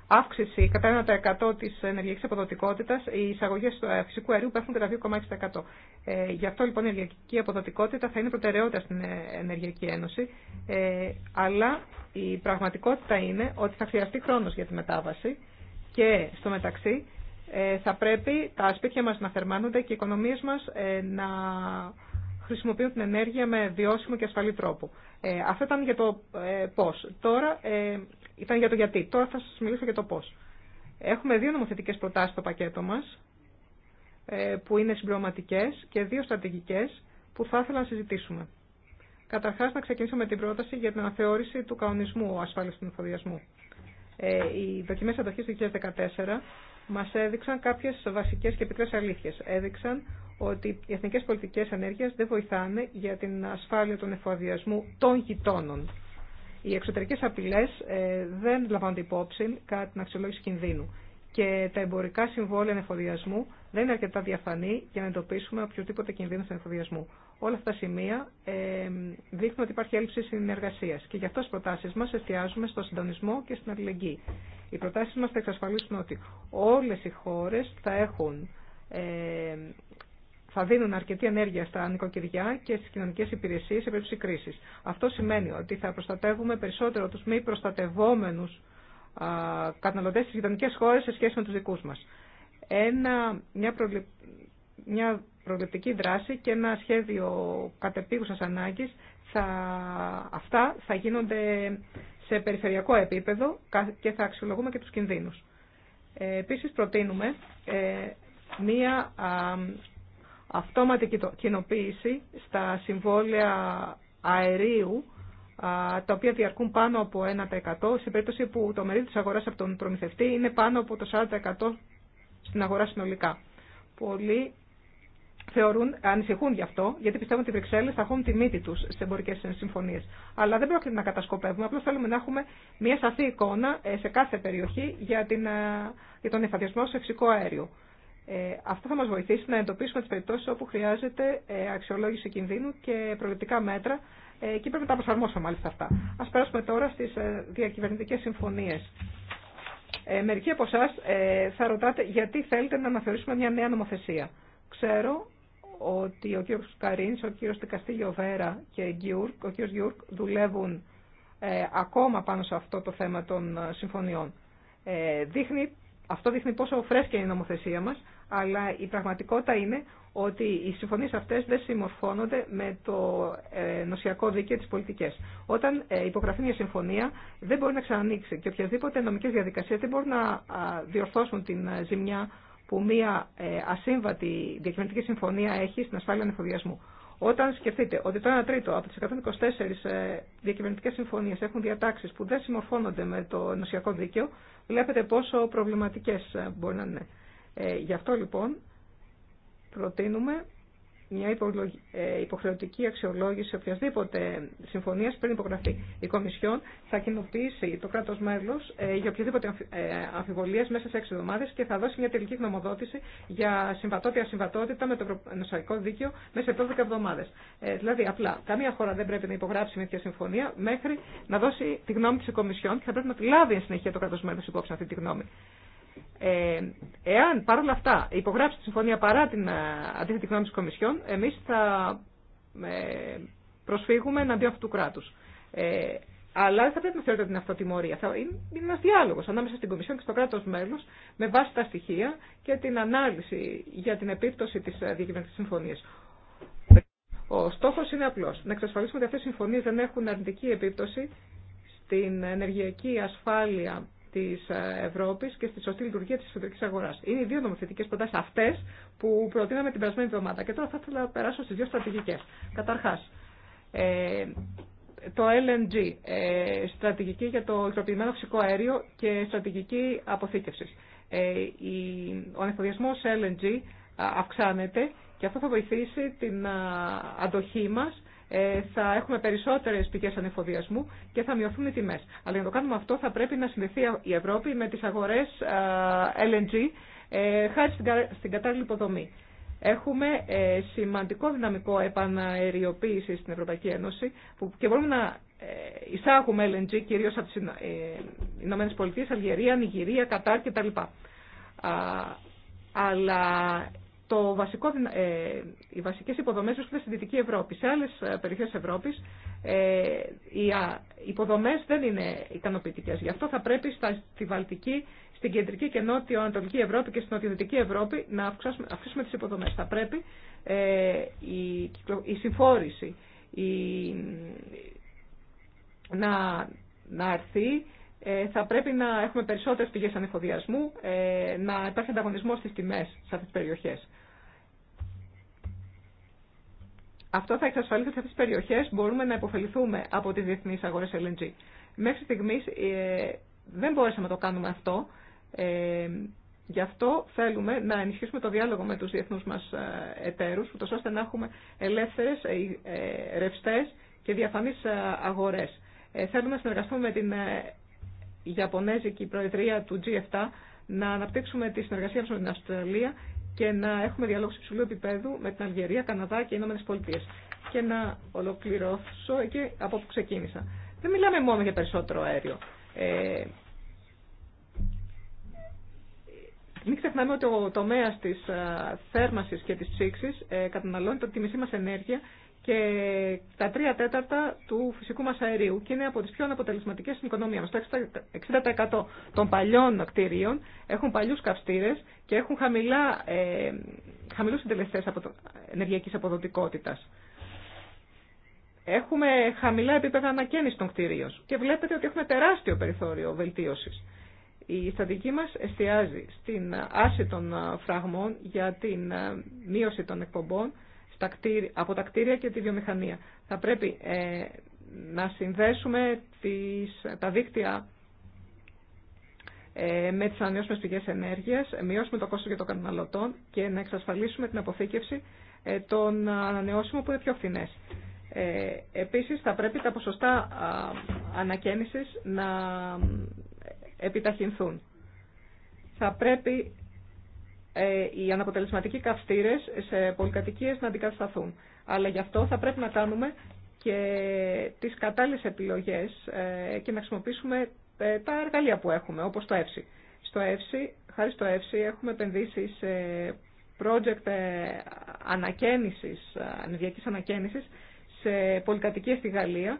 αύξηση κατά 1% της ενεργειακής αποδοτικότητας, οι εισαγωγές του ε, φυσικού αερίου πέφτουν κατά 2,6%. γι' αυτό λοιπόν η ενεργειακή αποδοτικότητα θα είναι προτεραιότητα στην Ενεργειακή Ένωση, αλλά η πραγματικότητα είναι ότι θα χρειαστεί χρόνος για τη μετάβαση και στο μεταξύ θα πρέπει τα σπίτια μας να θερμάνονται και οι οικονομίες μας να χρησιμοποιούν την ενέργεια με βιώσιμο και ασφαλή τρόπο. Ε, αυτό ήταν για το ε, πώς. Τώρα ε, ήταν για το γιατί. Τώρα θα σα μιλήσω για το πώ. Έχουμε δύο νομοθετικέ προτάσει στο πακέτο μα, ε, που είναι συμπληρωματικέ και δύο στρατηγικέ που θα ήθελα να συζητήσουμε. Καταρχά να ξεκινήσω με την πρόταση για την αναθεώρηση του κανονισμού ασφάλειας του εφοδιασμού. Ε, οι δοκιμέ αντοχή του 2014 μας έδειξαν κάποιες βασικές και πικρές αλήθειες. Έδειξαν ότι οι εθνικές πολιτικές ανέργειας δεν βοηθάνε για την ασφάλεια των εφοδιασμού των γειτόνων. Οι εξωτερικές απειλές ε, δεν λαμβάνονται υπόψη κατά την αξιολόγηση κινδύνου και τα εμπορικά συμβόλαια εφοδιασμού δεν είναι αρκετά διαφανή για να εντοπίσουμε οποιοδήποτε κινδύνο στον εφοδιασμό. Όλα αυτά τα σημεία ε, δείχνουν ότι υπάρχει έλλειψη συνεργασία και γι' αυτό τι προτάσει μα εστιάζουμε στο συντονισμό και στην αλληλεγγύη. Οι προτάσει μα θα εξασφαλίσουν ότι όλε οι χώρε θα έχουν ε, θα δίνουν αρκετή ενέργεια στα νοικοκυριά και στι κοινωνικέ υπηρεσίε σε περίπτωση κρίση. Αυτό σημαίνει ότι θα προστατεύουμε περισσότερο του μη προστατευόμενου καταναλωτέ στι γειτονικέ χώρε σε σχέση με του δικού μα. Ένα, μια προβλητική δράση και ένα σχέδιο κατεπίγουσας ανάγκης, θα, αυτά θα γίνονται σε περιφερειακό επίπεδο και θα αξιολογούμε και τους κινδύνους. Ε, επίσης προτείνουμε ε, μία α, αυτόματη κοινοποίηση στα συμβόλαια αερίου τα οποία διαρκούν πάνω από 1% σε περίπτωση που το μερίδιο της αγοράς από τον προμηθευτή είναι πάνω από το 40% στην αγορά συνολικά. Πολλοί θεωρούν, ανησυχούν γι' αυτό, γιατί πιστεύουν ότι οι Βρυξέλλε θα έχουν τη μύτη του σε εμπορικέ συμφωνίε. Αλλά δεν πρόκειται να κατασκοπεύουμε, απλώ θέλουμε να έχουμε μια σαφή εικόνα ε, σε κάθε περιοχή για, την, ε, για τον εφαδιασμό σε φυσικό αέριο. Ε, αυτό θα μα βοηθήσει να εντοπίσουμε τι περιπτώσει όπου χρειάζεται ε, αξιολόγηση κινδύνου και προληπτικά μέτρα ε, και πρέπει να τα προσαρμόσουμε μάλιστα αυτά. Α περάσουμε τώρα στι ε, διακυβερνητικέ συμφωνίε. Ε, μερικοί από εσά θα ρωτάτε γιατί θέλετε να αναθεωρήσουμε μια νέα νομοθεσία. Ξέρω ότι ο κύριος Καρίνς, ο κύριος Τικαστήλιο Βέρα και ο κύριος Γιούρκ δουλεύουν ε, ακόμα πάνω σε αυτό το θέμα των ε, συμφωνιών. Ε, δείχνει, αυτό δείχνει πόσο φρέσκια είναι η νομοθεσία μας, αλλά η πραγματικότητα είναι ότι οι συμφωνίες αυτές δεν συμμορφώνονται με το ε, νοσιακό δίκαιο της πολιτικές. Όταν ε, υπογραφεί μια συμφωνία δεν μπορεί να ξανανοίξει και οποιασδήποτε νομικές διαδικασίες δεν μπορούν να διορθώσουν την ε, ζημιά που μία ε, ασύμβατη διακυβερνητική συμφωνία έχει στην ασφάλεια ανεφοδιασμού. Όταν σκεφτείτε ότι το 1 τρίτο από τι 124 ε, διακυβερνητικέ συμφωνίε έχουν διατάξει που δεν συμμορφώνονται με το νοσιακό δίκαιο, βλέπετε πόσο προβληματικέ ε, μπορεί να είναι. Γι' αυτό λοιπόν προτείνουμε μια ε, υποχρεωτική αξιολόγηση οποιασδήποτε συμφωνία πριν υπογραφεί. Η Κομισιόν θα κοινοποιήσει το κράτο μέλο ε, για οποιαδήποτε ε, αμφιβολίε μέσα σε έξι εβδομάδε και θα δώσει μια τελική γνωμοδότηση για συμβατότητα συμβατοτητα με το Ευρωπαϊκό Δίκαιο μέσα σε 12 εβδομάδε. δηλαδή, απλά καμία χώρα δεν πρέπει να υπογράψει μια συμφωνία μέχρι να δώσει τη γνώμη τη Κομισιόν και θα πρέπει να τη λάβει εν συνεχεία το κράτο μέλο υπόψη αυτή τη γνώμη. Ε, εάν παρόλα αυτά υπογράψει τη συμφωνία παρά την ε, αντίθετη γνώμη τη Κομισιόν, εμεί θα ε, προσφύγουμε εναντίον αυτού του κράτου. Ε, αλλά δεν θα πρέπει να θεωρείται ότι είναι αυτοτιμωρία. Θα, είναι είναι ένα διάλογο ανάμεσα στην Κομισιόν και στο κράτο μέλο με βάση τα στοιχεία και την ανάλυση για την επίπτωση τη ε, διακυβερνητική συμφωνία. Ο στόχο είναι απλό. Να εξασφαλίσουμε ότι αυτέ οι συμφωνίε δεν έχουν αρνητική επίπτωση στην ενεργειακή ασφάλεια της ε, Ευρώπης και στη σωστή λειτουργία της εσωτερική αγοράς. Είναι οι δύο νομοθετικές προτάσει αυτέ που προτείναμε την περασμένη εβδομάδα. Και τώρα θα ήθελα να περάσω στι δύο στρατηγικέ. Καταρχάς, ε, το LNG, ε, στρατηγική για το υγροποιημένο φυσικό αέριο και στρατηγική αποθήκευση. Ε, η, ο ανεφοδιασμό LNG ε, αυξάνεται και αυτό θα βοηθήσει την ε, αντοχή μας ε, θα έχουμε περισσότερε πηγέ ανεφοδιασμού και θα μειωθούν οι τιμέ. Αλλά για να το κάνουμε αυτό θα πρέπει να συνδεθεί η Ευρώπη με τι αγορέ LNG ε, χάρη στην κατάλληλη υποδομή. Έχουμε ε, σημαντικό δυναμικό επαναεριοποίηση στην Ευρωπαϊκή Ένωση που και μπορούμε να εισάγουμε LNG κυρίω από τι ΗΠΑ, Αλγερία, Νιγηρία, Κατάρ κτλ. Αλλά το βασικό, ε, οι βασικές υποδομές βρίσκονται στη Δυτική Ευρώπη. Σε άλλε περιοχέ Ευρώπη. ε, ε οι υποδομές δεν είναι ικανοποιητικές. Γι' αυτό θα πρέπει στα, στη Βαλτική, στην Κεντρική και Νότιο-Ανατολική Ευρώπη και στην Νοτιοδυτική Ευρώπη να αυξήσουμε, αυξήσουμε τις υποδομές. Θα πρέπει ε, η, η συμφόρηση η, να, να έρθει ε, θα πρέπει να έχουμε περισσότερες πηγές ανεφοδιασμού, ε, να υπάρχει ανταγωνισμό στις τιμές σε αυτές τις περιοχές. Αυτό θα εξασφαλίσει ότι σε αυτές τις περιοχές μπορούμε να υποφεληθούμε από τις διεθνείς αγορές LNG. Μέχρι στιγμής ε, δεν μπορέσαμε να το κάνουμε αυτό. Γι' αυτό θέλουμε να ενισχύσουμε το διάλογο με τους διεθνούς μας εταίρους, ούτως ώστε να έχουμε ελεύθερες, ρευστές και διαφανείς αγορές. Θέλουμε να συνεργαστούμε με την η Ιαπωνέζικη Προεδρία του G7 να αναπτύξουμε τη συνεργασία μας με την Αυστραλία και να έχουμε διαλόγους υψηλού επίπεδου με την Αλγερία, Καναδά και Ηνωμένε Πολιτείες. Και να ολοκληρώσω εκεί από όπου ξεκίνησα. Δεν μιλάμε μόνο για περισσότερο αέριο. Ε, μην ξεχνάμε ότι ο τομέα τη ε, θέρμανση και τη ψήξη ε, καταναλώνει το τη μισή μα ενέργεια και τα τρία τέταρτα του φυσικού μας αερίου και είναι από τις πιο αναποτελεσματικές στην οικονομία μας. Το 60% των παλιών κτηρίων έχουν παλιούς καυστήρες και έχουν χαμηλά, ε, χαμηλούς συντελεστές απο, ενεργειακής αποδοτικότητας. Έχουμε χαμηλά επίπεδα ανακαίνιση των κτηρίων και βλέπετε ότι έχουμε τεράστιο περιθώριο βελτίωσης. Η στατική μας εστιάζει στην άση των φραγμών για την ε, μείωση των εκπομπών από τα κτίρια και τη βιομηχανία. Θα πρέπει ε, να συνδέσουμε τις, τα δίκτυα ε, με τις ανανεώσιμες πηγές ενέργειας, μειώσουμε το κόστος για το καταναλωτών και να εξασφαλίσουμε την αποθήκευση ε, των ανανεώσιμων που είναι πιο φθηνές. Ε, επίσης θα πρέπει τα ποσοστά ανακαίνησης να ε, επιταχυνθούν. Θα πρέπει ε, οι αναποτελεσματικοί καυστήρε σε πολυκατοικίε να αντικατασταθούν. Αλλά γι' αυτό θα πρέπει να κάνουμε και τις κατάλληλες επιλογές ε, και να χρησιμοποιήσουμε ε, τα εργαλεία που έχουμε, όπω το ΕΦΣΥ. Στο ΕΦΣΥ, χάρη στο ΕΦΣΥ έχουμε επενδύσει σε project ανακαίνησης, ανεδιακή ανακαίνησης, σε πολυκατοικίε στη Γαλλία,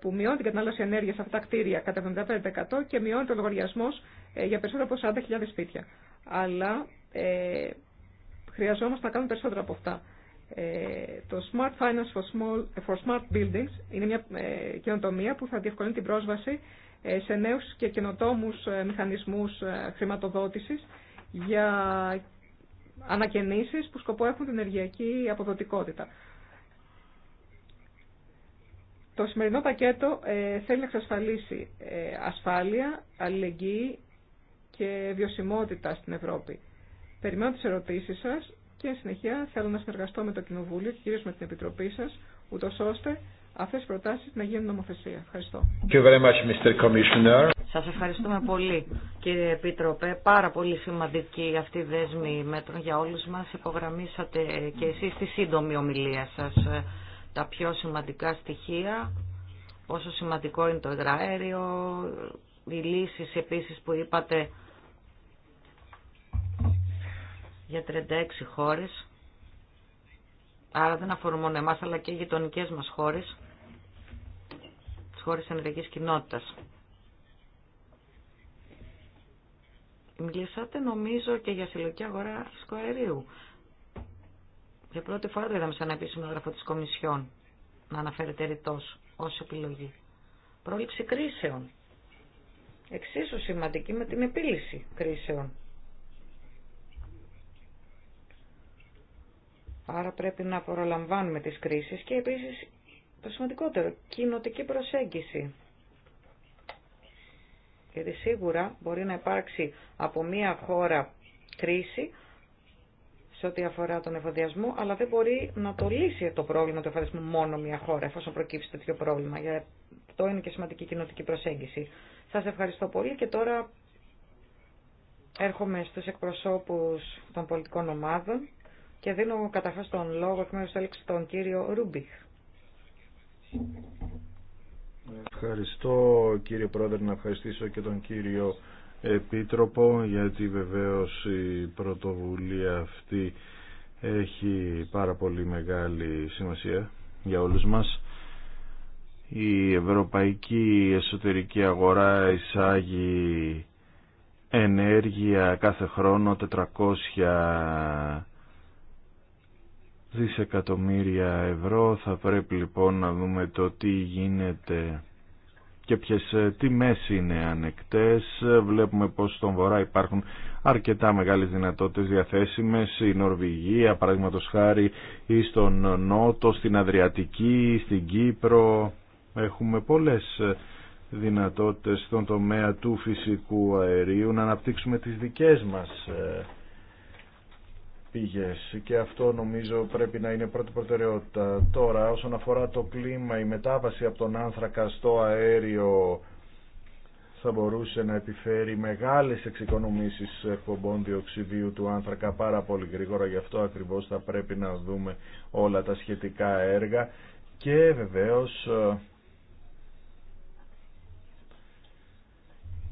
που μειώνει την κατανάλωση ενέργεια σε αυτά τα κτίρια κατά 75% και μειώνει το λογαριασμό για περισσότερα από 40.000 σπίτια. Αλλά ε, χρειαζόμαστε να κάνουμε περισσότερα από αυτά. Ε, το Smart Finance for, small, for Smart Buildings είναι μια ε, καινοτομία που θα διευκολύνει την πρόσβαση ε, σε νέους και καινοτόμους ε, μηχανισμούς ε, χρηματοδότησης για ανακαινήσεις που σκοπό έχουν την ενεργειακή αποδοτικότητα. Το σημερινό πακέτο θέλει να εξασφαλίσει ασφάλεια, αλληλεγγύη και βιωσιμότητα στην Ευρώπη. Περιμένω τις ερωτήσεις σας και συνεχεία θέλω να συνεργαστώ με το Κοινοβούλιο και κυρίως με την Επιτροπή σας, ούτω ώστε αυτές οι προτάσεις να γίνουν νομοθεσία. Ευχαριστώ. Σα Σας ευχαριστούμε πολύ, κύριε Επίτροπε. Πάρα πολύ σημαντική αυτή η δέσμη μέτρων για όλους μας. Υπογραμμίσατε και εσείς τη σύντομη ομιλία σας τα πιο σημαντικά στοιχεία, πόσο σημαντικό είναι το υγραέριο, οι λύσεις επίσης που είπατε για 36 χώρες, άρα δεν αφορούν μόνο εμάς αλλά και οι γειτονικέ μας χώρες, τις χώρες ενεργειακής κοινότητας. Μιλήσατε νομίζω και για συλλογική αγορά φυσικού Για πρώτη φορά το είδαμε σαν επίσημο γραφό της Κομισιόν να αναφέρεται ρητός ως επιλογή. Πρόληψη κρίσεων. Εξίσου σημαντική με την επίλυση κρίσεων. Άρα πρέπει να προλαμβάνουμε τις κρίσεις και επίσης το σημαντικότερο, κοινοτική προσέγγιση. Γιατί σίγουρα μπορεί να υπάρξει από μία χώρα κρίση σε ό,τι αφορά τον εφοδιασμό, αλλά δεν μπορεί να το λύσει το πρόβλημα του εφοδιασμού μόνο μία χώρα, εφόσον προκύψει τέτοιο πρόβλημα. Για αυτό είναι και σημαντική κοινοτική προσέγγιση. Σας ευχαριστώ πολύ και τώρα έρχομαι στους εκπροσώπους των πολιτικών ομάδων. Και δίνω καταρχά τον λόγο εκ μέρου έλεξη τον κύριο Ρούμπιχ. Ευχαριστώ κύριε Πρόεδρε να ευχαριστήσω και τον κύριο Επίτροπο γιατί βεβαίως η πρωτοβουλία αυτή έχει πάρα πολύ μεγάλη σημασία για όλους μας. Η ευρωπαϊκή εσωτερική αγορά εισάγει ενέργεια κάθε χρόνο 400 δισεκατομμύρια ευρώ. Θα πρέπει λοιπόν να δούμε το τι γίνεται και ποιες ε, τιμές είναι ανεκτές. Βλέπουμε πως στον Βορρά υπάρχουν αρκετά μεγάλες δυνατότητες διαθέσιμες. Η Νορβηγία, παραδείγματο χάρη, ή στον Νότο, στην Αδριατική, στην Κύπρο. Έχουμε πολλές ε, δυνατότητες στον τομέα του φυσικού αερίου να αναπτύξουμε τις δικές μας ε, πήγες και αυτό νομίζω πρέπει να είναι πρώτη προτεραιότητα. Τώρα όσον αφορά το κλίμα, η μετάβαση από τον άνθρακα στο αέριο θα μπορούσε να επιφέρει μεγάλες εξοικονομήσεις εκπομπών διοξιδίου του άνθρακα πάρα πολύ γρήγορα, γι' αυτό ακριβώς θα πρέπει να δούμε όλα τα σχετικά έργα και βεβαίως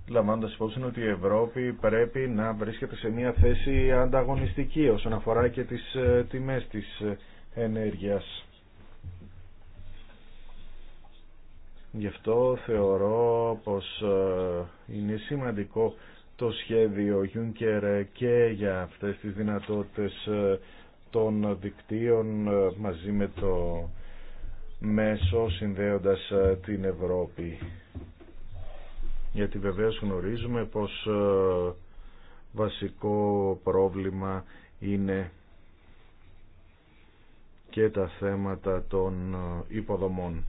λαμβάνοντας υπόψη ότι η Ευρώπη πρέπει να βρίσκεται σε μια θέση ανταγωνιστική όσον αφορά και τις ε, τιμές της ε, ενέργειας. Γι' αυτό θεωρώ πως ε, είναι σημαντικό το σχέδιο Juncker και για αυτές τις δυνατότητες των δικτύων μαζί με το μέσο συνδέοντας την Ευρώπη γιατί βεβαίως γνωρίζουμε πως ε, βασικό πρόβλημα είναι και τα θέματα των ε, υποδομών.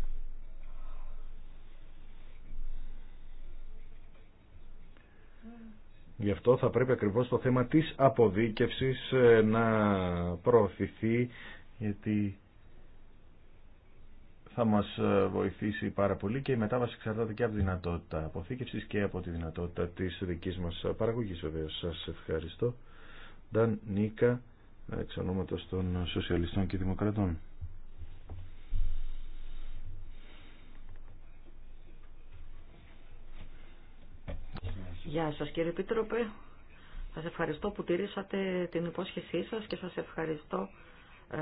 Γι' αυτό θα πρέπει ακριβώς το θέμα της αποδίκευσης ε, να προωθηθεί γιατί θα μας ε, βοηθήσει πάρα πολύ και η μετάβαση εξαρτάται και από τη δυνατότητα αποθήκευσης και από τη δυνατότητα της δικής μας παραγωγής βεβαίω. Σας ευχαριστώ. Νταν Νίκα, εξ ονόματος των Σοσιαλιστών και Δημοκρατών. Γεια σας κύριε Επίτροπε. Σας ευχαριστώ που τηρήσατε την υπόσχεσή σας και σας ευχαριστώ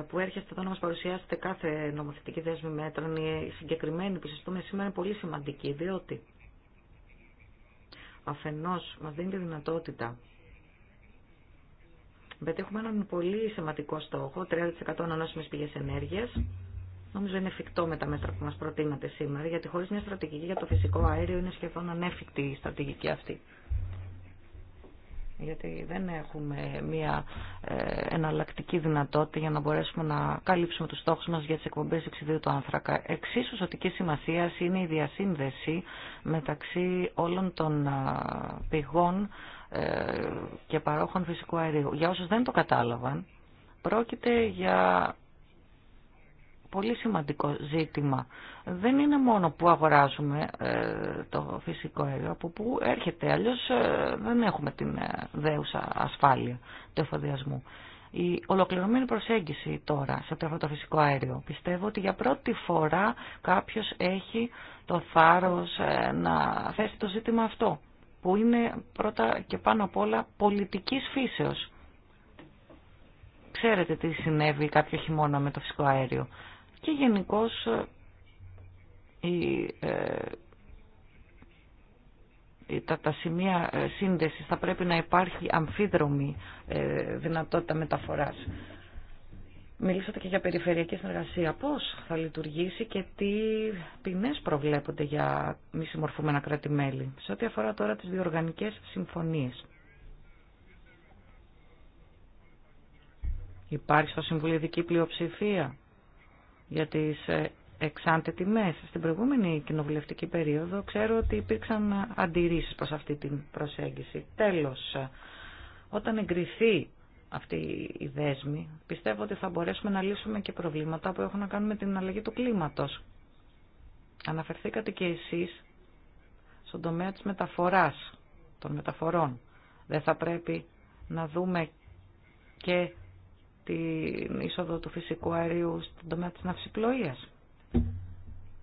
που έρχεστε εδώ να μα παρουσιάσετε κάθε νομοθετική δέσμη μέτρων, η συγκεκριμένη που συζητούμε σήμερα είναι πολύ σημαντική, διότι αφενό μα δίνει τη δυνατότητα πετύχουμε έναν πολύ σημαντικό στόχο, 30% ανανόσιμες πηγές ενέργεια. Νομίζω είναι εφικτό με τα μέτρα που μα προτείνατε σήμερα, γιατί χωρί μια στρατηγική για το φυσικό αέριο είναι σχεδόν ανέφικτη η στρατηγική αυτή γιατί δεν έχουμε μια ε, εναλλακτική δυνατότητα για να μπορέσουμε να καλύψουμε τους στόχους μας για τις εκπομπές εξιδίου του άνθρακα. Εξίσου σωτική σημασία είναι η διασύνδεση μεταξύ όλων των πηγών ε, και παρόχων φυσικού αερίου. Για όσους δεν το κατάλαβαν, πρόκειται για πολύ σημαντικό ζήτημα. Δεν είναι μόνο που αγοράζουμε ε, το φυσικό αέριο, από που έρχεται. Αλλιώς ε, δεν έχουμε την ε, δέουσα ασφάλεια του εφοδιασμού. Η ολοκληρωμένη προσέγγιση τώρα σε αυτό το φυσικό αέριο. Πιστεύω ότι για πρώτη φορά κάποιος έχει το θάρρος να θέσει το ζήτημα αυτό, που είναι πρώτα και πάνω απ' όλα πολιτικής φύσεως ξέρετε τι συνέβη κάποιο χειμώνα με το φυσικό αέριο και γενικώ ε, ε, τα, τα σημεία ε, σύνδεσης θα πρέπει να υπάρχει αμφίδρομη δυνατότητα μεταφοράς. Μιλήσατε και για περιφερειακή συνεργασία. Πώς θα λειτουργήσει και τι ποινές προβλέπονται για μη συμμορφούμενα κράτη-μέλη. Σε ό,τι αφορά τώρα τις διοργανικές συμφωνίες. Υπάρχει στο Συμβουλίο Πλειοψηφία για τις ε, εξάντε τιμές. Στην προηγούμενη κοινοβουλευτική περίοδο ξέρω ότι υπήρξαν αντιρρήσεις προς αυτή την προσέγγιση. Τέλος, όταν εγκριθεί αυτή η δέσμη, πιστεύω ότι θα μπορέσουμε να λύσουμε και προβλήματα που έχουν να κάνουν με την αλλαγή του κλίματος. Αναφερθήκατε και εσείς στον τομέα της μεταφοράς, των μεταφορών. Δεν θα πρέπει να δούμε και την είσοδο του φυσικού αερίου στον τομέα της ναυσιπλοείας.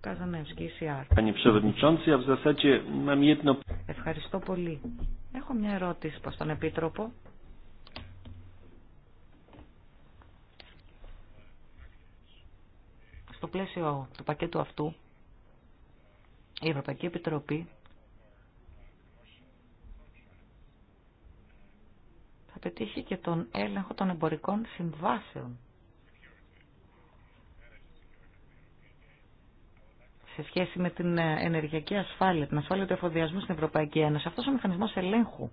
Καζανεύσκη, Ευχαριστώ πολύ. Έχω μια ερώτηση προς τον Επίτροπο. Στο πλαίσιο του πακέτου αυτού, η Ευρωπαϊκή Επιτροπή θα πετύχει και τον έλεγχο των εμπορικών συμβάσεων. Σε σχέση με την ε, ενεργειακή ασφάλεια, την ασφάλεια του εφοδιασμού στην Ευρωπαϊκή Ένωση, αυτός ο μηχανισμός ελέγχου,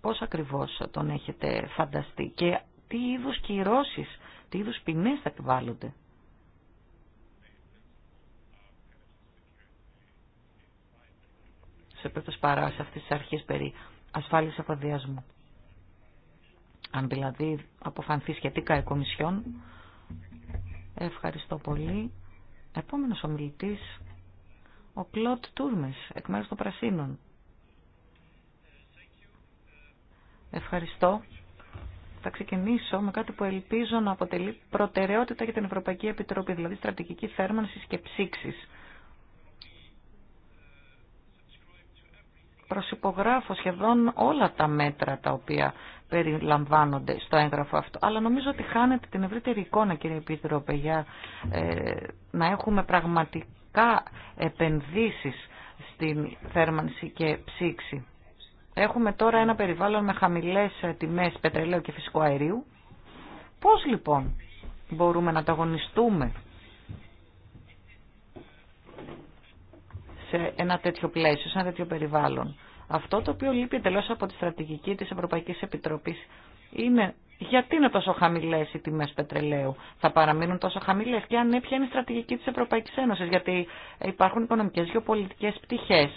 πώς ακριβώς τον έχετε φανταστεί και τι είδους κυρώσεις, τι είδους ποινές θα επιβάλλονται. σε πρώτος παράσταση αυτής της αρχής περί ασφάλισης αποδιασμού. Αν δηλαδή αποφανθεί σχετικά η Κομισιόν. Ευχαριστώ πολύ. Επόμενος ομιλητής, ο Κλοντ Τούρμες, εκ μέρους των Πρασίνων. Ευχαριστώ. Θα ξεκινήσω με κάτι που ελπίζω να αποτελεί προτεραιότητα για την Ευρωπαϊκή Επιτροπή, δηλαδή στρατηγική θέρμανσης και ψήξης. προσυπογράφω σχεδόν όλα τα μέτρα τα οποία περιλαμβάνονται στο έγγραφο αυτό. Αλλά νομίζω ότι χάνεται την ευρύτερη εικόνα, κύριε Επίτροπε, για ε, να έχουμε πραγματικά επενδύσεις στην θέρμανση και ψήξη. Έχουμε τώρα ένα περιβάλλον με χαμηλές ε, τιμές πετρελαίου και φυσικού αερίου. Πώς λοιπόν μπορούμε να ταγωνιστούμε. σε ένα τέτοιο πλαίσιο, σε ένα τέτοιο περιβάλλον. Αυτό το οποίο λείπει εντελώ από τη στρατηγική τη Ευρωπαϊκή Επιτροπή είναι γιατί είναι τόσο χαμηλέ οι τιμέ πετρελαίου, θα παραμείνουν τόσο χαμηλέ και αν ναι, είναι η στρατηγική τη Ευρωπαϊκή Ένωση, γιατί υπάρχουν οικονομικέ γεωπολιτικέ πτυχέ.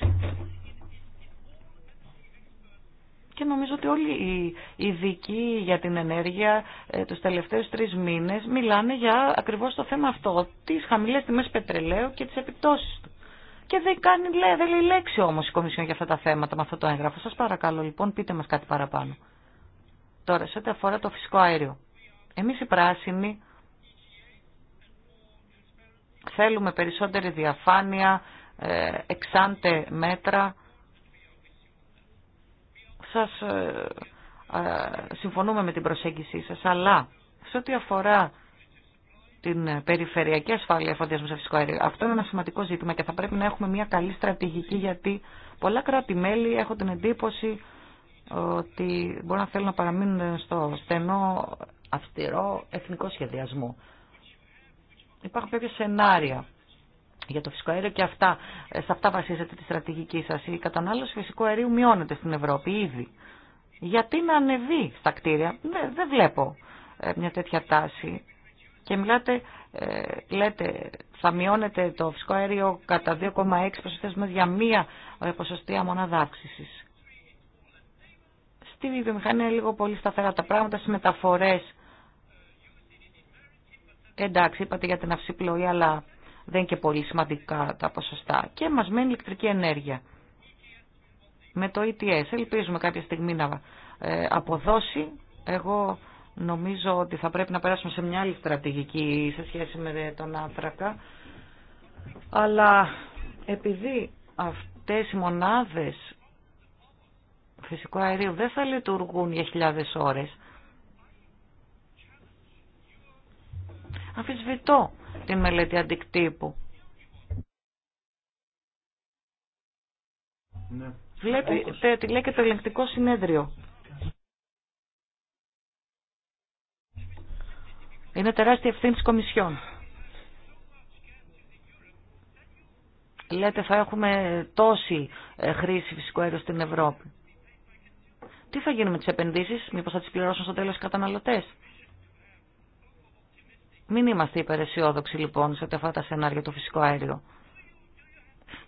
Και νομίζω ότι όλοι οι ειδικοί για την ενέργεια ε, τους τελευταίους τρεις μήνες μιλάνε για ακριβώς το θέμα αυτό, τις χαμηλές τιμές πετρελαίου και τις επιπτώσεις του. Και δεν, κάνει, δεν λέει λέξη όμως η Κομισιόν για αυτά τα θέματα με αυτό το έγγραφο. Σας παρακαλώ λοιπόν πείτε μας κάτι παραπάνω. Τώρα, σε ό,τι αφορά το φυσικό αέριο. Εμείς οι πράσινοι θέλουμε περισσότερη διαφάνεια, ε, εξάντε μέτρα. Σας ε, ε, συμφωνούμε με την προσέγγισή σας, αλλά σε ό,τι αφορά την περιφερειακή ασφάλεια εφοδιασμού σε φυσικό αέριο. Αυτό είναι ένα σημαντικό ζήτημα και θα πρέπει να έχουμε μια καλή στρατηγική γιατί πολλά κράτη-μέλη έχουν την εντύπωση ότι μπορεί να θέλουν να παραμείνουν στο στενό αυστηρό εθνικό σχεδιασμό. Υπάρχουν κάποια σενάρια για το φυσικό αέριο και αυτά, σε αυτά βασίζεται τη στρατηγική σας. Η κατανάλωση φυσικού αερίου μειώνεται στην Ευρώπη ήδη. Γιατί να ανεβεί στα κτίρια. δεν βλέπω ε, μια τέτοια τάση και μιλάτε, ε, λέτε, θα μειώνεται το φυσικό αέριο κατά 2,6 προσθέσουμε για μία ε, ποσοστία μονάδα αύξηση. Στη βιομηχανία είναι λίγο πολύ σταθερά τα πράγματα, στι μεταφορέ. Εντάξει, είπατε για την αυσιπλοή, αλλά δεν είναι και πολύ σημαντικά τα ποσοστά. Και μας μένει ηλεκτρική ενέργεια. Με το ETS ελπίζουμε κάποια στιγμή να ε, αποδώσει. Εγώ Νομίζω ότι θα πρέπει να περάσουμε σε μια άλλη στρατηγική σε σχέση με τον άνθρακα. Αλλά επειδή αυτές οι μονάδες φυσικού αερίου δεν θα λειτουργούν για χιλιάδες ώρες, αφισβητώ την μελέτη αντικτύπου. Ναι. Βλέπετε τι λέει και το ελεγκτικό συνέδριο. Είναι τεράστια ευθύνη της Κομισιόν. Λέτε θα έχουμε τόση ε, χρήση φυσικού αέριο στην Ευρώπη. Τι θα γίνει με τις επενδύσεις, μήπως θα τις πληρώσουν στο τέλος οι καταναλωτές. Μην είμαστε υπεραισιόδοξοι λοιπόν σε αυτά τα σενάρια του φυσικού αέριο.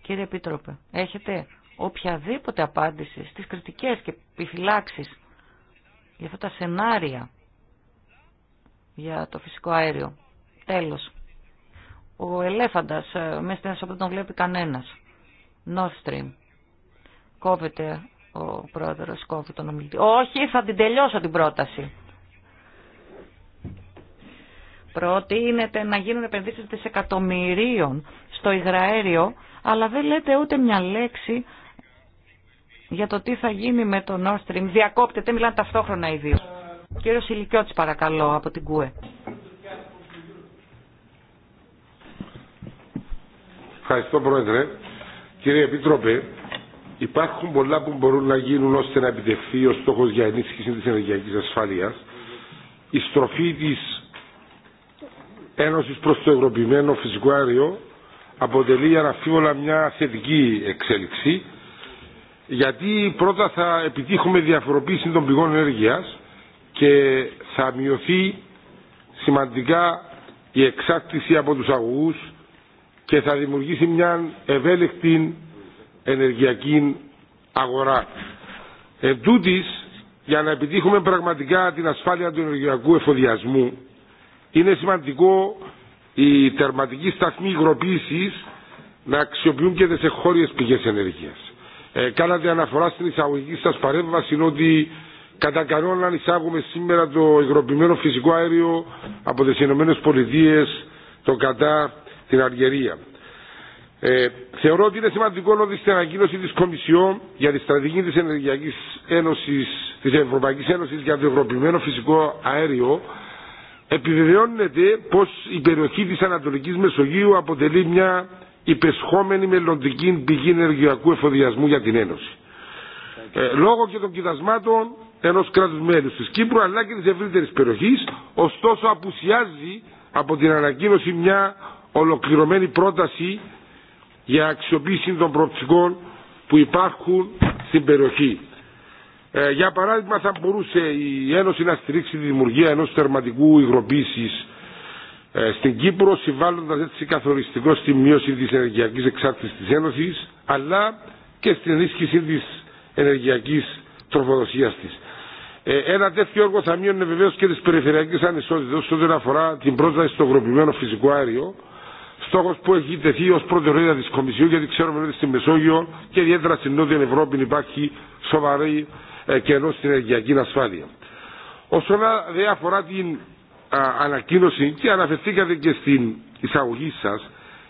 Κύριε Επίτροπε, έχετε οποιαδήποτε απάντηση στις κριτικές και επιφυλάξεις για αυτά τα σενάρια για το φυσικό αέριο. Τέλος. Ο ελέφαντας, ε, μέσα στην δεν τον βλέπει κανένας. Nord Stream. Κόβεται ο πρόεδρος, κόβει τον ομιλητή. Όχι, θα την τελειώσω την πρόταση. Προτείνεται να γίνουν επενδύσεις δισεκατομμυρίων στο υγραέριο, αλλά δεν λέτε ούτε μια λέξη για το τι θα γίνει με το Nord Stream. Διακόπτεται, μιλάνε ταυτόχρονα οι δύο. Κύριο Σιλικιώτη παρακαλώ από την ΚΟΕ. Ευχαριστώ Πρόεδρε. Κύριε Επίτροπε, υπάρχουν πολλά που μπορούν να γίνουν ώστε να επιτευχθεί ο στόχο για ενίσχυση της ενεργειακής ασφάλειας. Η στροφή τη ένωση προς το ευρωπημένο φυσικό αέριο αποτελεί αναφίβολα μια θετική εξέλιξη γιατί πρώτα θα επιτύχουμε διαφοροποίηση των πηγών ενέργειας και θα μειωθεί σημαντικά η εξάρτηση από τους αγωγούς και θα δημιουργήσει μια ευέλικτη ενεργειακή αγορά. Εν τούτης, για να επιτύχουμε πραγματικά την ασφάλεια του ενεργειακού εφοδιασμού, είναι σημαντικό οι τερματικοί σταθμοί υγροποίησης να αξιοποιούν και τις εγχώριες πηγές ενέργειας. Ε, κάνατε αναφορά στην εισαγωγική σας παρέμβαση ότι Κατά κανόνα εισάγουμε σήμερα το υγροποιημένο φυσικό αέριο από τις Ηνωμένες Πολιτείες, το Κατά, την Αργερία. Ε, θεωρώ ότι είναι σημαντικό ότι στην ανακοίνωση της Κομισιόν για τη στρατηγική της Ενεργειακής Ένωσης, της Ευρωπαϊκής Ένωσης για το υγροποιημένο φυσικό αέριο επιβεβαιώνεται πως η περιοχή της Ανατολικής Μεσογείου αποτελεί μια υπεσχόμενη μελλοντική πηγή ενεργειακού εφοδιασμού για την Ένωση. Ε, λόγω και των κοιτασμάτων ενό κράτου μέλου τη Κύπρου αλλά και τη ευρύτερη περιοχή, ωστόσο απουσιάζει από την ανακοίνωση μια ολοκληρωμένη πρόταση για αξιοποίηση των προοπτικών που υπάρχουν στην περιοχή. Ε, για παράδειγμα θα μπορούσε η Ένωση να στηρίξει τη δημιουργία ενό θερματικού υγροποίηση ε, στην Κύπρο συμβάλλοντα έτσι καθοριστικό στη μείωση τη ενεργειακή εξάρτηση τη Ένωση, αλλά και στην ενίσχυση τη ενεργειακή τροφοδοσία της. Ε, ένα τέτοιο έργο θα μείωνε βεβαίω και τι περιφερειακέ ανισότητε όσον αφορά την πρόσβαση στο γροπημένο φυσικό αέριο, στόχο που έχει τεθεί ω προτεραιότητα τη Κομισιού, γιατί ξέρουμε ότι στη Μεσόγειο και ιδιαίτερα στην Νότια Ευρώπη υπάρχει σοβαρή ε, κενό στην ενεργειακή ασφάλεια. Όσον αφορά την ανακοίνωση και αναφερθήκατε και στην εισαγωγή σα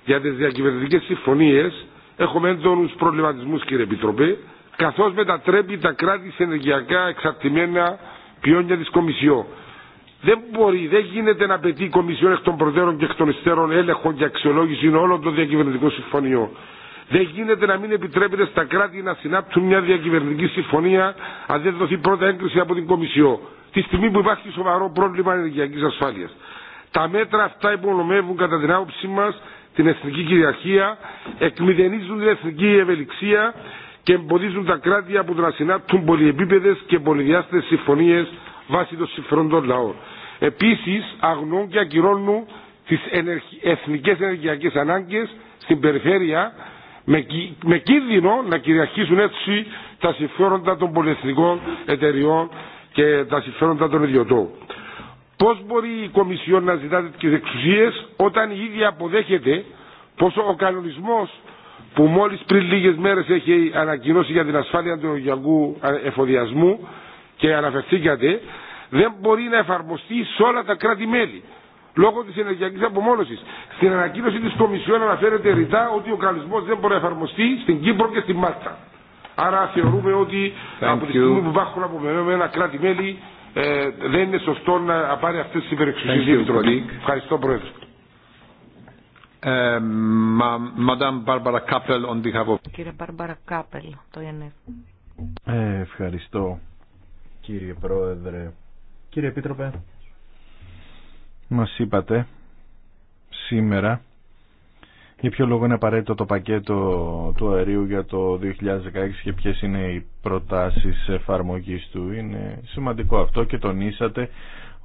για τι διακυβερνητικέ συμφωνίε, έχουμε έντονου προβληματισμού κύριε Επιτροπέ καθώς μετατρέπει τα κράτη σε ενεργειακά εξαρτημένα ποιόνια της Κομισιό. Δεν μπορεί, δεν γίνεται να πετύχει η Κομισιό εκ των προτέρων και εκ των υστέρων έλεγχο και αξιολόγηση όλων των διακυβερνητικό συμφωνιών. Δεν γίνεται να μην επιτρέπεται στα κράτη να συνάπτουν μια διακυβερνητική συμφωνία αν δεν δοθεί πρώτα έγκριση από την Κομισιό, τη στιγμή που υπάρχει σοβαρό πρόβλημα ενεργειακή ασφάλεια. Τα μέτρα αυτά υπονομεύουν κατά την άποψή μα την εθνική κυριαρχία, εκμηδενίζουν την εθνική ευελιξία και εμποδίζουν τα κράτη από το να συνάπτουν πολυεπίπεδε και πολυδιάστατε συμφωνίε βάσει των συμφερόντων λαών. Επίση, αγνοούν και ακυρώνουν τι εθνικέ ενεργειακέ ανάγκε στην περιφέρεια με κίνδυνο να κυριαρχήσουν έτσι τα συμφέροντα των πολυεθνικών εταιριών και τα συμφέροντα των ιδιωτών. Πώ μπορεί η Κομισιόν να ζητά τέτοιε εξουσίε όταν η ίδια αποδέχεται πω ο κανονισμό που μόλις πριν λίγες μέρες έχει ανακοινώσει για την ασφάλεια του ενεργειακού εφοδιασμού και αναφερθήκατε, δεν μπορεί να εφαρμοστεί σε όλα τα κράτη-μέλη λόγω της ενεργειακής απομόνωσης. Στην ανακοίνωση της Κομισιόν αναφέρεται ρητά ότι ο καλισμός δεν μπορεί να εφαρμοστεί στην Κύπρο και στη Μάλτα. Άρα θεωρούμε ότι Thank από τη στιγμή που υπαρχουν ενα απομενωμένα κράτη-μέλη ε, δεν είναι σωστό να πάρει αυτές τις υπερεξουσίες Ευχαριστώ Πρόεδρε. Ε, κύριε το ε, Ευχαριστώ κύριε Πρόεδρε. Κύριε Επίτροπε, μας είπατε σήμερα για ποιο λόγο είναι απαραίτητο το πακέτο του αερίου για το 2016 και ποιες είναι οι προτάσεις εφαρμογής του. Είναι σημαντικό αυτό και τονίσατε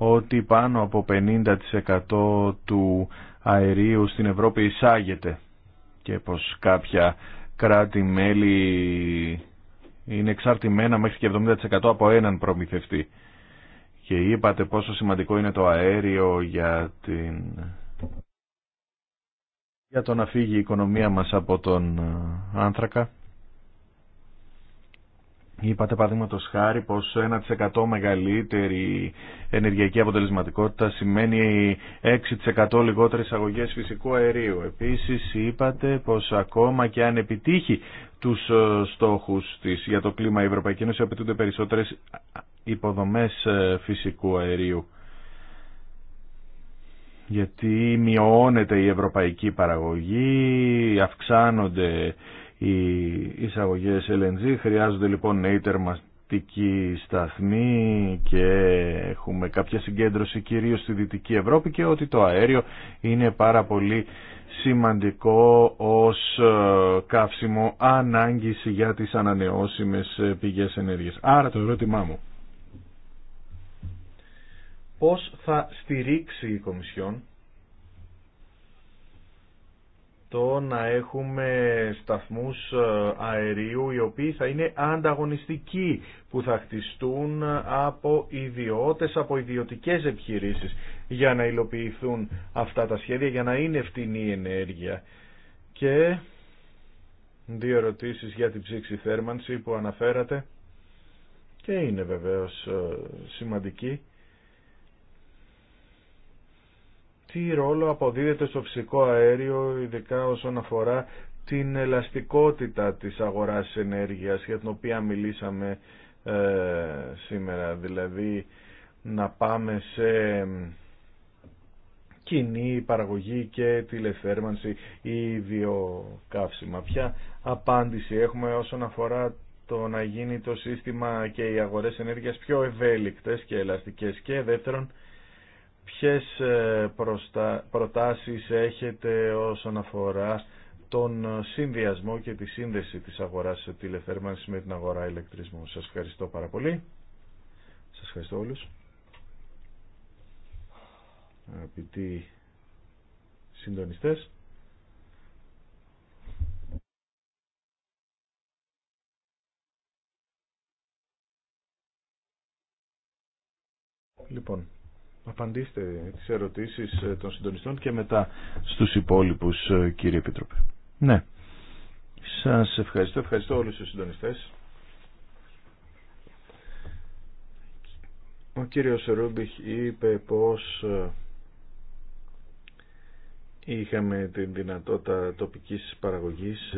ότι πάνω από 50% του αερίου στην Ευρώπη εισάγεται και πως κάποια κράτη-μέλη είναι εξαρτημένα μέχρι και 70% από έναν προμηθευτή. Και είπατε πόσο σημαντικό είναι το αέριο για, την... για το να φύγει η οικονομία μας από τον ε, άνθρακα. Είπατε παραδείγματο χάρη πως 1% μεγαλύτερη ενεργειακή αποτελεσματικότητα σημαίνει 6% λιγότερες αγωγέ φυσικού αερίου. Επίσης είπατε πως ακόμα και αν επιτύχει τους ε, στόχους της για το κλίμα η Ευρωπαϊκή Ένωση απαιτούνται περισσότερες υποδομές ε, φυσικού αερίου. Γιατί μειώνεται η ευρωπαϊκή παραγωγή, αυξάνονται οι εισαγωγές LNG. Χρειάζονται λοιπόν νέοι τερματικοί σταθμοί και έχουμε κάποια συγκέντρωση κυρίως στη Δυτική Ευρώπη και ότι το αέριο είναι πάρα πολύ σημαντικό ως ε, καύσιμο ανάγκης για τις ανανεώσιμες ε, πηγές ενέργειας. Άρα το ερώτημά μου. Πώς θα στηρίξει η Κομισιόν το να έχουμε σταθμούς ε, αερίου οι οποίοι θα είναι ανταγωνιστικοί που θα χτιστούν από ιδιώτες, από ιδιωτικές επιχειρήσεις για να υλοποιηθούν αυτά τα σχέδια, για να είναι φτηνή η ενέργεια. Και δύο ερωτήσεις για την ψήξη θέρμανση που αναφέρατε και είναι βεβαίως ε, σημαντική. τι ρόλο αποδίδεται στο φυσικό αέριο, ειδικά όσον αφορά την ελαστικότητα της αγοράς ενέργειας για την οποία μιλήσαμε ε, σήμερα. Δηλαδή να πάμε σε κοινή παραγωγή και τηλεθέρμανση ή βιοκαύσιμα. Ποια απάντηση έχουμε όσον αφορά το να γίνει το σύστημα και οι αγορές ενέργειας πιο ευέλικτες και ελαστικές και δεύτερον ποιες ε, προτάσεις έχετε όσον αφορά τον ε, συνδυασμό και τη σύνδεση της αγοράς τηλεθέρμανσης με την αγορά ηλεκτρισμού. Σας ευχαριστώ πάρα πολύ. Σας ευχαριστώ όλους. Αγαπητοί συντονιστές. Λοιπόν, απαντήστε τις ερωτήσεις ε, των συντονιστών και μετά στους υπόλοιπους ε, κύριε Επίτροπε. Ναι. Σας ευχαριστώ. Ευχαριστώ όλους τους συντονιστές. Ο κύριος Ρούμπιχ είπε πως ε, είχαμε την δυνατότητα τοπικής παραγωγής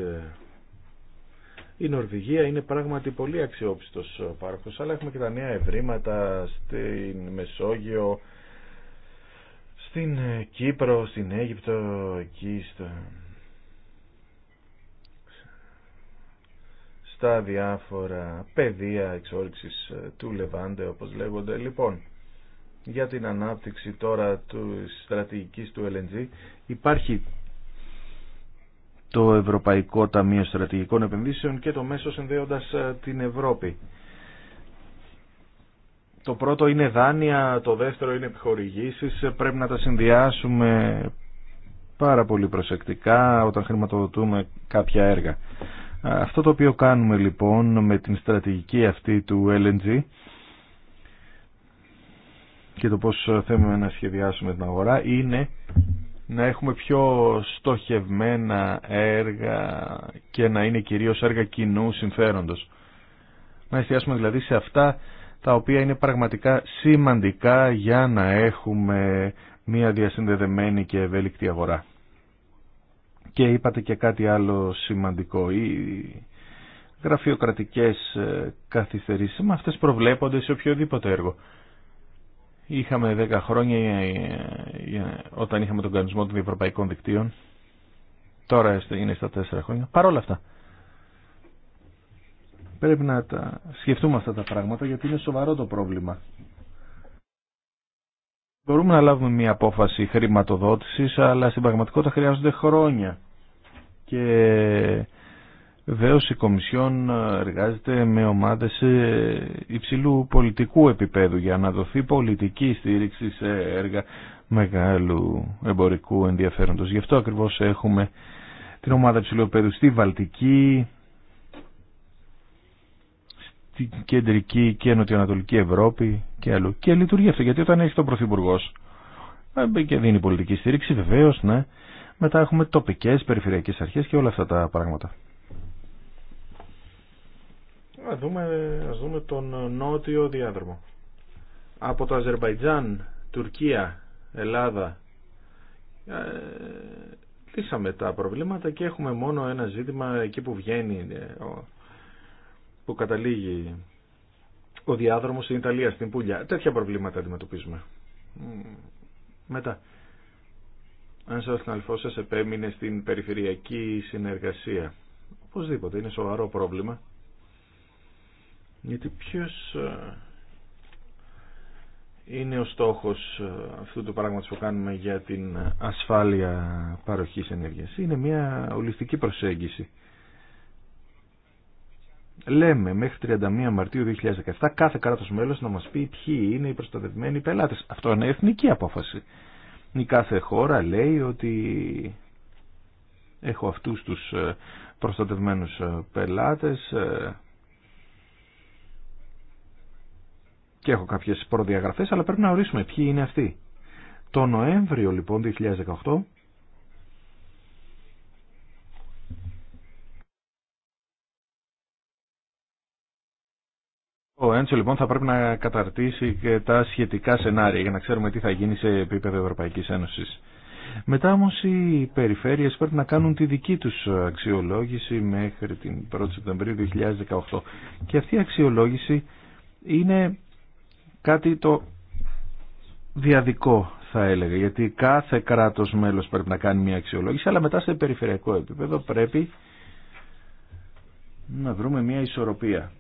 η Νορβηγία είναι πράγματι πολύ αξιόπιστος πάροχος αλλά έχουμε και τα νέα ευρήματα στην Μεσόγειο στην ε, Κύπρο, στην Αίγυπτο, εκεί στα, στα διάφορα πεδία εξόρυξης ε, του Λεβάντε όπως λέγονται. Λοιπόν, για την ανάπτυξη τώρα του στρατηγικής του LNG υπάρχει το Ευρωπαϊκό Ταμείο Στρατηγικών Επενδύσεων και το μέσο συνδέοντας ε, την Ευρώπη το πρώτο είναι δάνεια, το δεύτερο είναι επιχορηγήσεις. Πρέπει να τα συνδυάσουμε πάρα πολύ προσεκτικά όταν χρηματοδοτούμε κάποια έργα. Αυτό το οποίο κάνουμε λοιπόν με την στρατηγική αυτή του LNG και το πώς θέλουμε να σχεδιάσουμε την αγορά είναι να έχουμε πιο στοχευμένα έργα και να είναι κυρίως έργα κοινού συμφέροντος. Να εστιάσουμε δηλαδή σε αυτά τα οποία είναι πραγματικά σημαντικά για να έχουμε μια διασυνδεδεμένη και ευέλικτη αγορά. Και είπατε και κάτι άλλο σημαντικό. Οι γραφειοκρατικές ε, καθυστερήσεις με αυτές προβλέπονται σε οποιοδήποτε έργο. Είχαμε 10 χρόνια ε, ε, όταν είχαμε τον κανονισμό των ευρωπαϊκών δικτύων. Τώρα είναι στα 4 χρόνια. παρόλα αυτά. Πρέπει να τα σκεφτούμε αυτά τα πράγματα γιατί είναι σοβαρό το πρόβλημα. Μπορούμε να λάβουμε μια απόφαση χρηματοδότησης, αλλά στην πραγματικότητα χρειάζονται χρόνια. Και βεβαίω η Κομισιόν εργάζεται με ομάδες ε, υψηλού πολιτικού επίπεδου για να δοθεί πολιτική στήριξη σε έργα μεγάλου εμπορικού ενδιαφέροντος. Γι' αυτό ακριβώς έχουμε την ομάδα υψηλού επίπεδου στη Βαλτική, στην κεντρική και νοτιοανατολική Ευρώπη και αλλού. Και λειτουργεί αυτό γιατί όταν έχει τον Πρωθυπουργό ε, και δίνει πολιτική στήριξη βεβαίω, ναι. Μετά έχουμε τοπικέ περιφερειακέ αρχές και όλα αυτά τα πράγματα. Α δούμε, ας δούμε τον νότιο διάδρομο. Από το Αζερβαϊτζάν, Τουρκία, Ελλάδα, ε, λύσαμε τα προβλήματα και έχουμε μόνο ένα ζήτημα εκεί που βγαίνει ε, ο που καταλήγει ο διάδρομος στην Ιταλία, στην Πούλια. Τέτοια προβλήματα αντιμετωπίζουμε. Μετά. Αν σας αλφό σας επέμεινε στην περιφερειακή συνεργασία. Οπωσδήποτε είναι σοβαρό πρόβλημα. Γιατί ποιος ε, είναι ο στόχος ε, αυτού του πράγματος που κάνουμε για την ε, ασφάλεια παροχής ενέργειας. Είναι μια ολιστική προσέγγιση. Λέμε μέχρι 31 Μαρτίου 2017 κάθε κράτος μέλος να μας πει ποιοι είναι οι προστατευμένοι πελάτες. Αυτό είναι εθνική απόφαση. Η κάθε χώρα λέει ότι έχω αυτούς τους ε, προστατευμένους ε, πελάτες ε, και έχω κάποιες προδιαγραφές αλλά πρέπει να ορίσουμε ποιοι είναι αυτοί. Το Νοέμβριο λοιπόν 2018 Ο Έντσο λοιπόν θα πρέπει να καταρτήσει και τα σχετικά σενάρια για να ξέρουμε τι θα γίνει σε επίπεδο Ευρωπαϊκής Ένωσης. Μετά όμως οι περιφέρειες πρέπει να κάνουν τη δική τους αξιολόγηση μέχρι την 1η Σεπτεμβρίου 2018. Και αυτή η αξιολόγηση είναι κάτι το διαδικό θα έλεγα, γιατί κάθε κράτος μέλος πρέπει να κάνει μια αξιολόγηση, αλλά μετά σε περιφερειακό επίπεδο πρέπει να βρούμε μια ισορροπία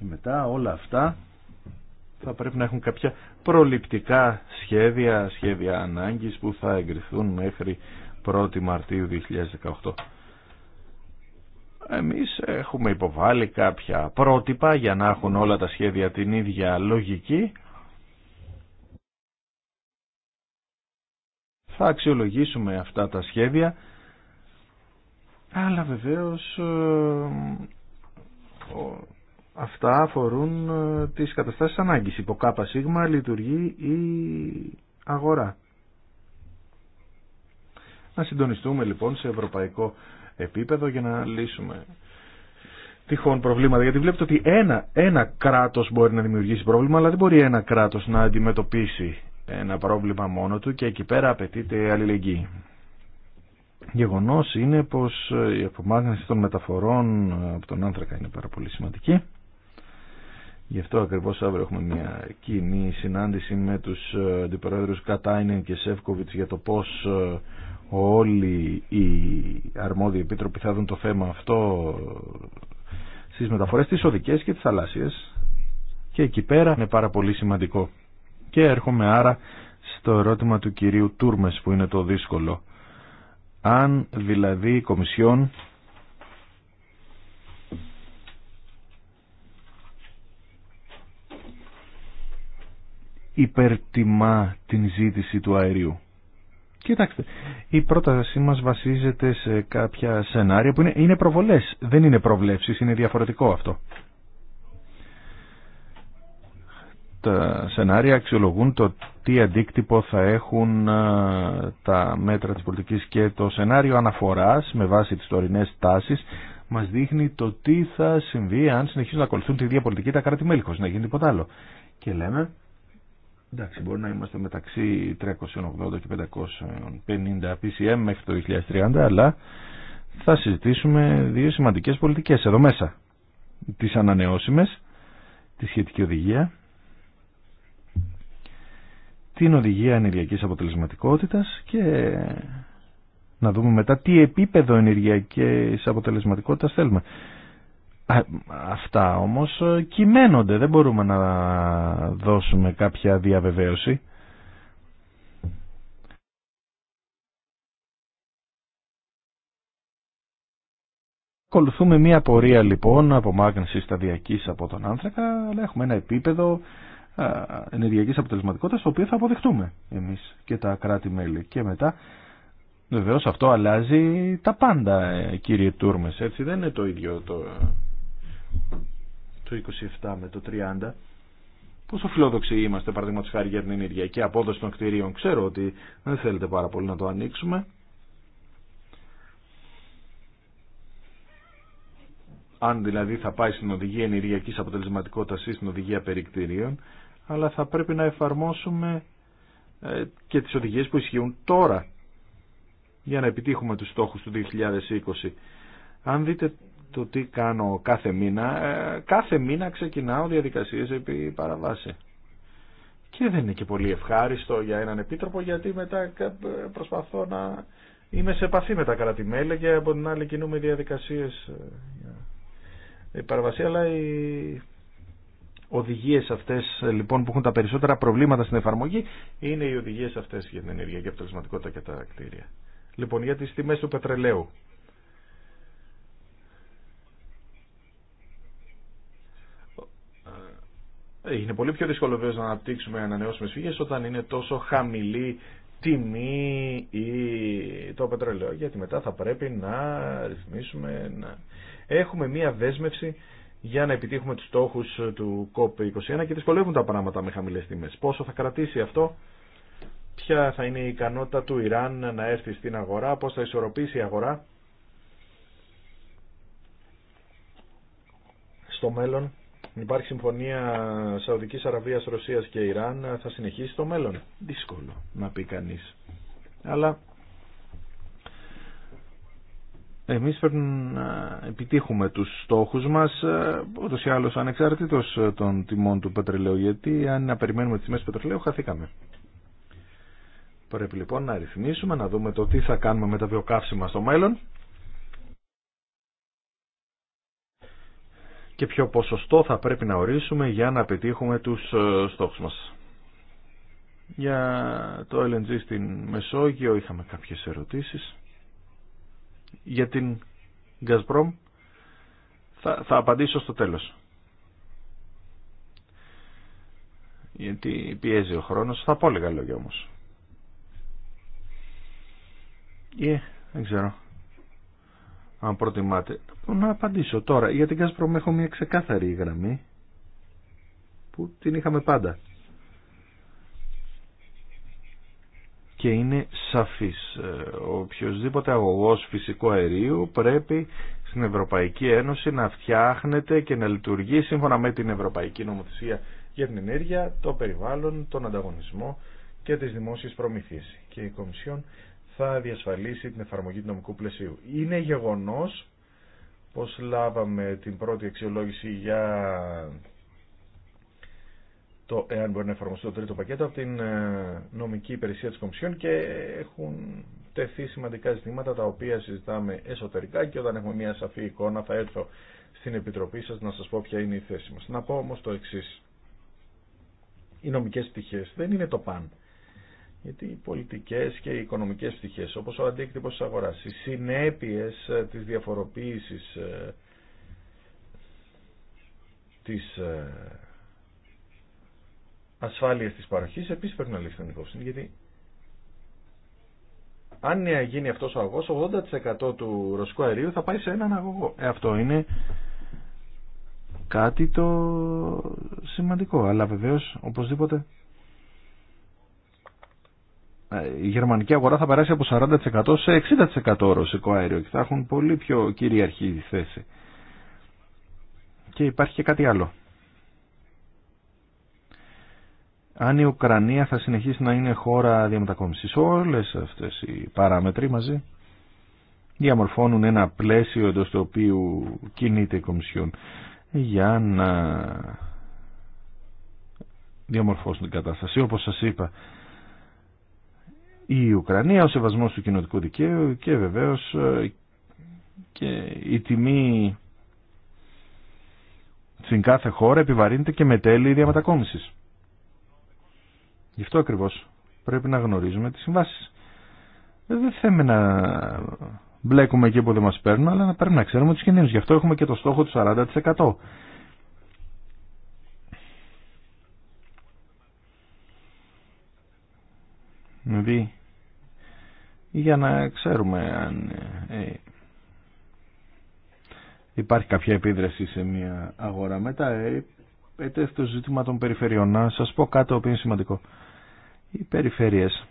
και μετά όλα αυτά θα πρέπει να έχουν κάποια προληπτικά σχέδια, σχέδια ανάγκης που θα εγκριθούν μέχρι 1η Μαρτίου 2018. Εμείς έχουμε υποβάλει κάποια πρότυπα για να έχουν όλα τα σχέδια την ίδια λογική. Θα αξιολογήσουμε αυτά τα σχέδια, αλλά βεβαίως ε, Αυτά αφορούν ε, τις καταστάσεις ανάγκης. Υπό κάπα λειτουργεί η αγορά. Να συντονιστούμε λοιπόν σε ευρωπαϊκό επίπεδο για να λύσουμε τυχόν προβλήματα. Γιατί βλέπετε ότι ένα, ένα κράτος μπορεί να δημιουργήσει πρόβλημα, αλλά δεν μπορεί ένα κράτος να αντιμετωπίσει ένα πρόβλημα μόνο του και εκεί πέρα απαιτείται αλληλεγγύη. Γεγονός είναι πως η απομάκρυνση των μεταφορών από τον άνθρακα είναι πάρα πολύ σημαντική. Γι' αυτό ακριβώς αύριο έχουμε μια κοινή συνάντηση με τους ε, αντιπρόεδρους Κατάινεν και Σεύκοβιτς για το πώς ε, όλοι οι αρμόδιοι επίτροποι θα δουν το θέμα αυτό ε, στις μεταφορές τις οδικές και τις θαλάσσιες. Και εκεί πέρα είναι πάρα πολύ σημαντικό. Και έρχομαι άρα στο ερώτημα του κυρίου Τούρμες που είναι το δύσκολο. Αν δηλαδή η Κομισιόν υπερτιμά την ζήτηση του αερίου. Κοιτάξτε, η πρότασή μας βασίζεται σε κάποια σενάρια που είναι, είναι προβολές, δεν είναι προβλέψεις, είναι διαφορετικό αυτό. τα σενάρια αξιολογούν το τι αντίκτυπο θα έχουν τα μέτρα της πολιτικής και το σενάριο αναφοράς με βάση τις τωρινές τάσεις μας δείχνει το τι θα συμβεί αν συνεχίσουν να ακολουθούν τη διαπολιτική τα κράτη-μέλη να γίνει τίποτα άλλο. Και λέμε Εντάξει, μπορεί να είμαστε μεταξύ 380 και 550 PCM μέχρι το 2030, αλλά θα συζητήσουμε δύο σημαντικές πολιτικές εδώ μέσα. Τις ανανεώσιμες, τη σχετική οδηγία, την οδηγία ενεργειακής αποτελεσματικότητας και να δούμε μετά τι επίπεδο ενεργειακής αποτελεσματικότητας θέλουμε. Αυτά όμως ε, κυμαίνονται, δεν μπορούμε να δώσουμε κάποια διαβεβαίωση. Ακολουθούμε μία πορεία λοιπόν τα σταδιακής από τον άνθρακα, αλλά έχουμε ένα επίπεδο ενεργειακής αποτελεσματικότητας το οποίο θα αποδεχτούμε εμείς και τα κράτη-μέλη. Και μετά βεβαίως αυτό αλλάζει τα πάντα ε, κύριε Τούρμες, έτσι δεν είναι το ίδιο το το 27 με το 30 πόσο φιλόδοξοι είμαστε παραδείγματο χάρη για την ενεργειακή απόδοση των κτηρίων ξέρω ότι δεν θέλετε πάρα πολύ να το ανοίξουμε αν δηλαδή θα πάει στην οδηγία ενεργειακής αποτελεσματικότητας ή στην οδηγία περί κτηρίων, αλλά θα πρέπει να εφαρμόσουμε ε, και τις οδηγίες που ισχύουν τώρα για να επιτύχουμε τους στόχους του 2020. Αν δείτε το τι κάνω κάθε μήνα. Ε, κάθε μήνα ξεκινάω διαδικασίες επί παραβάση. Και δεν είναι και πολύ ευχάριστο για έναν επίτροπο γιατί μετά προσπαθώ να είμαι σε επαφή με τα μέλη και από την άλλη κινούμε διαδικασίες ε, για παραβασία. Αλλά οι οδηγίες αυτές λοιπόν που έχουν τα περισσότερα προβλήματα στην εφαρμογή είναι οι οδηγίες αυτές για την ενεργειακή αποτελεσματικότητα και τα κτίρια. Λοιπόν, για τις τιμές του πετρελαίου Είναι πολύ πιο δύσκολο βέβαια να αναπτύξουμε ανανεώσιμε φύγε όταν είναι τόσο χαμηλή τιμή ή το πετρελαίο. Γιατί μετά θα πρέπει να ρυθμίσουμε, να... Έχουμε μία δέσμευση για να επιτύχουμε τους στόχους του COP21 και δυσκολεύουν τα πράγματα με χαμηλές τιμές. Πόσο θα κρατήσει αυτό, ποια θα είναι η ικανότητα του Ιράν να έρθει στην αγορά, πώς θα ισορροπήσει η αγορά στο μέλλον υπάρχει συμφωνία Σαουδικής Αραβίας, Ρωσίας και Ιράν θα συνεχίσει το μέλλον. Δύσκολο να πει κανείς. Αλλά εμείς πρέπει να επιτύχουμε τους στόχους μας ε, ούτως ή άλλως ανεξαρτήτως ε, των τιμών του πετρελαίου γιατί αν να περιμένουμε τις τιμές του πετρελαίου χαθήκαμε. Πρέπει λοιπόν να ρυθμίσουμε, να δούμε το τι θα κάνουμε με τα βιοκαύσιμα στο μέλλον και ποιο ποσοστό θα πρέπει να ορίσουμε για να πετύχουμε τους ε, στόχους μας. Για το LNG στην Μεσόγειο είχαμε κάποιες ερωτήσεις. Για την Gazprom θα, θα απαντήσω στο τέλος. Γιατί πιέζει ο χρόνος, θα πω λίγα λόγια όμως. Yeah, ε, δεν ξέρω αν προτιμάτε, να απαντήσω τώρα. Για την Κάσπρομ έχω μια ξεκάθαρη γραμμή που την είχαμε πάντα. Και είναι σαφής. Ε, Οποιοδήποτε αγωγός φυσικού αερίου πρέπει στην Ευρωπαϊκή Ένωση να φτιάχνεται και να λειτουργεί σύμφωνα με την Ευρωπαϊκή Νομοθεσία για την ενέργεια, το περιβάλλον, τον ανταγωνισμό και τις δημόσιες προμήθειες. Και η Κομισιόν θα διασφαλίσει την εφαρμογή του νομικού πλαισίου. Είναι γεγονός πως λάβαμε την πρώτη αξιολόγηση για το εάν μπορεί να εφαρμοστεί το τρίτο πακέτο από την ε, νομική υπηρεσία της Κομισιόν και έχουν τεθεί σημαντικά ζητήματα τα οποία συζητάμε εσωτερικά και όταν έχουμε μια σαφή εικόνα θα έρθω στην Επιτροπή σας να σας πω ποια είναι η θέση μας. Να πω όμως το εξής. Οι νομικές πτυχές δεν είναι το παν γιατί οι πολιτικές και οι οικονομικές στοιχείες όπως ο αντίκτυπος της αγοράς, οι συνέπειες ε, της διαφοροποίησης ε, της ε, ασφάλειας της παροχής, επίσης πρέπει να ληφθούν υπόψη, γιατί αν γίνει αυτός ο αγωγός, 80% του ρωσικού αερίου θα πάει σε έναν αγωγό. Ε, αυτό είναι κάτι το σημαντικό, αλλά βεβαίως, οπωσδήποτε, ε, η γερμανική αγορά θα περάσει από 40% σε 60% ρωσικό αέριο και θα έχουν πολύ πιο κυριαρχή θέση. Και υπάρχει και κάτι άλλο. Αν η Ουκρανία θα συνεχίσει να είναι χώρα διαμετακόμισης, όλες αυτές οι παράμετροι μαζί διαμορφώνουν ένα πλαίσιο εντός του οποίου κινείται η Κομισιόν για να διαμορφώσουν την κατάσταση. Όπως σας είπα, η Ουκρανία, ο σεβασμός του κοινοτικού δικαίου και βεβαίως ε, και η τιμή στην κάθε χώρα επιβαρύνεται και με τέλη διαμετακόμισης. Γι' αυτό ακριβώς πρέπει να γνωρίζουμε τις συμβάσεις. Ε, δεν θέλουμε να μπλέκουμε εκεί που δεν μας παίρνουν, αλλά να πρέπει να ξέρουμε τους κινδύνους. Γι' αυτό έχουμε και το στόχο του 40%. Δηλαδή, για να ξέρουμε αν ε, υπάρχει κάποια επίδραση σε μια αγορά. Μετά ε, ετέθη το ζήτημα των περιφερειών. Να σας πω κάτι το είναι σημαντικό. Οι περιφέρειες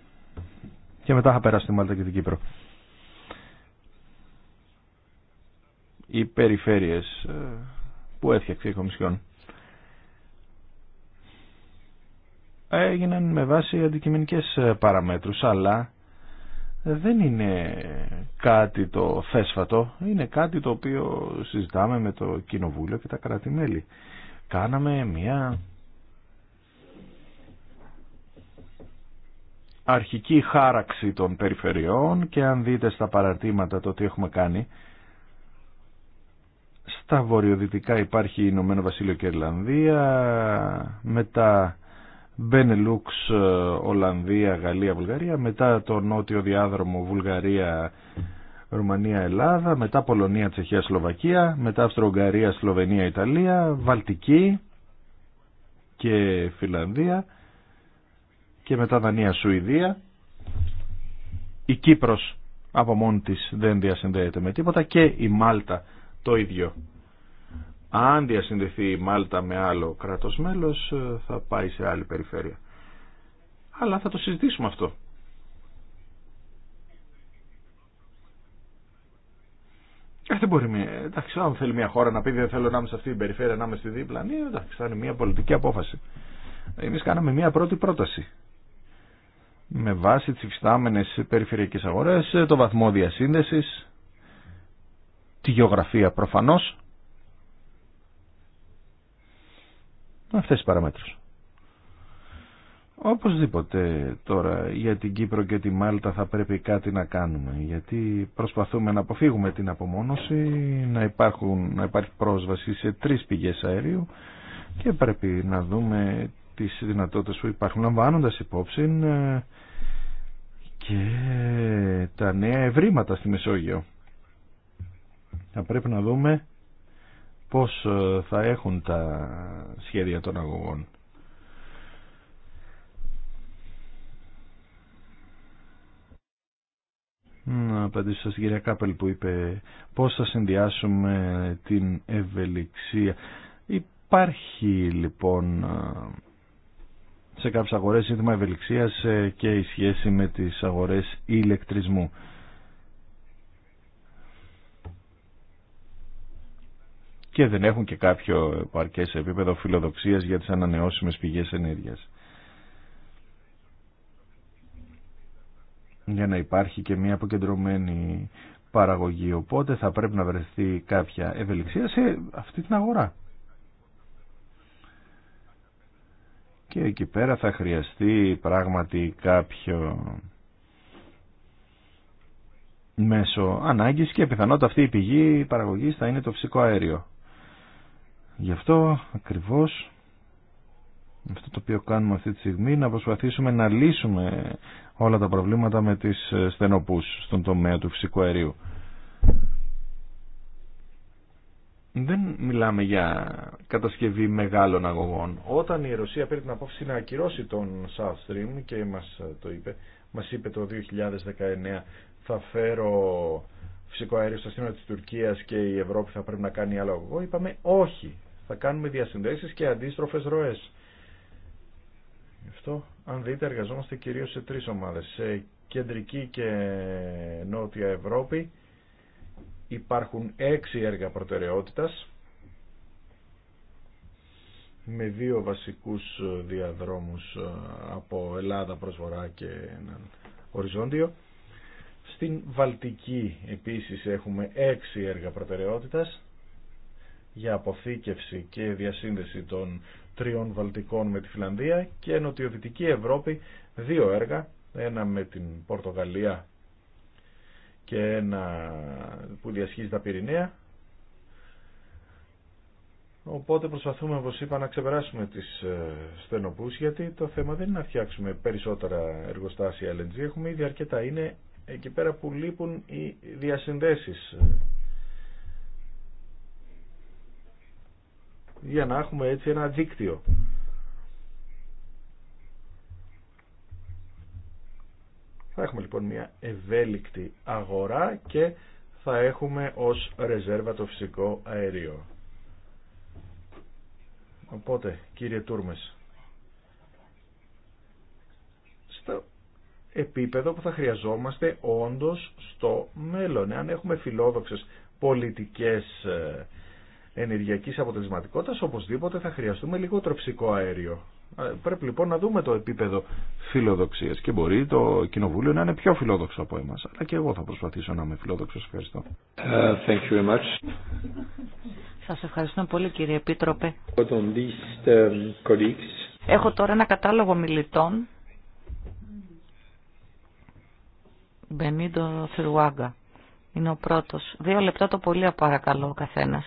και μετά θα περάσει τη Μάλτα και την Κύπρο. Οι περιφέρειες ε, που έφτιαξε η Κομισιόν έγιναν με βάση αντικειμενικές παραμέτρους αλλά δεν είναι κάτι το θέσφατο, είναι κάτι το οποίο συζητάμε με το Κοινοβούλιο και τα κρατημέλη. Κάναμε μια αρχική χάραξη των περιφερειών και αν δείτε στα παραρτήματα το τι έχουμε κάνει, στα βορειοδυτικά υπάρχει η Ηνωμένο Βασίλειο και Ιρλανδία, μετά Μπενελούξ, Ολλανδία, Γαλλία, Βουλγαρία, μετά το νότιο διάδρομο Βουλγαρία, Ρουμανία, Ελλάδα, μετά Πολωνία, Τσεχία, Σλοβακία, μετά Αυστρογκαρία, Σλοβενία, Ιταλία, Βαλτική και Φιλανδία και μετά Δανία, Σουηδία. Η Κύπρος από μόνη της δεν διασυνδέεται με τίποτα και η Μάλτα το ίδιο αν διασυνδεθεί η Μάλτα με άλλο κράτος μέλος ε, θα πάει σε άλλη περιφέρεια. Αλλά θα το συζητήσουμε αυτό. Ε, δεν μπορεί. Εντάξει, αν θέλει μια χώρα να πει δεν θέλω να είμαι σε αυτή την περιφέρεια, να είμαι στη δίπλανη, ναι, εντάξει, θα είναι μια πολιτική απόφαση. Εμείς κάναμε μια πρώτη πρόταση. Με βάση τις υφιστάμενε περιφερειακέ αγορές, ε, το βαθμό διασύνδεσης, τη γεωγραφία προφανώ Αυτέ οι παραμέτρους. Οπωσδήποτε τώρα για την Κύπρο και τη Μάλτα θα πρέπει κάτι να κάνουμε γιατί προσπαθούμε να αποφύγουμε την απομόνωση, να, υπάρχουν, να υπάρχει πρόσβαση σε τρεις πηγές αερίου και πρέπει να δούμε τις δυνατότητες που υπάρχουν λαμβάνοντας υπόψη ε, και τα νέα ευρήματα στη Μεσόγειο. Θα πρέπει να δούμε πώς ε, θα έχουν τα σχέδια των αγωγών. Να απαντήσω στην κυρία Κάπελ που είπε πώς θα συνδυάσουμε την ευελιξία. Υπάρχει λοιπόν ε, σε κάποιες αγορές σύνθημα ευελιξίας ε, και η σχέση με τις αγορές ηλεκτρισμού. και δεν έχουν και κάποιο επαρκέ επίπεδο φιλοδοξίας για τις ανανεώσιμες πηγές ενέργειας. Για να υπάρχει και μια αποκεντρωμένη παραγωγή. Οπότε θα πρέπει να βρεθεί κάποια ευελιξία σε αυτή την αγορά. Και εκεί πέρα θα χρειαστεί πράγματι κάποιο μέσο ανάγκης και πιθανότητα αυτή η πηγή παραγωγής θα είναι το φυσικό αέριο. Γι' αυτό ακριβώς αυτό το οποίο κάνουμε αυτή τη στιγμή να προσπαθήσουμε να λύσουμε όλα τα προβλήματα με τις ε, στενοπούς στον τομέα του φυσικού αερίου. Δεν μιλάμε για κατασκευή μεγάλων αγωγών. Όταν η Ρωσία πήρε την απόφαση να ακυρώσει τον South Stream και μας ε, το είπε, μας είπε το 2019 θα φέρω φυσικό αέριο στα σύνορα της Τουρκίας και η Ευρώπη θα πρέπει να κάνει άλλο αγωγό, είπαμε όχι, θα κάνουμε διασυνδέσεις και αντίστροφες ροές. Γι' αυτό, αν δείτε, εργαζόμαστε κυρίως σε τρεις ομάδες. Σε κεντρική και νότια Ευρώπη υπάρχουν έξι έργα προτεραιότητας με δύο βασικούς διαδρόμους από Ελλάδα προς Βορρά και έναν οριζόντιο. Στην Βαλτική επίσης έχουμε έξι έργα προτεραιότητας για αποθήκευση και διασύνδεση των τριών Βαλτικών με τη Φιλανδία και Νοτιοδυτική Ευρώπη δύο έργα, ένα με την Πορτογαλία και ένα που διασχίζει τα Πυρηναία. Οπότε προσπαθούμε, όπως είπα, να ξεπεράσουμε τις ε, στενοπούς, γιατί το θέμα δεν είναι να φτιάξουμε περισσότερα εργοστάσια LNG, έχουμε ήδη αρκετά. Είναι εκεί πέρα που λείπουν οι διασυνδέσεις για να έχουμε έτσι ένα δίκτυο. Θα έχουμε λοιπόν μια ευέλικτη αγορά και θα έχουμε ως ρεζέρβα το φυσικό αέριο. Οπότε, κύριε Τούρμες, στο επίπεδο που θα χρειαζόμαστε όντως στο μέλλον, Εάν έχουμε φιλόδοξες πολιτικές ε, ενεργειακής αποτελεσματικότητας οπωσδήποτε θα χρειαστούμε λιγότερο ψικό αέριο. Ε, πρέπει λοιπόν να δούμε το επίπεδο φιλοδοξίας και μπορεί το Κοινοβούλιο να είναι πιο φιλόδοξο από εμάς. Αλλά και εγώ θα προσπαθήσω να είμαι φιλόδοξος. Ευχαριστώ. Uh, thank Σας ευχαριστώ πολύ κύριε Επίτροπε. Um, Έχω τώρα ένα κατάλογο μιλητών. Μπενίντο Είναι ο πρώτος. Δύο λεπτά το πολύ παρακαλώ ο καθένας.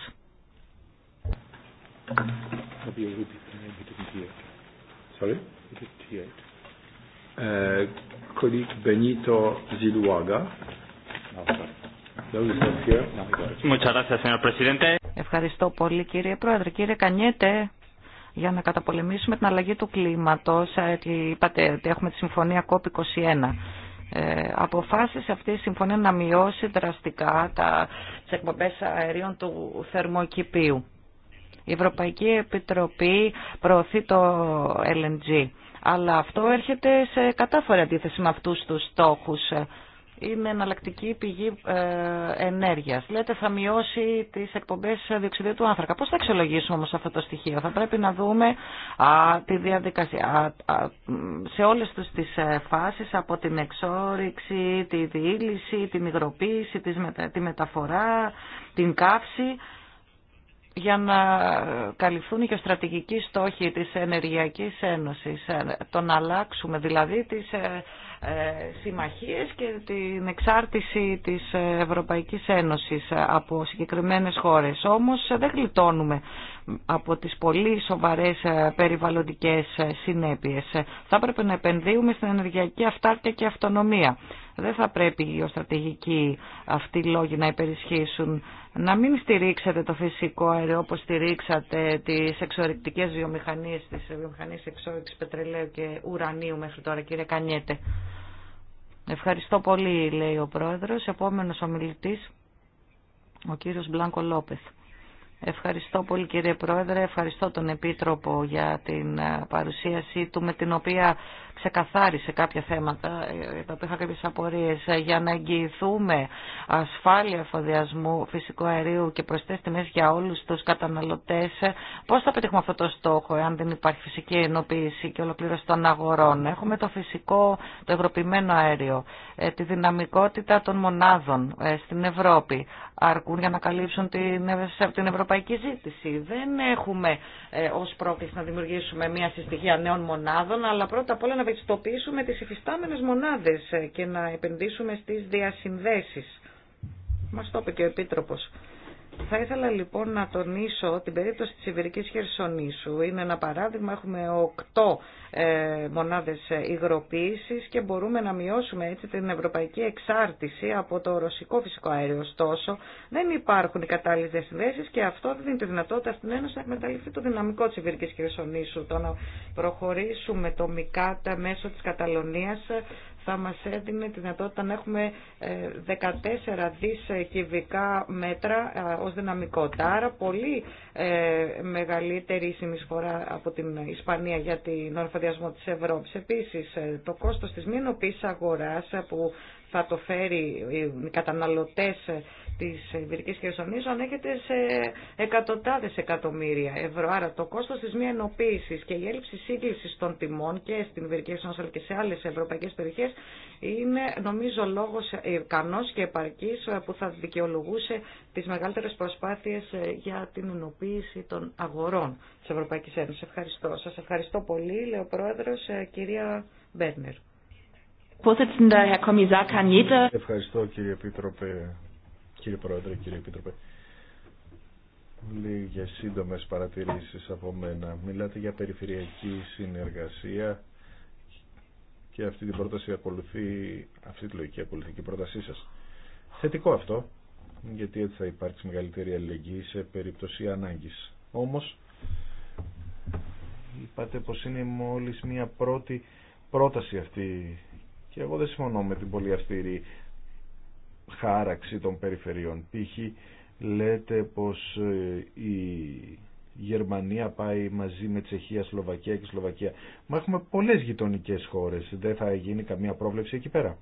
Ευχαριστώ πολύ κύριε Πρόεδρε. Κύριε Κανιέτε, για να καταπολεμήσουμε την αλλαγή του κλίματος, ε, είπατε ότι έχουμε τη συμφωνία COP21. Ε, αποφάσισε αυτή η συμφωνία να μειώσει δραστικά τα, τις εκπομπές αερίων του θερμοκηπίου. Η Ευρωπαϊκή Επιτροπή προωθεί το LNG. Αλλά αυτό έρχεται σε κατάφορη αντίθεση με αυτούς τους στόχους. Είναι εναλλακτική πηγή ε, ενέργειας. Λέτε θα μειώσει τις εκπομπές διοξιδίου του άνθρακα. Πώς θα αξιολογήσουμε όμως αυτό το στοιχείο. Θα πρέπει να δούμε α, τη διαδικασία α, σε όλες τους τις ε, φάσεις από την εξόριξη, τη διήλυση, την υγροποίηση, τη μεταφορά, την καύση για να καλυφθούν και στρατηγικοί στόχοι της Ενεργειακής Ένωσης. Ε, το να αλλάξουμε δηλαδή τις ε, ε, συμμαχίες και την εξάρτηση της Ευρωπαϊκής Ένωσης από συγκεκριμένες χώρες. Όμως δεν γλιτώνουμε από τις πολύ σοβαρές ε, περιβαλλοντικές ε, συνέπειες. Θα πρέπει να επενδύουμε στην ενεργειακή αυτάρκεια και αυτονομία. Δεν θα πρέπει οι στρατηγικοί αυτοί οι λόγοι να υπερισχύσουν. Να μην στηρίξετε το φυσικό αέριο όπως στηρίξατε τις εξορρυκτικές βιομηχανίες, τις βιομηχανίες εξόρυξης πετρελαίου και ουρανίου μέχρι τώρα κύριε Κανιέτε. Ευχαριστώ πολύ λέει ο πρόεδρος. Επόμενος ομιλητής ο κύριος Μπλάνκο Λόπεθ. Ευχαριστώ πολύ κύριε Πρόεδρε, ευχαριστώ τον Επίτροπο για την ε, παρουσίαση του με την οποία ξεκαθάρισε κάποια θέματα ε, τα οποία είχα κάποιε απορίε ε, για να εγγυηθούμε ασφάλεια εφοδιασμού φυσικού αερίου και προσιτέ για όλου του καταναλωτέ. Πώ θα πετύχουμε αυτό το στόχο, εάν δεν υπάρχει φυσική ενοποίηση και ολοκλήρωση των αγορών. Έχουμε το φυσικό, το ευρωπημένο αέριο, ε, τη δυναμικότητα των μονάδων στην Ευρώπη. Αρκούν για να καλύψουν την, την ευρωπαϊκή ζήτηση. Δεν έχουμε ω πρόκληση να δημιουργήσουμε μια συστοιχία νέων μονάδων, αλλά πρώτα απ' όλα να στοπίσουμε τις υφιστάμενες μονάδες και να επενδύσουμε στις διασυνδέσεις. Μας το είπε και ο Επίτροπος. Θα ήθελα λοιπόν να τονίσω την περίπτωση της Ιβερικής Χερσονήσου. Είναι ένα παράδειγμα, έχουμε οκτώ ε, μονάδες ε, υγροποίησης και μπορούμε να μειώσουμε έτσι την ευρωπαϊκή εξάρτηση από το ρωσικό φυσικό αέριο. Ωστόσο, δεν υπάρχουν οι κατάλληλες διασυνδέσεις και αυτό δίνει τη δυνατότητα στην Ένωση να εκμεταλλευτεί το δυναμικό της Ιβερικής Χερσονήσου. Το να προχωρήσουμε το μικάτα μέσω της Καταλωνίας θα μας έδινε τη δυνατότητα να έχουμε 14 ε, δις ε, κυβικά μέτρα ε, ως δυναμικότητα. Άρα πολύ μεγαλύτερη η συνεισφορά από την Ισπανία για την ορφαδιασμό της Ευρώπης. Επίσης, το κόστος της μηνοποίησης αγοράς που θα το φέρει οι καταναλωτές της Ιβυρική Χερσονήσου ανέχεται σε εκατοντάδες εκατομμύρια ευρώ. Άρα το κόστος της μη ενοποίηση και η έλλειψη σύγκληση των τιμών και στην Ιβυρική Χερσονήσου αλλά και σε άλλες ευρωπαϊκές περιοχές είναι νομίζω λόγος ικανός και επαρκής που θα δικαιολογούσε τις μεγαλύτερες προσπάθειες για την ενοποίηση των αγορών της Ευρωπαϊκής Ένωσης. Ευχαριστώ. Σας ευχαριστώ πολύ, λέει ο Πρόεδρος, ε, κυρία Μπέρνερ. Ευχαριστώ κύριε Επίτροπε, κύριε Πρόεδρε, κύριε Επίτροπε. Λίγες σύντομες παρατηρήσεις από μένα. Μιλάτε για περιφερειακή συνεργασία και αυτή την πρόταση ακολουθεί, αυτή τη λογική ακολουθεί και η πρότασή σας. Θετικό αυτό, γιατί έτσι θα υπάρξει μεγαλύτερη αλληλεγγύη σε περίπτωση ανάγκης. Όμως, είπατε πως είναι μόλις μία πρώτη πρόταση αυτή και εγώ δεν συμφωνώ με την πολύ αυστηρή χάραξη των περιφερειών. Π.χ. λέτε πως ε, η Γερμανία πάει μαζί με Τσεχία, Σλοβακία και Σλοβακία. Μα έχουμε πολλές γειτονικές χώρες. Δεν θα γίνει καμία πρόβλεψη εκεί πέρα.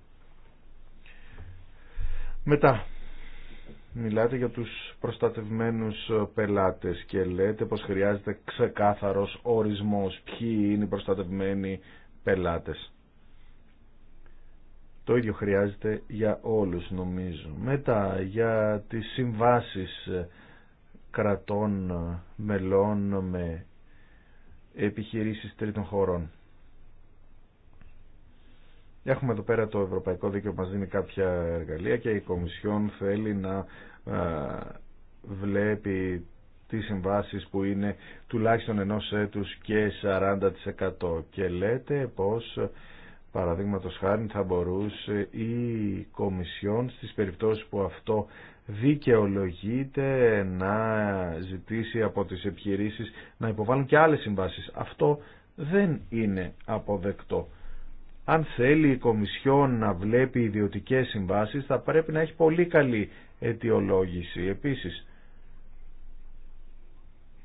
Μετά, μιλάτε για τους προστατευμένους ε, πελάτες και λέτε πως χρειάζεται ξεκάθαρος ορισμός ποιοι είναι οι προστατευμένοι πελάτες. Το ίδιο χρειάζεται για όλους νομίζω. Μετά για τις συμβάσεις ε, κρατών ε, μελών με επιχειρήσεις τρίτων χωρών. Έχουμε εδώ πέρα το Ευρωπαϊκό Δίκαιο που μας δίνει κάποια εργαλεία και η Κομισιόν θέλει να ε, βλέπει τις συμβάσεις που είναι τουλάχιστον ενός έτους και 40% και λέτε πως Παραδείγματο χάρη θα μπορούσε η Κομισιόν στις περιπτώσεις που αυτό δικαιολογείται να ζητήσει από τις επιχειρήσεις να υποβάλουν και άλλες συμβάσεις. Αυτό δεν είναι αποδεκτό. Αν θέλει η Κομισιόν να βλέπει ιδιωτικές συμβάσεις θα πρέπει να έχει πολύ καλή αιτιολόγηση. Επίσης,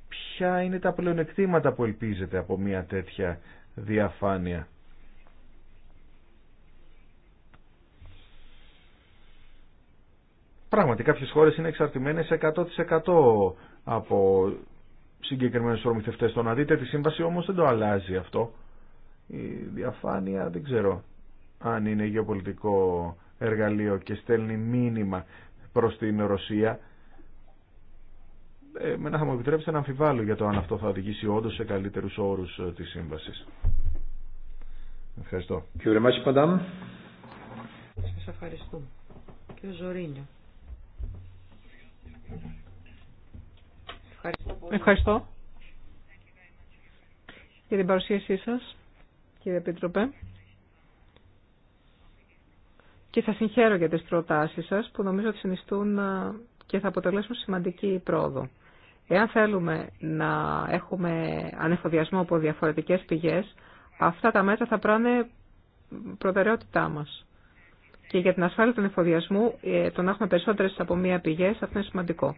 ποια είναι τα πλεονεκτήματα που ελπίζεται από μια τέτοια διαφάνεια. Πράγματι, κάποιες χώρες είναι εξαρτημένες 100% από συγκεκριμένους ορμηθευτές Το να δείτε τη σύμβαση όμως δεν το αλλάζει αυτό. Η διαφάνεια δεν ξέρω αν είναι γεωπολιτικό εργαλείο και στέλνει μήνυμα προς την Ρωσία. Ε, εμένα θα μου επιτρέψετε να αμφιβάλλω για το αν αυτό θα οδηγήσει όντως σε καλύτερους όρους ε, της σύμβασης. Ευχαριστώ. Σας ευχαριστώ. Κύριε Ζωρίνιο. Ευχαριστώ πολύ. για την παρουσίασή σας, κύριε Επίτροπε. Και σας συγχαίρω για τις προτάσεις σας που νομίζω ότι συνιστούν και θα αποτελέσουν σημαντική πρόοδο. Εάν θέλουμε να έχουμε ανεφοδιασμό από διαφορετικές πηγές, αυτά τα μέτρα θα πράνε προτεραιότητά μας. Και για την ασφάλεια του ανεφοδιασμού ε, το να έχουμε περισσότερες από μία πηγές, αυτό είναι σημαντικό.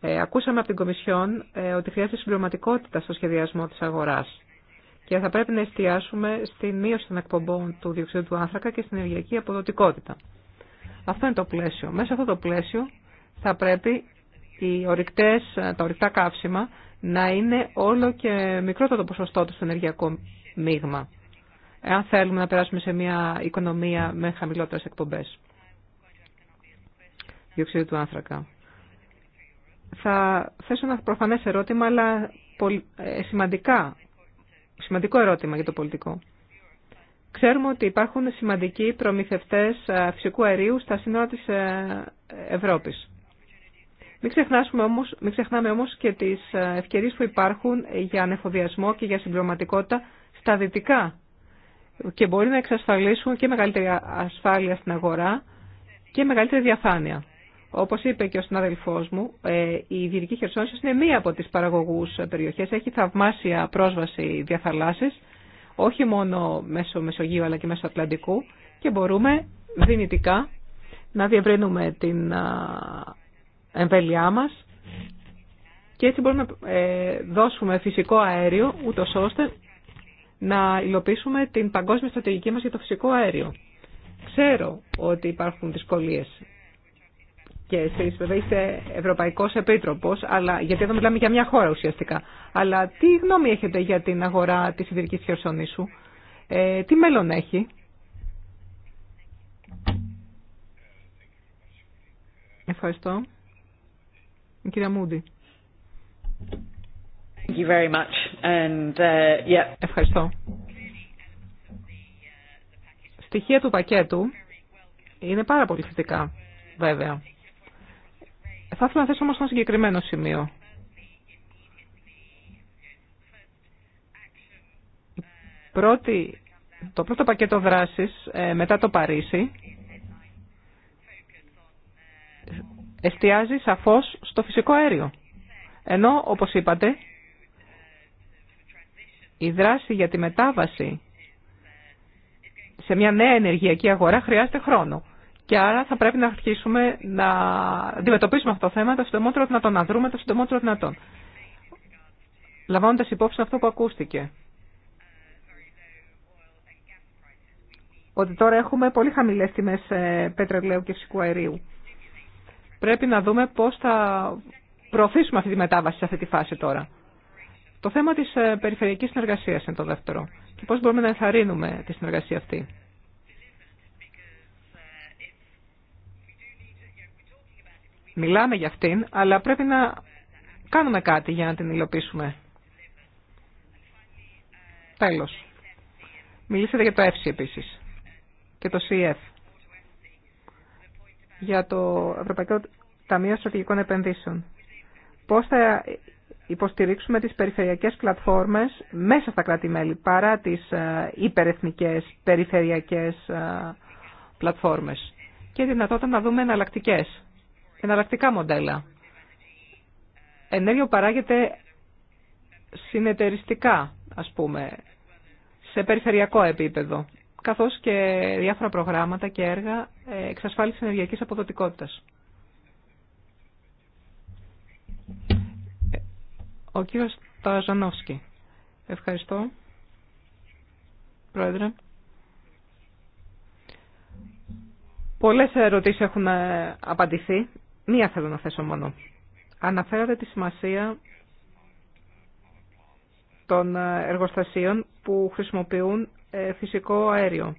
Ε, ακούσαμε από την Κομισιόν ε, ότι χρειάζεται συμπληρωματικότητα στο σχεδιασμό της αγοράς και θα πρέπει να εστιάσουμε στη μείωση των εκπομπών του διοξιδίου του άνθρακα και στην ενεργειακή αποδοτικότητα. Αυτό είναι το πλαίσιο. Μέσα σε αυτό το πλαίσιο θα πρέπει οι ορυκτές, τα ορυκτά καύσιμα να είναι όλο και μικρότερο το ποσοστό του στο ενεργειακό μείγμα. Εάν θέλουμε να περάσουμε σε μια οικονομία με χαμηλότερες εκπομπές διοξιδίου του άνθρακα. Θα θέσω ένα προφανές ερώτημα, αλλά ε, σημαντικά, σημαντικό ερώτημα για το πολιτικό. Ξέρουμε ότι υπάρχουν σημαντικοί προμηθευτές ε, φυσικού αερίου στα σύνορα της ε, Ευρώπης. Μην, ξεχνάσουμε όμως, μην ξεχνάμε όμως και τις ευκαιρίες που υπάρχουν για ανεφοδιασμό και για συμπληρωματικότητα στα δυτικά και μπορεί να εξασφαλίσουν και μεγαλύτερη ασφάλεια στην αγορά και μεγαλύτερη διαφάνεια. Όπως είπε και ο συναδελφό μου, ε, η Δυτική Χερσόνησο είναι μία από τις παραγωγούς περιοχές. Έχει θαυμάσια πρόσβαση διαθαλάσση, όχι μόνο μέσω Μεσογείου αλλά και μέσω Ατλαντικού και μπορούμε δυνητικά να διευρύνουμε την εμβέλειά μας και έτσι μπορούμε να ε, δώσουμε φυσικό αέριο ούτω ώστε να υλοποιήσουμε την παγκόσμια στρατηγική μα για το φυσικό αέριο. Ξέρω ότι υπάρχουν δυσκολίε και εσείς βέβαια είστε ευρωπαϊκό επίτροπο, αλλά, γιατί εδώ μιλάμε για μια χώρα ουσιαστικά. Αλλά τι γνώμη έχετε για την αγορά της Ιδρυκή Χερσονήσου, ε, τι μέλλον έχει. Ευχαριστώ. Η Μούντι. Thank you very much. And, uh, yeah. Ευχαριστώ. Στοιχεία του πακέτου είναι πάρα πολύ θετικά, βέβαια. Θα ήθελα να θέσω όμως ένα συγκεκριμένο σημείο. Πρώτη, το πρώτο πακέτο δράσης ε, μετά το Παρίσι εστιάζει σαφώς στο φυσικό αέριο. Ενώ, όπως είπατε, η δράση για τη μετάβαση σε μια νέα ενεργειακή αγορά χρειάζεται χρόνο. Και άρα θα πρέπει να αρχίσουμε να αντιμετωπίσουμε αυτό το θέμα το συντομότερο δυνατόν, να δρούμε το συντομότερο δυνατόν. Λαμβάνοντα υπόψη αυτό που ακούστηκε. Ότι τώρα έχουμε πολύ χαμηλές τιμές ε, πετρελαίου και φυσικού αερίου. Πρέπει να δούμε πώς θα προωθήσουμε αυτή τη μετάβαση σε αυτή τη φάση τώρα. Το θέμα της ε, περιφερειακής συνεργασίας είναι το δεύτερο. Και πώς μπορούμε να ενθαρρύνουμε τη συνεργασία αυτή. Μιλάμε για αυτήν, αλλά πρέπει να κάνουμε κάτι για να την υλοποιήσουμε. Τέλος. Μιλήσατε για το ΕΦΣΙ επίσης και το ΣΥΕΦ για το Ευρωπαϊκό Ταμείο Στρατηγικών Επενδύσεων. Πώς θα υποστηρίξουμε τις περιφερειακές πλατφόρμες μέσα στα κράτη-μέλη παρά τις ε, υπερεθνικές περιφερειακές ε, πλατφόρμες και δυνατότητα να δούμε εναλλακτικέ εναλλακτικά μοντέλα. Ενέργεια παράγεται συνεταιριστικά, ας πούμε, σε περιφερειακό επίπεδο, καθώς και διάφορα προγράμματα και έργα ε, εξασφάλισης ενεργειακής αποδοτικότητας. Ο κύριος Ταζανόφσκι. Ευχαριστώ. Πρόεδρε. Πολλές ερωτήσεις έχουν ε, απαντηθεί. Μία θέλω να θέσω μόνο. Αναφέρατε τη σημασία των ε, εργοστασίων που χρησιμοποιούν ε, φυσικό αέριο.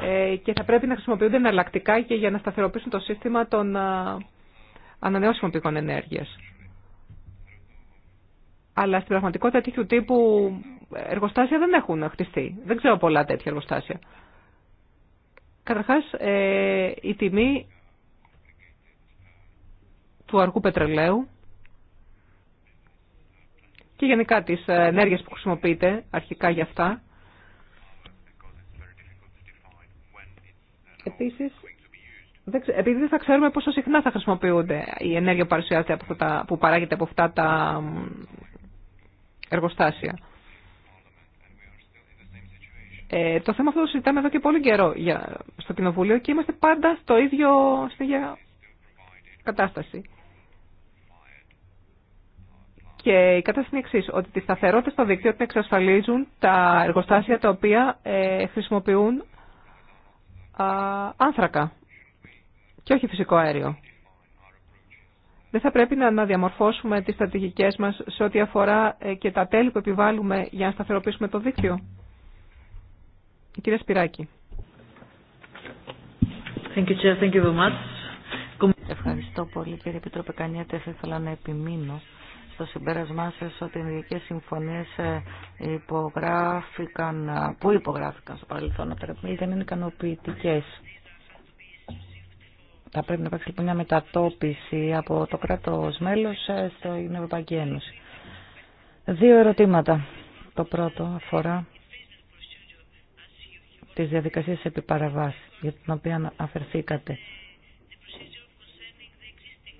Ε, και θα πρέπει να χρησιμοποιούνται εναλλακτικά και για να σταθεροποιήσουν το σύστημα των ανανεώσιμων πηγών ενέργειας. Αλλά στην πραγματικότητα τέτοιου τύπου εργοστάσια δεν έχουν χτιστεί. Δεν ξέρω πολλά τέτοια εργοστάσια. Καταρχάς, ε, η τιμή του αργού πετρελαίου και γενικά τις ε, ενέργειες που χρησιμοποιείται αρχικά για αυτά. Επίσης, επειδή δεν θα ξέρουμε πόσο συχνά θα χρησιμοποιούνται η ενέργεια που, παρουσιάζεται από αυτά, που παράγεται από αυτά τα εργοστάσια. Ε, το θέμα αυτό το συζητάμε εδώ και πολύ καιρό για, στο Κοινοβούλιο και είμαστε πάντα στο ίδιο, στην ίδια κατάσταση. Και η κατάσταση είναι εξή, ότι τη σταθερότητα στο δίκτυο την εξασφαλίζουν τα εργοστάσια τα οποία ε, χρησιμοποιούν α, άνθρακα και όχι φυσικό αέριο. Δεν θα πρέπει να αναδιαμορφώσουμε τις στρατηγικές μας σε ό,τι αφορά ε, και τα τέλη που επιβάλλουμε για να σταθεροποιήσουμε το δίκτυο. Η κυρία Σπυράκη. Thank you, Thank you very much. Ευχαριστώ πολύ κύριε Επίτροπε Κανιέτε. Θα ήθελα να επιμείνω στο συμπέρασμά σα ότι οι ειδικέ συμφωνίε ε, υπογράφηκαν, ε, που υπογράφηκαν στο παρελθόν δεν είναι ικανοποιητικέ. Θα πρέπει να υπάρξει λοιπόν μια μετατόπιση από το κράτο μέλο ε, στην Ευρωπαϊκή Ένωση. Δύο ερωτήματα. Το πρώτο αφορά τις διαδικασίες επί για την οποία αφαιρθήκατε.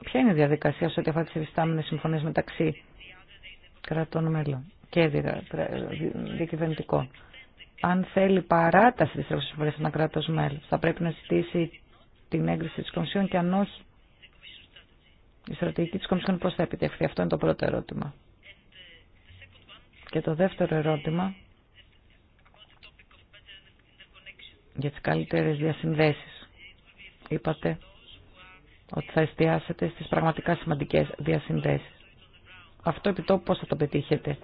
Ποια είναι η διαδικασία σε ό,τι αφορά τις ευιστάμενες συμφωνίες μεταξύ κρατών μέλων και διακυβερνητικών. Αν θέλει παράταση της Ευρωπαϊκής συμφωνίας ένα κράτος μέλος, θα πρέπει να ζητήσει την έγκριση της Κομισιόν και αν όχι, η στρατηγική της Κομισιόν πώς θα επιτευχθεί. Αυτό είναι το πρώτο ερώτημα. Και το δεύτερο ερώτημα για τις καλύτερες διασυνδέσεις. Είπατε ότι θα εστιάσετε στις πραγματικά σημαντικές διασυνδέσεις. Αυτό επιτόπου πώς θα το πετύχετε.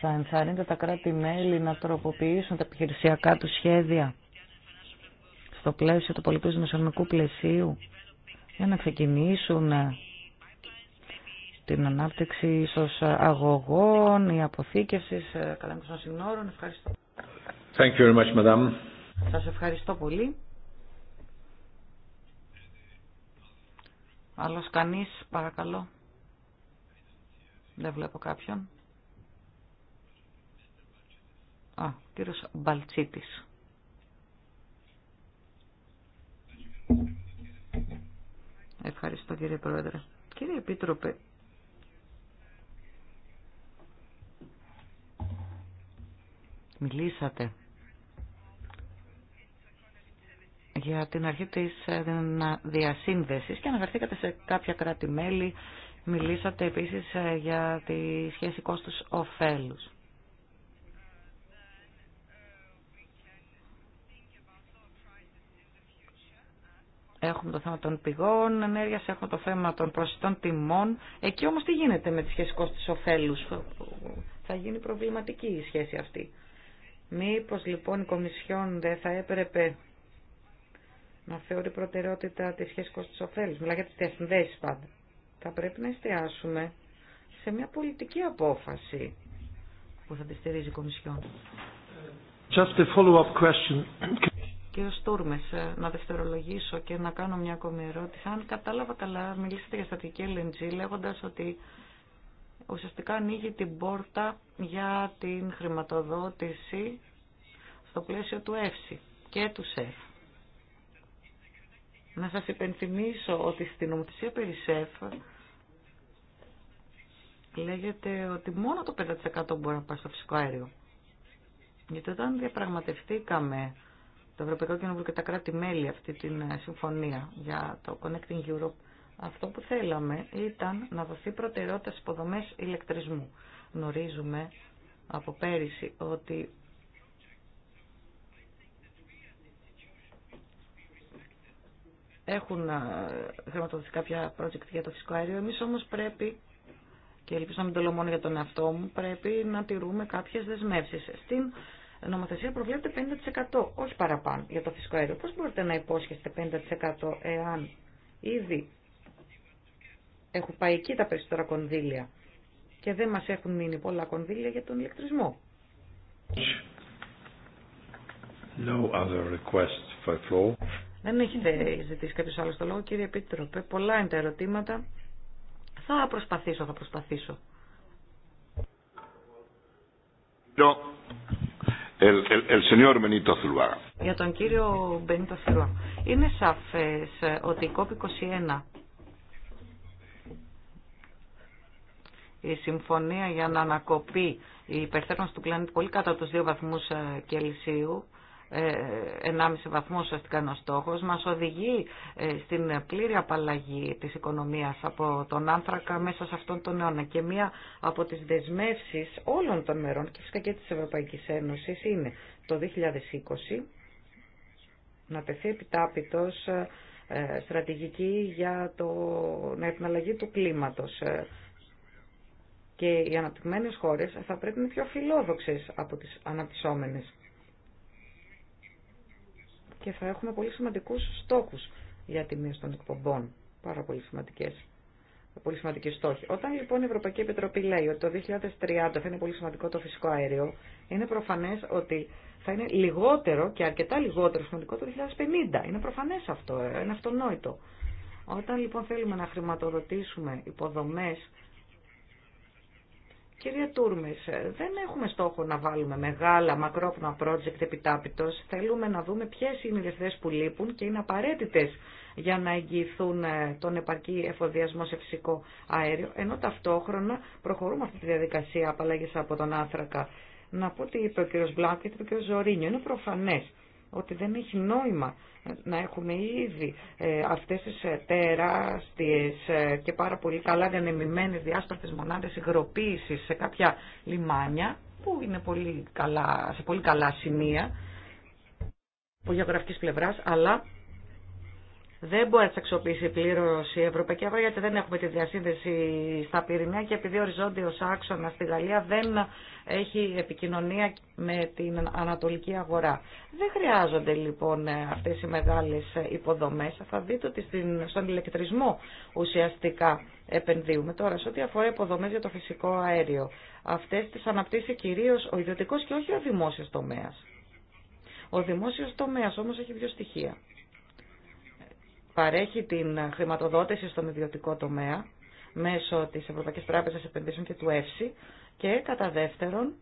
Θα ενθαρρύνετε τα κράτη-μέλη να τροποποιήσουν τα επιχειρησιακά του σχέδια στο πλαίσιο του πολιτικού δημοσιονομικού πλαισίου για να ξεκινήσουν την ανάπτυξη ίσως αγωγών ή αποθήκευσης ε, καλαμικών συνόρων. Ευχαριστώ. Thank you very much, σας ευχαριστώ πολύ. Άλλος κανείς, παρακαλώ. Δεν βλέπω κάποιον. Α, κύριος Μπαλτσίτης. Ευχαριστώ κύριε Πρόεδρε. Κύριε Επίτροπε, μιλήσατε για την αρχή της ε, ε, διασύνδεσης και αναφερθήκατε σε κάποια κράτη-μέλη. Μιλήσατε επίσης ε, για τη σχέση κόστους ωφέλους. Έχουμε το θέμα των πηγών ενέργεια, έχουμε το θέμα των προσιτών τιμών. Εκεί όμω τι γίνεται με τη σχέση κόστου-οφέλου, θα γίνει προβληματική η σχέση αυτή. Μήπω λοιπόν η Κομισιόν δεν θα έπρεπε να θεωρεί προτεραιότητα τη σχέση κόστος-οφέλους. Μιλά για τις διασυνδέσεις πάντα. Θα πρέπει να εστιάσουμε σε μια πολιτική απόφαση που θα τη στηρίζει η Κομισιόν. Just a follow-up question. Κύριο Στούρμέ, ε, να δευτερολογήσω και να κάνω μια ακόμη ερώτηση. Αν κατάλαβα καλά, μιλήσατε για στατική LNG λέγοντα ότι ουσιαστικά ανοίγει την πόρτα για την χρηματοδότηση στο πλαίσιο του ΕΦΣΙ και του ΣΕΦ. Να σας υπενθυμίσω ότι στην νομοθεσία περί ΣΕΦ λέγεται ότι μόνο το 5% μπορεί να πάει στο φυσικό αέριο. Γιατί όταν διαπραγματευτήκαμε το Ευρωπαϊκό Κοινοβούλιο και τα κράτη-μέλη αυτή την ε, συμφωνία για το Connecting Europe, αυτό που θέλαμε ήταν να δοθεί προτεραιότητα στις υποδομές ηλεκτρισμού. Γνωρίζουμε από πέρυσι ότι έχουν ε, χρηματοδοθεί κάποια project για το φυσικό αέριο. Εμείς όμως πρέπει, και ελπίζω να μην το λέω μόνο για τον εαυτό μου, πρέπει να τηρούμε κάποιες δεσμεύσεις. Στην νομοθεσία προβλέπεται 50%, όχι παραπάνω για το φυσικό αέριο. Πώς μπορείτε να υπόσχεστε 50% εάν ήδη έχουν πάει εκεί τα περισσότερα κονδύλια και δεν μας έχουν μείνει πολλά κονδύλια για τον ηλεκτρισμό. No other request for floor. Δεν έχετε ζητήσει κάποιο άλλο το λόγο, κύριε Επίτροπε. Πολλά είναι τα ερωτήματα. Θα προσπαθήσω, θα προσπαθήσω. Για τον κύριο Μπενίτο Θουλουά. Είναι σαφές ότι η COP21 η συμφωνία για να ανακοπεί η υπερθέρμανση του πλανήτη πολύ κατά τους δύο βαθμούς ε, Κελσίου 1,5 ε, βαθμό ουσιαστικά είναι ο στόχο, μα οδηγεί ε, στην πλήρη απαλλαγή τη οικονομία από τον άνθρακα μέσα σε αυτόν τον αιώνα. Και μία από τι δεσμεύσει όλων των μερών και φυσικά και τη Ευρωπαϊκή Ένωση είναι το 2020 να τεθεί επιτάπητο ε, στρατηγική για το, την αλλαγή του κλίματος και οι αναπτυγμένες χώρες θα πρέπει να είναι πιο φιλόδοξες από τις αναπτυσσόμενες και θα έχουμε πολύ σημαντικούς στόχους για τη μείωση των εκπομπών. Πάρα πολύ σημαντικές. Πολύ σημαντική στόχη. Όταν λοιπόν η Ευρωπαϊκή Επιτροπή λέει ότι το 2030 θα είναι πολύ σημαντικό το φυσικό αέριο, είναι προφανέ ότι θα είναι λιγότερο και αρκετά λιγότερο σημαντικό το 2050. Είναι προφανέ αυτό, ε, είναι αυτονόητο. Όταν λοιπόν θέλουμε να χρηματοδοτήσουμε υποδομές Κύριε Τούρμης, δεν έχουμε στόχο να βάλουμε μεγάλα μακρόπνοα project επιτάπητος. Θέλουμε να δούμε ποιες είναι οι διευθυντές που λείπουν και είναι απαραίτητες για να εγγυηθούν ε, τον επαρκή εφοδιασμό σε φυσικό αέριο, ενώ ταυτόχρονα προχωρούμε αυτή τη διαδικασία απαλλαγή από τον άνθρακα. Να πω τι είπε ο κ. Μπλάκ και ο κ. Ζωρίνιο. Είναι προφανές ότι δεν έχει νόημα να έχουμε ήδη ε, αυτές τις ε, τεράστιες ε, και πάρα πολύ καλά διανεμημένες διάσπαρτες μονάδες υγροποίησης σε κάποια λιμάνια που είναι πολύ καλά, σε πολύ καλά σημεία από γεωγραφικής πλευράς, αλλά δεν μπορεί να τι αξιοποιήσει πλήρω η Ευρωπαϊκή Αγορά, γιατί δεν έχουμε τη διασύνδεση στα Πυρηνιά και επειδή ο οριζόντιο άξονα στη Γαλλία δεν έχει επικοινωνία με την Ανατολική Αγορά. Δεν χρειάζονται λοιπόν αυτέ οι μεγάλε υποδομέ. Θα δείτε ότι στον ηλεκτρισμό ουσιαστικά επενδύουμε. Τώρα, σε ό,τι αφορά υποδομέ για το φυσικό αέριο, αυτέ τι αναπτύσσει κυρίω ο ιδιωτικό και όχι ο δημόσιο τομέα. Ο δημόσιο τομέα όμω έχει δύο στοιχεία παρέχει την χρηματοδότηση στον ιδιωτικό τομέα μέσω της Ευρωπαϊκής Τράπεζας Επενδύσεων και του ΕΦΣΥ και κατά δεύτερον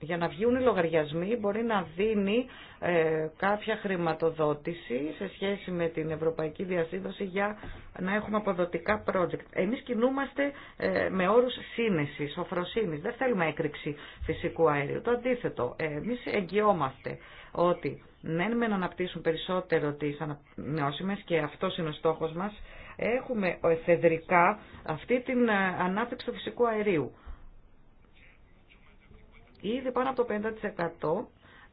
για να βγουν οι λογαριασμοί μπορεί να δίνει ε, κάποια χρηματοδότηση σε σχέση με την Ευρωπαϊκή Διασύνδεση για να έχουμε αποδοτικά project. Εμείς κινούμαστε ε, με όρους σύνεσης, οφροσύνης. Δεν θέλουμε έκρηξη φυσικού αέριου. Το αντίθετο, ε, εμείς εγγυόμαστε ότι ναι να αναπτύσσουν περισσότερο τις ανανεώσιμε και αυτό είναι ο στόχος μας, έχουμε εφεδρικά αυτή την ε, ανάπτυξη του φυσικού αερίου. Ήδη πάνω από το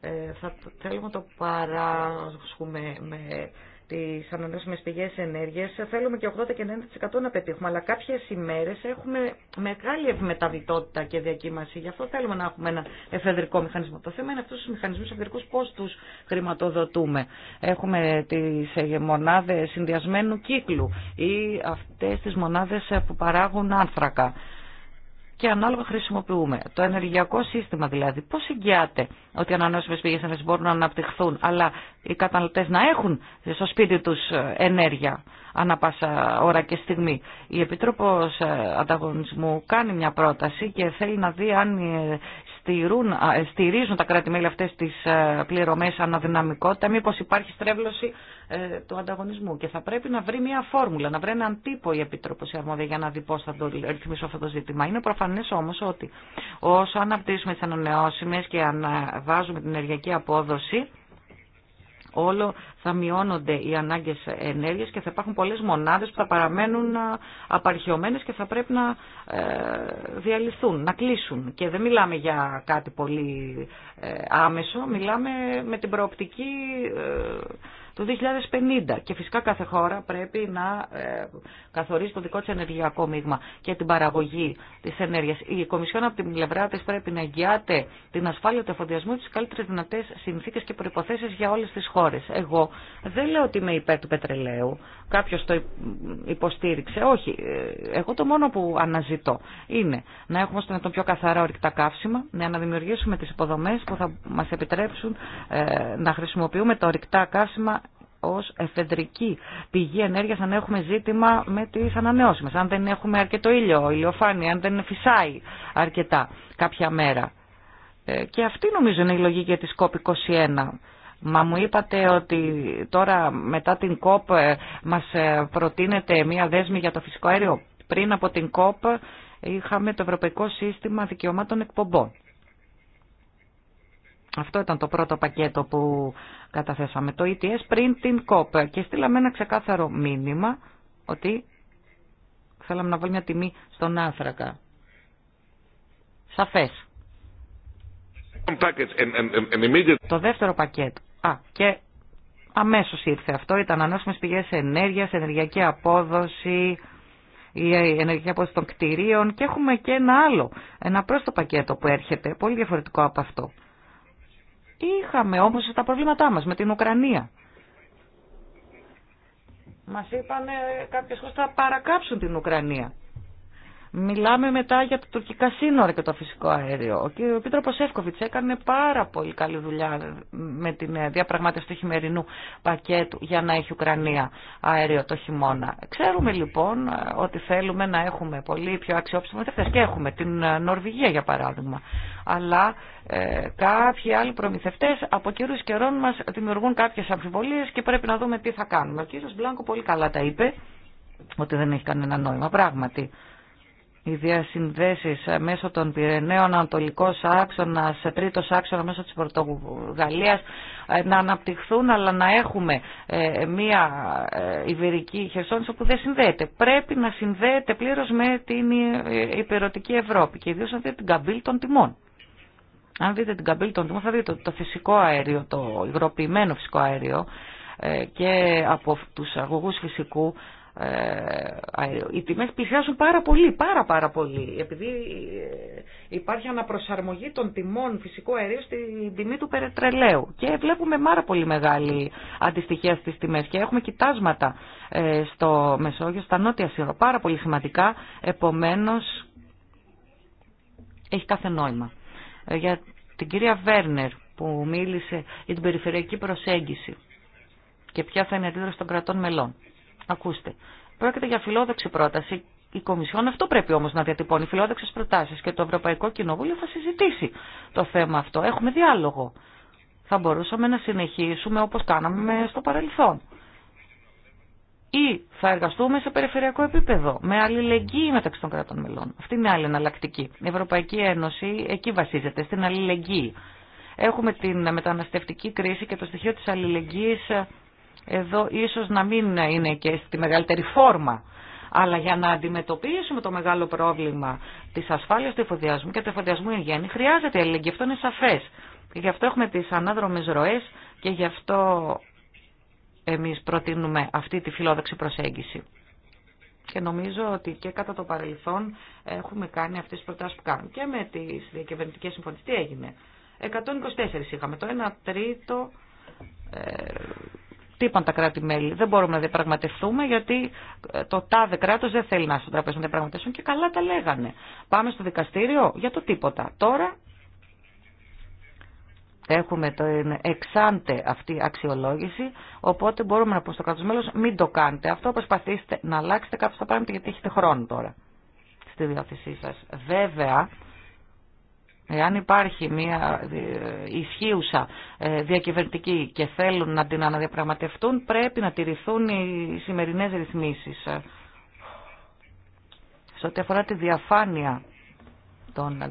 50% ε, θα θέλουμε να το παράσχουμε με τις ανανεώσιμε πηγέ ενέργεια, θέλουμε και 80 και 90% να πετύχουμε, αλλά κάποιε ημέρε έχουμε μεγάλη ευμεταβλητότητα και διακύμαση. Γι' αυτό θέλουμε να έχουμε ένα εφεδρικό μηχανισμό. Το θέμα είναι αυτού του μηχανισμού εφεδρικού πώ του χρηματοδοτούμε. Έχουμε τι ε, μονάδε συνδυασμένου κύκλου ή αυτέ τι μονάδε που παράγουν άνθρακα και ανάλογα χρησιμοποιούμε. Το ενεργειακό σύστημα δηλαδή, πώ εγγυάται ότι οι ανανεώσιμε πηγέ ενέργεια μπορούν να αναπτυχθούν, αλλά οι καταναλωτέ να έχουν στο σπίτι του ε, ενέργεια ανά πάσα ώρα και στιγμή. Η Επίτροπο ε, Ανταγωνισμού κάνει μια πρόταση και θέλει να δει αν ε, ε, στηρίζουν τα κράτη-μέλη αυτέ τι ε, πληρωμέ αναδυναμικότητα, μήπως υπάρχει στρέβλωση ε, του ανταγωνισμού. Και θα πρέπει να βρει μια φόρμουλα, να βρει έναν τύπο η επιτροπή η Αρμόδια για να δει πώ θα το ρυθμίσω αυτό το ζήτημα. Είναι προφανές όμως ότι όσο αναπτύσσουμε τι ανανεώσιμε και αναβάζουμε την ενεργειακή απόδοση, όλο θα μειώνονται οι ανάγκες ενέργειας και θα υπάρχουν πολλές μονάδες που θα παραμένουν ε, απαρχαιωμένες και θα πρέπει να ε, διαλυθούν, να κλείσουν. Και δεν μιλάμε για κάτι πολύ ε, άμεσο, μιλάμε με την προοπτική το 2050. Και φυσικά κάθε χώρα πρέπει να ε, καθορίσει το δικό της ενεργειακό μείγμα και την παραγωγή της ενέργειας. Η Κομισιόν από την πλευρά της πρέπει να εγγυάται την ασφάλεια του εφοδιασμού τις καλύτερες δυνατές συνθήκες και προϋποθέσεις για όλες τις χώρες. Εγώ δεν λέω ότι είμαι υπέρ του πετρελαίου, κάποιος το υποστήριξε. Όχι, εγώ το μόνο που αναζητώ είναι να έχουμε στον πιο καθαρά ορυκτά καύσιμα, να δημιουργήσουμε τις υποδομές που θα μας επιτρέψουν ε, να χρησιμοποιούμε τα ορυκτά καύσιμα ως εφεδρική πηγή ενέργειας αν έχουμε ζήτημα με τις ανανεώσιμε. αν δεν έχουμε αρκετό ήλιο, ηλιοφάνεια, αν δεν φυσάει αρκετά κάποια μέρα. Ε, και αυτή νομίζω είναι η λογική τη COP21 Μα μου είπατε ότι τώρα μετά την ΚΟΠ ε, μας ε, προτείνεται μία δέσμη για το φυσικό αέριο. Πριν από την ΚΟΠ είχαμε το Ευρωπαϊκό Σύστημα Δικαιωμάτων Εκπομπών. Αυτό ήταν το πρώτο πακέτο που καταθέσαμε, το ETS πριν την ΚΟΠ και στείλαμε ένα ξεκάθαρο μήνυμα ότι θέλαμε να βάλουμε μια τιμή στον άνθρακα. Σαφές. Το δεύτερο πακέτο Α, και αμέσως ήρθε αυτό, ήταν ανώσιμε πηγές ενέργειας, ενεργειακή απόδοση, η ενεργειακή απόδοση των κτηρίων και έχουμε και ένα άλλο, ένα πρόστο πακέτο που έρχεται, πολύ διαφορετικό από αυτό. Είχαμε όμως τα προβλήματά μας με την Ουκρανία. Μας είπαν κάποιε χώρε θα παρακάψουν την Ουκρανία. Μιλάμε μετά για τα τουρκικά σύνορα και το φυσικό αέριο. Ο κ. Πίτρο Εύκοβιτ έκανε πάρα πολύ καλή δουλειά με τη ε, διαπραγμάτευση του χειμερινού πακέτου για να έχει Ουκρανία αέριο το χειμώνα. Ξέρουμε λοιπόν ε, ότι θέλουμε να έχουμε πολύ πιο αξιόπιστου και έχουμε την ε, Νορβηγία για παράδειγμα. Αλλά ε, κάποιοι άλλοι προμηθευτέ από καιρού καιρών μα δημιουργούν κάποιε αμφιβολίε και πρέπει να δούμε τι θα κάνουμε. Ο κ. Μπλάνκο πολύ καλά τα είπε ότι δεν έχει κανένα νόημα πράγματι οι διασυνδέσεις μέσω των Πυρενέων, ανατολικό σε τρίτο άξονα μέσω τη Πορτογαλία, ε, να αναπτυχθούν αλλά να έχουμε ε, μια ε, Ιβερική χερσόνησο που δεν συνδέεται. Πρέπει να συνδέεται πλήρως με την υπερωτική Ευρώπη και ιδίω αν δείτε την καμπύλη των τιμών. Αν δείτε την καμπύλη των τιμών θα δείτε το φυσικό αέριο, το υγροποιημένο φυσικό αέριο και από τους αγωγούς φυσικού ε, Οι τιμές πλησιάζουν πάρα πολύ, πάρα πάρα πολύ, επειδή ε, υπάρχει αναπροσαρμογή των τιμών φυσικού αερίου στην τιμή του περετρελαίου. Και βλέπουμε πάρα πολύ μεγάλη αντιστοιχεία στις τιμές και έχουμε κοιτάσματα ε, στο Μεσόγειο, στα Νότια Σύρο, πάρα πολύ σημαντικά, επομένως έχει κάθε νόημα. Για την κυρία Βέρνερ που μίλησε για την περιφερειακή προσέγγιση και ποια θα είναι η αντίδραση των κρατών μελών. Ακούστε, πρόκειται για φιλόδοξη πρόταση. Η Κομισιόν αυτό πρέπει όμω να διατυπώνει, φιλόδοξε προτάσει. Και το Ευρωπαϊκό Κοινοβούλιο θα συζητήσει το θέμα αυτό. Έχουμε διάλογο. Θα μπορούσαμε να συνεχίσουμε όπω κάναμε στο παρελθόν. Ή θα εργαστούμε σε περιφερειακό επίπεδο, με αλληλεγγύη μεταξύ των κρατών μελών. Αυτή είναι άλλη εναλλακτική. Η Ευρωπαϊκή Ένωση εκεί βασίζεται, στην αλληλεγγύη. Έχουμε την μεταναστευτική κρίση και το στοιχείο τη αλληλεγγύη. Ε, εδώ ίσως να μην είναι και στη μεγαλύτερη φόρμα. Αλλά για να αντιμετωπίσουμε το μεγάλο πρόβλημα της ασφάλειας του εφοδιασμού και του εφοδιασμού εν γέννη, χρειάζεται έλεγγυη. Αυτό είναι σαφές. Και γι' αυτό έχουμε τις ανάδρομες ροές και γι' αυτό εμείς προτείνουμε αυτή τη φιλόδοξη προσέγγιση. Και νομίζω ότι και κατά το παρελθόν έχουμε κάνει αυτές τις προτάσεις που κάνουμε. Και με τις διακυβερνητικές συμφωνίες τι έγινε. 124 είχαμε. Το 1 τρίτο ε, τι είπαν τα κράτη-μέλη. Δεν μπορούμε να διαπραγματευτούμε γιατί ε, το τάδε κράτο δεν θέλει να στο τραπέζι να διαπραγματευτούν και καλά τα λέγανε. Πάμε στο δικαστήριο για το τίποτα. Τώρα έχουμε την εξάντε αυτή αξιολόγηση, οπότε μπορούμε να πω στο κράτο μέλο μην το κάνετε. Αυτό προσπαθήστε να αλλάξετε κάπως τα πράγματα γιατί έχετε χρόνο τώρα στη διάθεσή σας. Βέβαια, Εάν υπάρχει μια ε, ισχύουσα ε, διακυβερνητική και θέλουν να την αναδιαπραγματευτούν, πρέπει να τηρηθούν οι σημερινές ρυθμίσεις. Σε ό,τι αφορά τη διαφάνεια των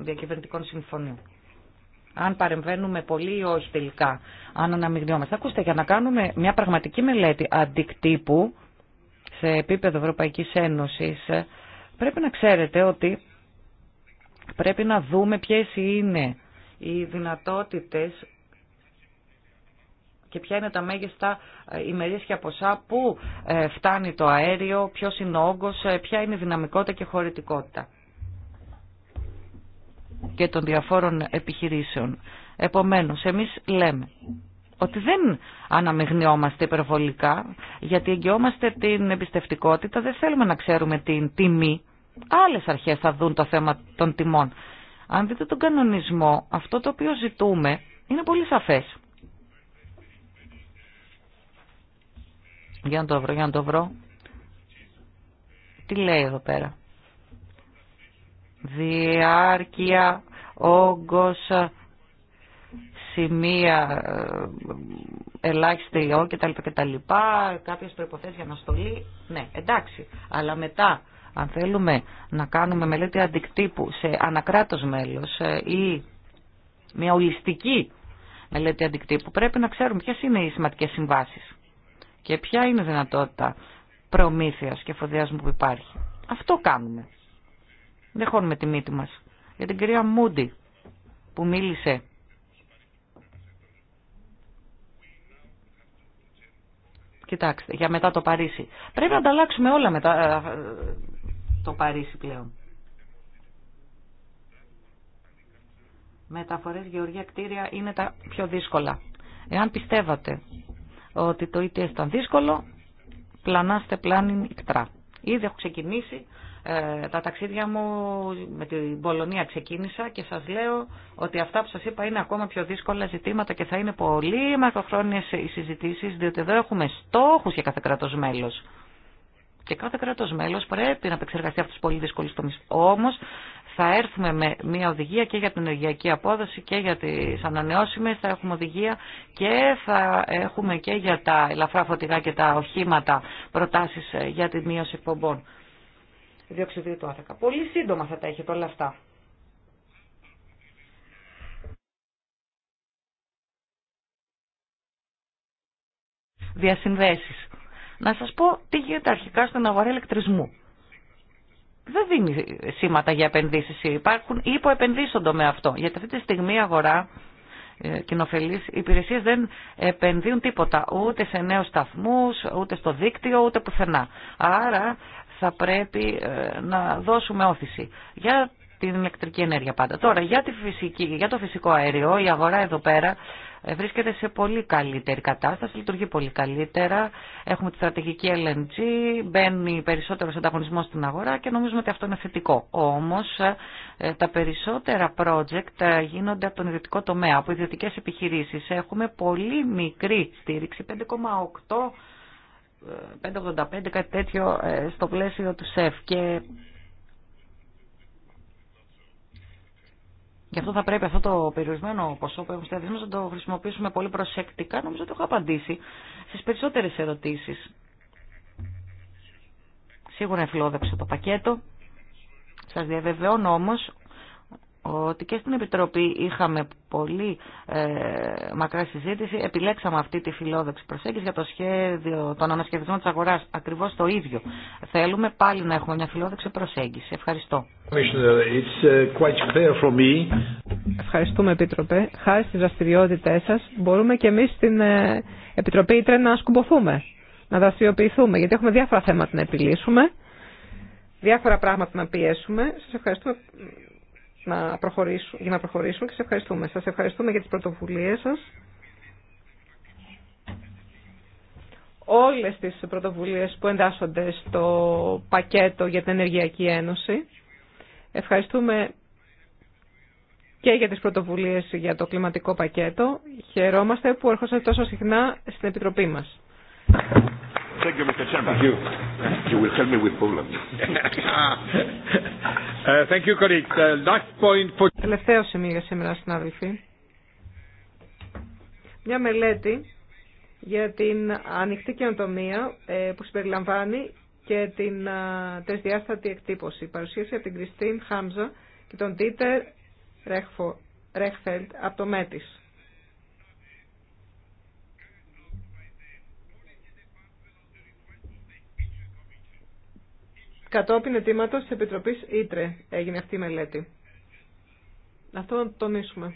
διακυβερνητικών συμφωνίων. Αν παρεμβαίνουμε πολύ ή όχι τελικά, αν αναμειγνιόμαστε. Ακούστε, για να κάνουμε μια πραγματική μελέτη αντικτύπου σε επίπεδο Ευρωπαϊκής Ένωσης, ε, πρέπει να ξέρετε ότι Πρέπει να δούμε ποιες είναι οι δυνατότητες και ποια είναι τα μέγιστα ε, ημερήσια ποσά, πού ε, φτάνει το αέριο, ποιος είναι ο όγκος, ε, ποια είναι η δυναμικότητα και χωρητικότητα και των διαφόρων επιχειρήσεων. Επομένως, εμείς λέμε ότι δεν αναμειγνιόμαστε υπερβολικά, γιατί εγγυόμαστε την εμπιστευτικότητα, δεν θέλουμε να ξέρουμε την τιμή άλλες αρχές θα δουν το θέμα των τιμών. Αν δείτε τον κανονισμό, αυτό το οποίο ζητούμε είναι πολύ σαφές. Για να το βρω, για να το βρω. Τι λέει εδώ πέρα. Διάρκεια, όγκος, σημεία, ε, ελάχιστη ό, κτλ. κτλ. Κάποιες προϋποθέσεις για να Ναι, εντάξει. Αλλά μετά αν θέλουμε να κάνουμε μελέτη αντικτύπου σε ανακράτος μέλος ε, ή μια ολιστική μελέτη αντικτύπου, πρέπει να ξέρουμε ποιες είναι οι σημαντικές συμβάσεις και ποια είναι η δυνατότητα προμήθειας και φοδιασμού που υπάρχει. Αυτό κάνουμε. Δεν χώνουμε τη μύτη μας. Για την κυρία Μούντι που μίλησε Κοιτάξτε, για μετά το Παρίσι. Πρέπει να ανταλλάξουμε όλα μετά το Παρίσι πλέον. Μεταφορές γεωργία κτίρια είναι τα πιο δύσκολα. Εάν πιστεύατε ότι το ETS ήταν δύσκολο, πλανάστε πλάνη ικτρά. Ήδη έχω ξεκινήσει ε, τα ταξίδια μου με την Πολωνία ξεκίνησα και σας λέω ότι αυτά που σας είπα είναι ακόμα πιο δύσκολα ζητήματα και θα είναι πολύ μακροχρόνιες οι συζητήσεις διότι εδώ έχουμε στόχους για κάθε κράτος μέλος. Και κάθε κράτο μέλο πρέπει να επεξεργαστεί αυτού του πολύ δύσκολου τομεί. Όμω θα έρθουμε με μια οδηγία και για την ενεργειακή απόδοση και για τι ανανεώσιμε. Θα έχουμε οδηγία και θα έχουμε και για τα ελαφρά φωτιά και τα οχήματα προτάσει ε, για τη μείωση εκπομπών διοξιδίου του άνθρακα. Πολύ σύντομα θα τα έχετε όλα αυτά. Διασυνδέσεις. Να σας πω τι γίνεται αρχικά στον αγορά ηλεκτρισμού. Δεν δίνει σήματα για επενδύσεις. Υπάρχουν υποεπενδύσεις στον τομέα αυτό. Γιατί αυτή τη στιγμή η αγορά ε, κοινοφελής υπηρεσίες δεν επενδύουν τίποτα. Ούτε σε νέους σταθμούς, ούτε στο δίκτυο, ούτε πουθενά. Άρα θα πρέπει ε, να δώσουμε όθηση. Για την ηλεκτρική ενέργεια πάντα. Τώρα, για, τη φυσική, για το φυσικό αέριο, η αγορά εδώ πέρα ε, βρίσκεται σε πολύ καλύτερη κατάσταση, λειτουργεί πολύ καλύτερα. Έχουμε τη στρατηγική LNG, μπαίνει περισσότερο ανταγωνισμό στην αγορά και νομίζουμε ότι αυτό είναι θετικό. Όμω ε, τα περισσότερα project ε, γίνονται από τον ιδιωτικό τομέα, από ιδιωτικέ επιχειρήσει. Έχουμε πολύ μικρή στήριξη, 5,8. 5,85 κάτι τέτοιο στο πλαίσιο του ΣΕΦ και Γι' αυτό θα πρέπει αυτό το περιορισμένο ποσό που έχουμε στη μα να το χρησιμοποιήσουμε πολύ προσεκτικά. Νομίζω ότι έχω απαντήσει στι περισσότερε ερωτήσει. Σίγουρα εφιλόδοξο το πακέτο. Σας διαβεβαιώνω όμω ότι και στην Επιτροπή είχαμε πολύ ε, μακρά συζήτηση. Επιλέξαμε αυτή τη φιλόδοξη προσέγγιση για το σχέδιο, τον ανασχεδιασμό της αγοράς. Ακριβώς το ίδιο. Θέλουμε πάλι να έχουμε μια φιλόδοξη προσέγγιση. Ευχαριστώ. Ε, ευχαριστούμε, Επίτροπε. Χάρη στις δραστηριότητε σας μπορούμε και εμείς στην ε, Επιτροπή Ιτρέ να σκουμποθούμε, να δραστηριοποιηθούμε, γιατί έχουμε διάφορα θέματα να επιλύσουμε. Διάφορα πράγματα να πιέσουμε. Σας ευχαριστούμε να προχωρήσουμε, για να προχωρήσουμε και σε ευχαριστούμε. Σας ευχαριστούμε για τις πρωτοβουλίες σας. Όλες τις πρωτοβουλίες που εντάσσονται στο πακέτο για την Ενεργειακή Ένωση. Ευχαριστούμε και για τις πρωτοβουλίες για το κλιματικό πακέτο. Χαιρόμαστε που έρχονται τόσο συχνά στην Επιτροπή μας. Thank you, Mr. Chairman. Thank you. You will help me with Poland. Uh, thank you, colleagues. Uh, last point for... Τελευταίο σημείο για σήμερα, συνάδελφοι. Μια μελέτη για την ανοιχτή καινοτομία ε, που συμπεριλαμβάνει και την τρισδιάστατη εκτύπωση. Παρουσίαση από την Κριστίν Χάμζα και τον Τίτερ Ρέχφελτ από το ΜΕΤΙΣ. κατόπιν αιτήματο τη Επιτροπής Ήτρε έγινε αυτή η μελέτη. Αυτό να το τονίσουμε.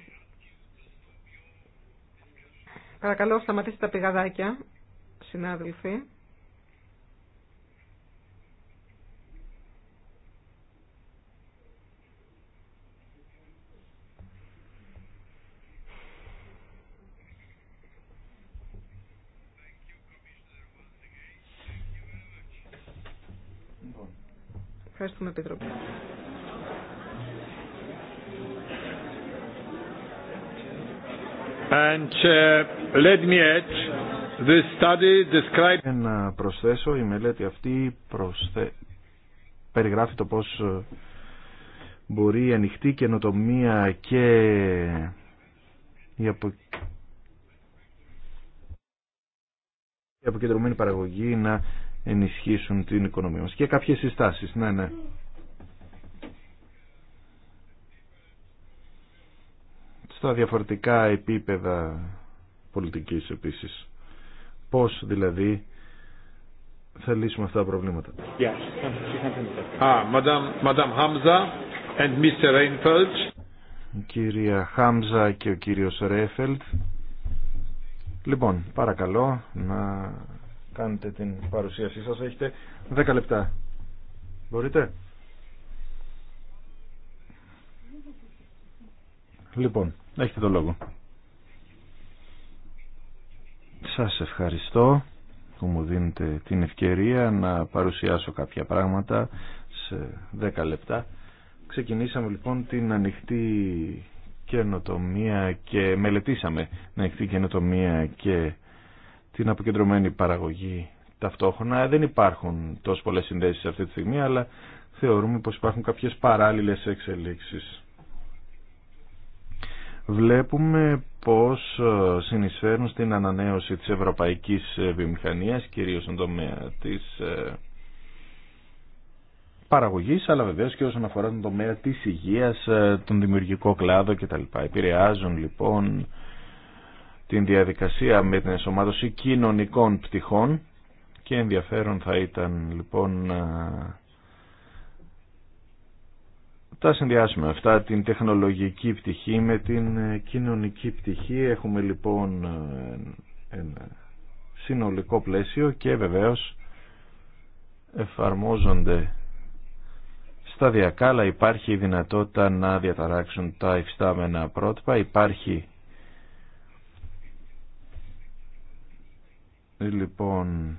Παρακαλώ σταματήστε τα πηγαδάκια, συνάδελφοι. Ευχαριστούμε, Επίτροπε. And uh, let me add, the study described... Να προσθέσω, η μελέτη αυτή προσθε... περιγράφει το πώς ε, μπορεί η ανοιχτή καινοτομία και η αποκεντρωμένη παραγωγή να ενισχύσουν την οικονομία μας. Και κάποιες συστάσεις, ναι, ναι. Στα διαφορετικά επίπεδα πολιτικής επίσης. Πώς δηλαδή θα λύσουμε αυτά τα προβλήματα. Ah, κυρία Χάμζα και ο κύριος Ρέφελτ. Λοιπόν, παρακαλώ να κάνετε την παρουσίασή σας. Έχετε 10 λεπτά. Μπορείτε. Λοιπόν, έχετε το λόγο. Σας ευχαριστώ που μου δίνετε την ευκαιρία να παρουσιάσω κάποια πράγματα σε 10 λεπτά. Ξεκινήσαμε λοιπόν την ανοιχτή καινοτομία και μελετήσαμε την ανοιχτή καινοτομία και την αποκεντρωμένη παραγωγή ταυτόχρονα. Δεν υπάρχουν τόσο πολλές συνδέσεις αυτή τη στιγμή, αλλά θεωρούμε πως υπάρχουν κάποιες παράλληλες εξελίξεις. Βλέπουμε πως ε, συνεισφέρουν στην ανανέωση της ευρωπαϊκής ε, βιομηχανίας, κυρίως στον τομέα της ε, παραγωγής, αλλά βεβαίως και όσον αφορά τον τομέα της υγείας, τον δημιουργικό κλάδο κτλ. Επηρεάζουν λοιπόν την διαδικασία με την ενσωμάτωση κοινωνικών πτυχών και ενδιαφέρον θα ήταν λοιπόν τα συνδυάσουμε αυτά την τεχνολογική πτυχή με την ε, κοινωνική πτυχή έχουμε λοιπόν ε, ένα συνολικό πλαίσιο και βεβαίως εφαρμόζονται σταδιακά αλλά υπάρχει η δυνατότητα να διαταράξουν τα υφιστάμενα πρότυπα υπάρχει Ε, λοιπόν,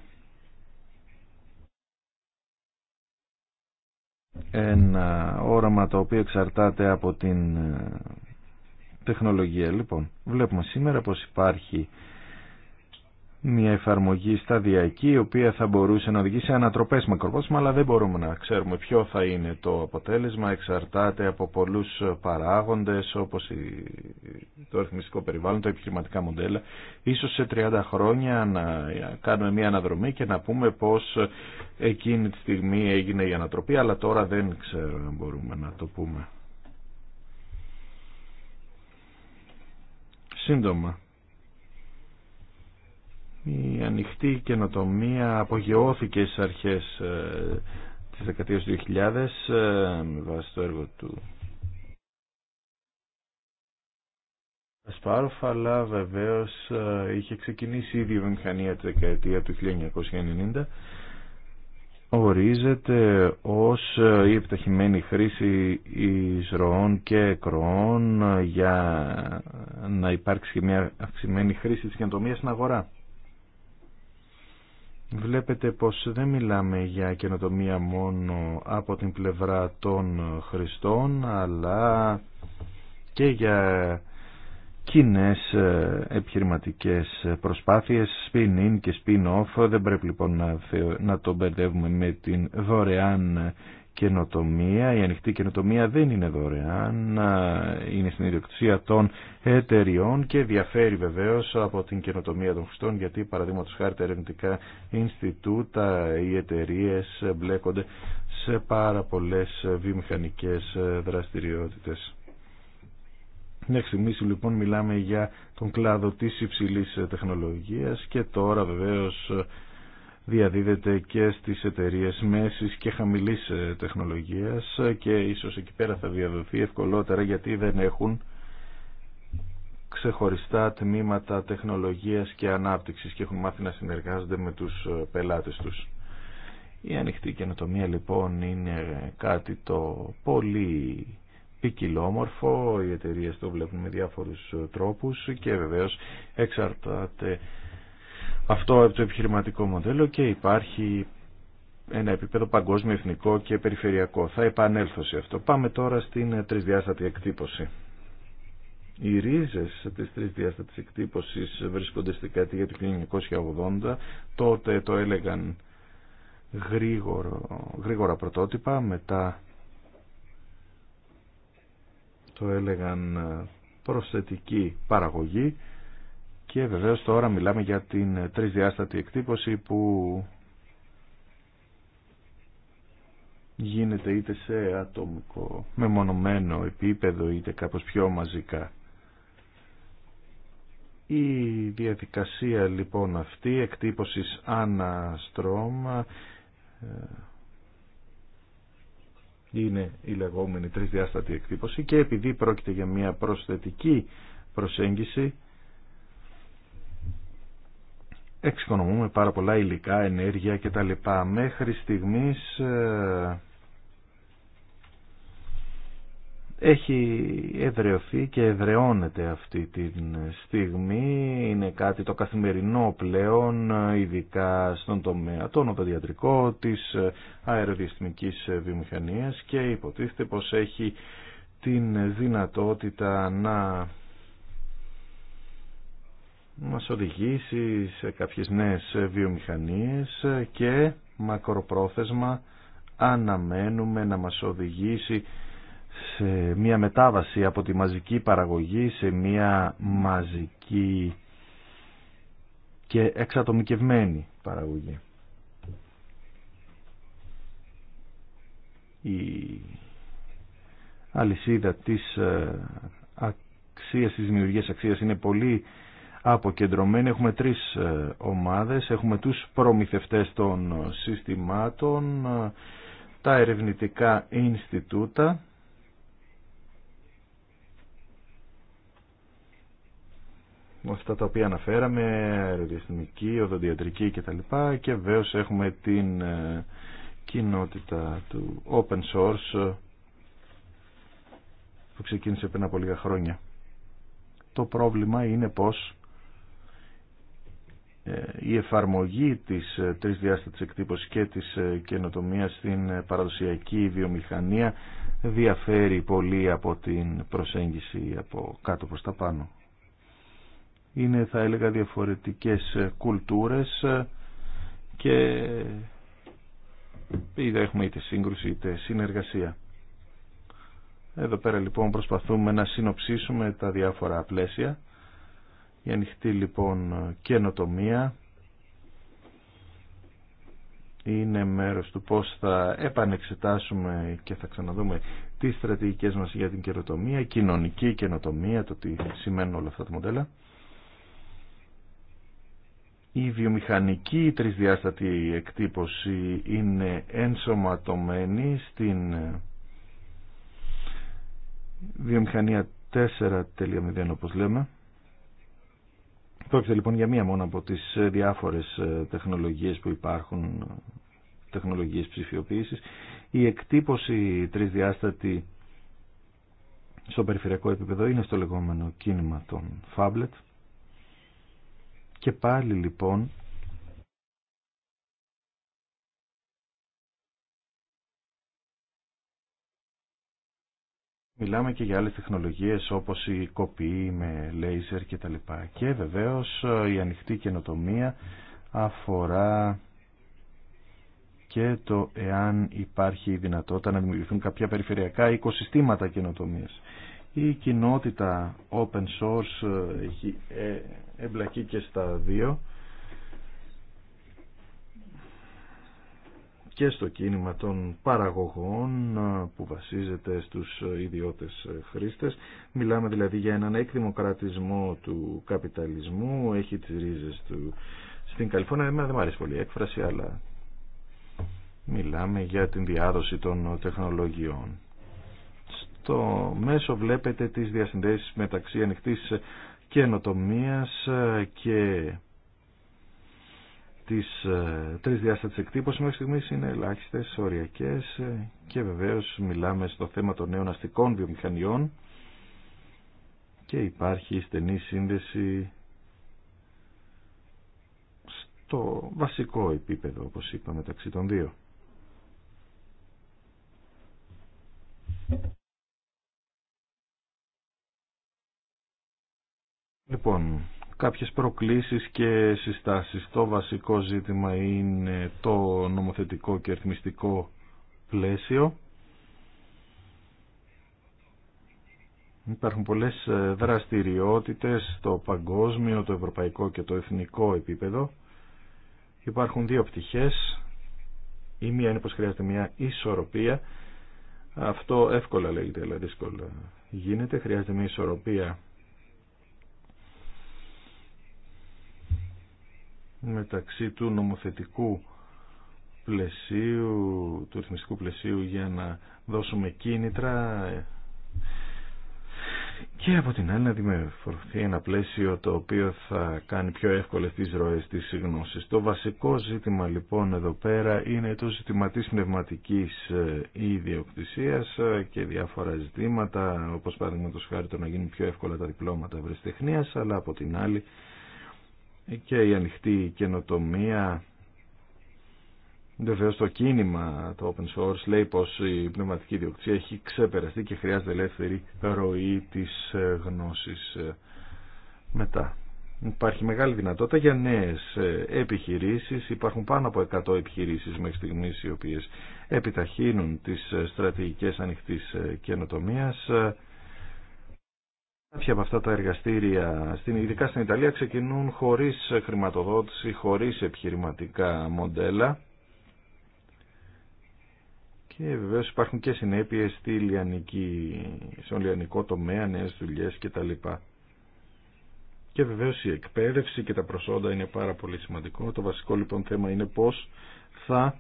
ένα όραμα το οποίο εξαρτάται από την ε, τεχνολογία. Λοιπόν, βλέπουμε σήμερα πως υπάρχει μια εφαρμογή σταδιακή η οποία θα μπορούσε να οδηγήσει σε ανατροπές μακροπρόθεσμα αλλά δεν μπορούμε να ξέρουμε ποιο θα είναι το αποτέλεσμα εξαρτάται από πολλούς παράγοντες όπως το αριθμιστικό περιβάλλον, τα επιχειρηματικά μοντέλα ίσως σε 30 χρόνια να κάνουμε μια αναδρομή και να πούμε πως εκείνη τη στιγμή έγινε η ανατροπή αλλά τώρα δεν ξέρω αν μπορούμε να το πούμε Σύντομα η ανοιχτή καινοτομία απογειώθηκε στις αρχές ε, της δεκαετίας του 2000 ε, με βάση το έργο του Ασπάροφ αλλά βεβαίως ε, είχε ξεκινήσει η βιομηχανία τη δεκαετία του 1990 ορίζεται ως η επιταχυμένη χρήση εισρωών και εκροών για να υπάρξει μια αυξημένη χρήση της καινοτομίας στην αγορά. Βλέπετε πως δεν μιλάμε για καινοτομία μόνο από την πλευρά των χριστών αλλά και για κοινέ ε, επιχειρηματικές προσπάθειες, spin-in και spin-off. Δεν πρέπει λοιπόν να το μπερδεύουμε με την δωρεάν καινοτομία. Η ανοιχτή καινοτομία δεν είναι δωρεάν, είναι στην ιδιοκτησία των εταιριών και διαφέρει βεβαίως από την καινοτομία των χρηστών γιατί παραδείγματο χάρη τα ερευνητικά Ινστιτούτα, οι εταιρείε μπλέκονται σε πάρα πολλές βιομηχανικέ δραστηριότητες. Μέχρι στιγμή λοιπόν μιλάμε για τον κλάδο της υψηλής τεχνολογίας και τώρα βεβαίως διαδίδεται και στις εταιρείες μέσης και χαμηλής ε, τεχνολογίας και ίσως εκεί πέρα θα διαδοθεί ευκολότερα γιατί δεν έχουν ξεχωριστά τμήματα τεχνολογίας και ανάπτυξης και έχουν μάθει να συνεργάζονται με τους ε, πελάτες τους. Η ανοιχτή καινοτομία λοιπόν είναι κάτι το πολύ ποικιλόμορφο, οι εταιρείε το βλέπουν με διάφορους ε, τρόπους και βεβαίως εξαρτάται αυτό από το επιχειρηματικό μοντέλο και υπάρχει ένα επίπεδο παγκόσμιο, εθνικό και περιφερειακό. Θα επανέλθω σε αυτό. Πάμε τώρα στην τρισδιάστατη εκτύπωση. Οι ρίζες τη τρισδιάστατη εκτύπωση βρίσκονται στη για του 1980. Τότε το έλεγαν γρήγορο, γρήγορα πρωτότυπα, μετά το έλεγαν προσθετική παραγωγή και βεβαίως τώρα μιλάμε για την τρισδιάστατη εκτύπωση που γίνεται είτε σε ατομικό μεμονωμένο επίπεδο είτε κάπως πιο μαζικά. Η διαδικασία λοιπόν αυτή εκτύπωσης αναστρώμα ε, είναι η λεγόμενη τρισδιάστατη εκτύπωση και επειδή πρόκειται για μια προσθετική προσέγγιση εξοικονομούμε πάρα πολλά υλικά, ενέργεια κτλ. Μέχρι στιγμής ε, έχει εδρεωθεί και εδρεώνεται αυτή τη στιγμή. Είναι κάτι το καθημερινό πλέον, ειδικά στον τομέα των οδοντιατρικό, της αεροδιαστημικής βιομηχανίας και υποτίθεται πως έχει την δυνατότητα να μας οδηγήσει σε κάποιες νέες βιομηχανίες και μακροπρόθεσμα αναμένουμε να μας οδηγήσει σε μια μετάβαση από τη μαζική παραγωγή σε μια μαζική και εξατομικευμένη παραγωγή. Η αλυσίδα της ε, αξίας, της δημιουργίας αξίας είναι πολύ αποκεντρωμένοι. Έχουμε τρεις ε, ομάδες. Έχουμε τους προμηθευτές των συστημάτων, ε, τα ερευνητικά Ινστιτούτα, αυτά τα οποία αναφέραμε, αεροδιαστημική, οδοντιατρική κτλ. Και βεβαίω έχουμε την ε, κοινότητα του open source που ξεκίνησε πριν από λίγα χρόνια. Το πρόβλημα είναι πως ε, η εφαρμογή της ε, τρισδιάστατης εκτύπωσης και της ε, καινοτομίας στην παραδοσιακή βιομηχανία διαφέρει πολύ από την προσέγγιση από κάτω προς τα πάνω. Είναι θα έλεγα διαφορετικές κουλτούρες και είτε έχουμε είτε σύγκρουση είτε συνεργασία. Εδώ πέρα λοιπόν προσπαθούμε να συνοψίσουμε τα διάφορα πλαίσια η ανοιχτή λοιπόν καινοτομία είναι μέρος του πώς θα επανεξετάσουμε και θα ξαναδούμε τις στρατηγικές μας για την καινοτομία, κοινωνική καινοτομία, το τι σημαίνουν όλα αυτά τα μοντέλα. Η βιομηχανική τρισδιάστατη εκτύπωση είναι ενσωματωμένη στην βιομηχανία 4.0 όπως λέμε Πρόκειται λοιπόν για μία μόνο από τις ε, διάφορες ε, τεχνολογίες που υπάρχουν, τεχνολογίες ψηφιοποίησης. Η εκτύπωση τρισδιάστατη στο περιφερειακό επίπεδο είναι στο λεγόμενο κίνημα των Fablet. Και πάλι λοιπόν Μιλάμε και για άλλες τεχνολογίες όπως η κοπή με λέιζερ και τα λοιπά. Και βεβαίως ε, η ανοιχτή καινοτομία αφορά και το εάν υπάρχει η δυνατότητα να δημιουργηθούν κάποια περιφερειακά οικοσυστήματα καινοτομίας. Η κοινότητα open source ε, έχει ε, εμπλακεί και στα δύο και στο κίνημα των παραγωγών που βασίζεται στους ιδιώτες χρήστες. Μιλάμε δηλαδή για έναν εκδημοκρατισμό του καπιταλισμού, έχει τις ρίζες του στην Καλιφόρνια. Εμένα δεν μου αρέσει πολύ η έκφραση, αλλά μιλάμε για την διάδοση των τεχνολογιών. Στο μέσο βλέπετε τις διασυνδέσεις μεταξύ ανοιχτής καινοτομίας και ε, τρεις διάστατες εκτύπωσης μέχρι στιγμής είναι ελάχιστες, οριακές ε, και βεβαίως μιλάμε στο θέμα των νέων αστικών βιομηχανιών και υπάρχει στενή σύνδεση στο βασικό επίπεδο όπως είπα μεταξύ των δύο. Λοιπόν, κάποιες προκλήσεις και συστάσεις. Το βασικό ζήτημα είναι το νομοθετικό και αριθμιστικό πλαίσιο. Υπάρχουν πολλές ε, δραστηριότητες στο παγκόσμιο, το ευρωπαϊκό και το εθνικό επίπεδο. Υπάρχουν δύο πτυχές. Η μία είναι πως χρειάζεται μια ισορροπία. Αυτό εύκολα λέγεται, αλλά δύσκολα γίνεται. Χρειάζεται μια ισορροπία μεταξύ του νομοθετικού πλαισίου, του ρυθμιστικού πλαισίου για να δώσουμε κίνητρα και από την άλλη να δημιουργηθεί ένα πλαίσιο το οποίο θα κάνει πιο εύκολες τις ροές της γνώσης. Το βασικό ζήτημα λοιπόν εδώ πέρα είναι το ζήτημα της πνευματικής ε, ιδιοκτησίας ε, και διάφορα ζητήματα όπως παραδείγματος χάρη το να γίνουν πιο εύκολα τα διπλώματα ευρεσιτεχνίας αλλά από την άλλη και η ανοιχτή καινοτομία Βεβαίω το κίνημα, το open source, λέει πως η πνευματική διοκτησία έχει ξεπεραστεί και χρειάζεται ελεύθερη ροή της ε, γνώσης ε, μετά. Υπάρχει μεγάλη δυνατότητα για νέες ε, επιχειρήσεις. Υπάρχουν πάνω από 100 επιχειρήσεις μέχρι στιγμής οι οποίες επιταχύνουν τις στρατηγικές ανοιχτής καινοτομίας. Κάποια από αυτά τα εργαστήρια, στην, ειδικά στην Ιταλία, ξεκινούν χωρίς χρηματοδότηση, χωρίς επιχειρηματικά μοντέλα. Και βεβαίω υπάρχουν και συνέπειε στη λιανική, στον λιανικό τομέα, νέες δουλειέ κτλ. Και βεβαίω η εκπαίδευση και τα προσόντα είναι πάρα πολύ σημαντικό. Το βασικό λοιπόν θέμα είναι πώ θα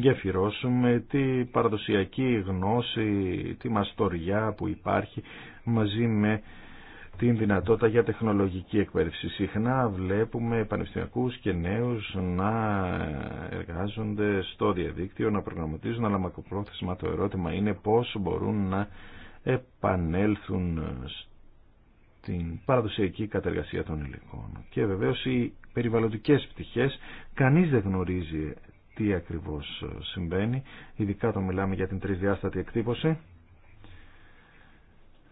γεφυρώσουμε τι παραδοσιακή γνώση, τη μαστοριά που υπάρχει μαζί με την δυνατότητα για τεχνολογική εκπαίδευση. Συχνά βλέπουμε πανεπιστημιακούς και νέους να εργάζονται στο διαδίκτυο, να προγραμματίζουν, αλλά μακροπρόθεσμα το ερώτημα είναι πώς μπορούν να επανέλθουν στην παραδοσιακή κατεργασία των υλικών. Και βεβαίως οι περιβαλλοντικές πτυχές κανείς δεν γνωρίζει τι ακριβώς συμβαίνει, ειδικά το μιλάμε για την τρισδιάστατη εκτύπωση.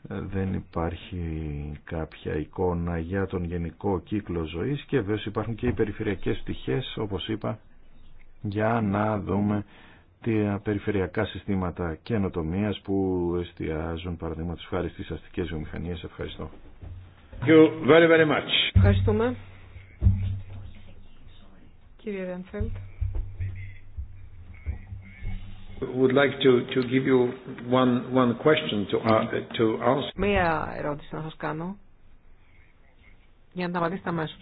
Δεν υπάρχει κάποια εικόνα για τον γενικό κύκλο ζωής και βέβαια υπάρχουν και οι περιφερειακές πτυχές, όπως είπα, για να δούμε τα περιφερειακά συστήματα καινοτομία που εστιάζουν παραδείγματος χάρη στις αστικές βιομηχανίες. Ευχαριστώ. Ευχαριστούμε. Κύριε Ρενφέλτ. Would like to, to give you one, question to, uh, mm-hmm. ask. Μία ερώτηση να σας κάνω για να τα απαντήσετε αμέσω.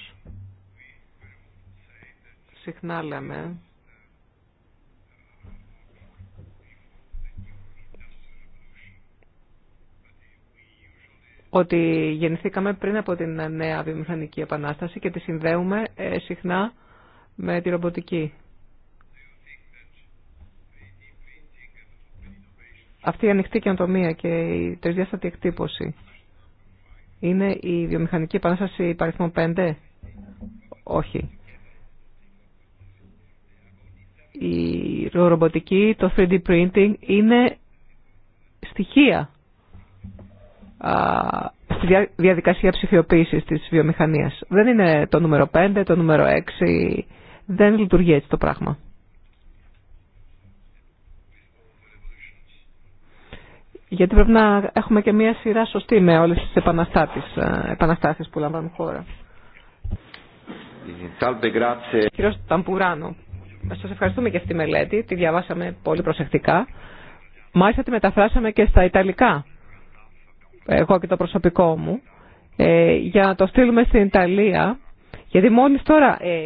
Συχνά λέμε ότι γεννηθήκαμε πριν από την νέα βιομηχανική επανάσταση και τη συνδέουμε ε, συχνά με τη ρομποτική. αυτή η ανοιχτή καινοτομία και η τρισδιάστατη εκτύπωση είναι η βιομηχανική επανάσταση Παριθμό 5. Όχι. Η ρομποτική, το 3D printing είναι στοιχεία στη διαδικασία ψηφιοποίησης της βιομηχανίας. Δεν είναι το νούμερο 5, το νούμερο 6. Δεν λειτουργεί έτσι το πράγμα. γιατί πρέπει να έχουμε και μία σειρά σωστή με όλες τις ε, επαναστάσεις που λαμβάνουν χώρα. Κύριος Ταμπουράνο, σας ευχαριστούμε για αυτή τη μελέτη, τη διαβάσαμε πολύ προσεκτικά. Μάλιστα τη μεταφράσαμε και στα Ιταλικά, εγώ και το προσωπικό μου, ε, για να το στείλουμε στην Ιταλία, γιατί μόλις τώρα ε,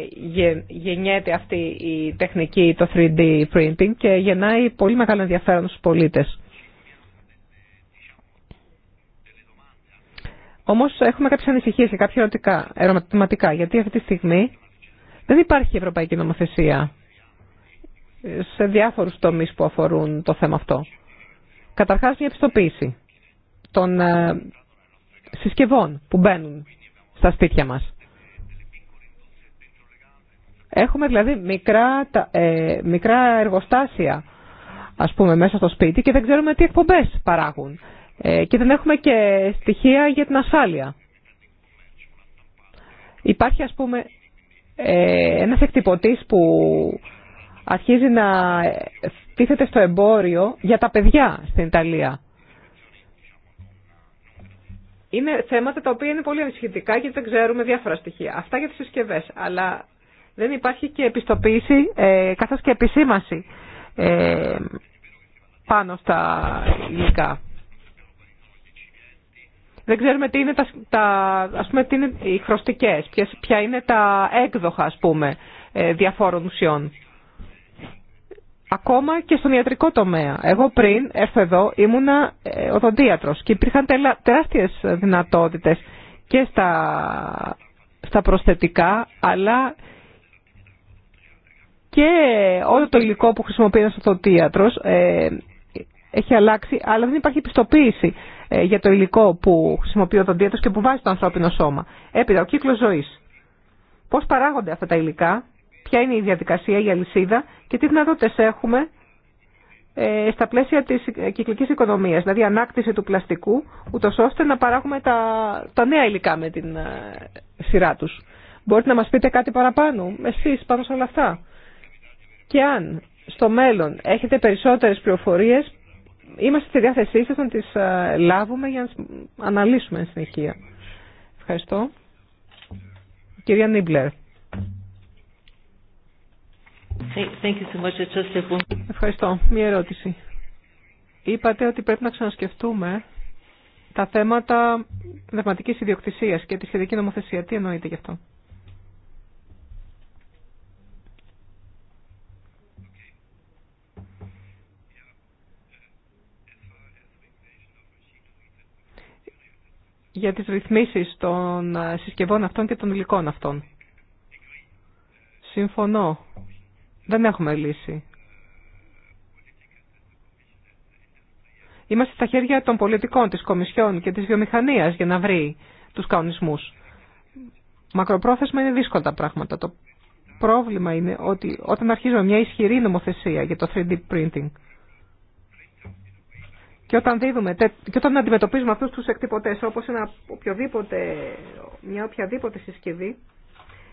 γεννιέται αυτή η τεχνική, το 3D printing και γεννάει πολύ μεγάλο ενδιαφέρον στους πολίτες. Όμω, έχουμε κάποιες ανησυχίες και κάποια ερωτικά, ερωτηματικά, γιατί αυτή τη στιγμή δεν υπάρχει ευρωπαϊκή νομοθεσία σε διάφορους τομεί που αφορούν το θέμα αυτό. Καταρχάς μια επιστοποίηση των ε, συσκευών που μπαίνουν στα σπίτια μας. Έχουμε δηλαδή μικρά, ε, μικρά εργοστάσια ας πούμε μέσα στο σπίτι και δεν ξέρουμε τι εκπομπές παράγουν. Ε, και δεν έχουμε και στοιχεία για την ασφάλεια. Υπάρχει ας πούμε ε, ένας εκτυπωτής που αρχίζει να τίθεται στο εμπόριο για τα παιδιά στην Ιταλία. Είναι θέματα τα οποία είναι πολύ ανησυχητικά γιατί δεν ξέρουμε διάφορα στοιχεία. Αυτά για τις συσκευέ. Αλλά δεν υπάρχει και επιστοποίηση ε, καθώς και επισήμαση ε, πάνω στα υλικά δεν ξέρουμε τι είναι, τα, τα, ας πούμε, τι είναι οι χρωστικές, ποια είναι τα έκδοχα ας πούμε, ε, διαφόρων ουσιών. Ακόμα και στον ιατρικό τομέα. Εγώ πριν έρθω εδώ ήμουνα ε, οδοντίατρος και υπήρχαν τεράστιε τεράστιες και στα, στα προσθετικά αλλά και όλο το υλικό που χρησιμοποιεί ένας οδοντίατρος ε, έχει αλλάξει, αλλά δεν υπάρχει πιστοποίηση ε, για το υλικό που χρησιμοποιεί ο δοντίατρο και που βάζει το ανθρώπινο σώμα. Έπειτα, ο κύκλο ζωή. Πώ παράγονται αυτά τα υλικά, ποια είναι η διαδικασία, η αλυσίδα και τι δυνατότητε έχουμε ε, στα πλαίσια τη ε, κυκλική οικονομία, δηλαδή ανάκτηση του πλαστικού, ούτω ώστε να παράγουμε τα, τα νέα υλικά με την σειρά του. Μπορείτε να μα πείτε κάτι παραπάνω, εσεί πάνω σε όλα αυτά. Και αν στο μέλλον έχετε περισσότερες πληροφορίες, είμαστε στη διάθεσή σας να τις ε, λάβουμε για να τις αναλύσουμε στην συνεχεία. Ευχαριστώ. Κυρία Νίμπλερ. Thank you so much. Ευχαριστώ. Μία ερώτηση. Είπατε ότι πρέπει να ξανασκεφτούμε τα θέματα πνευματικής ιδιοκτησίας και τη σχετική νομοθεσία. Τι εννοείται γι' αυτό. για τις ρυθμίσεις των ε, συσκευών αυτών και των υλικών αυτών. Συμφωνώ. Δεν έχουμε λύση. Είμαστε στα χέρια των πολιτικών, της Κομισιόν και της βιομηχανίας για να βρει τους κανονισμούς. Μακροπρόθεσμα είναι δύσκολα τα πράγματα. Το πρόβλημα είναι ότι όταν αρχίζουμε μια ισχυρή νομοθεσία για το 3D printing, και όταν, δίδουμε, και όταν αντιμετωπίζουμε αυτούς τους εκτυπωτές όπως ένα οποιοδήποτε, μια οποιαδήποτε συσκευή,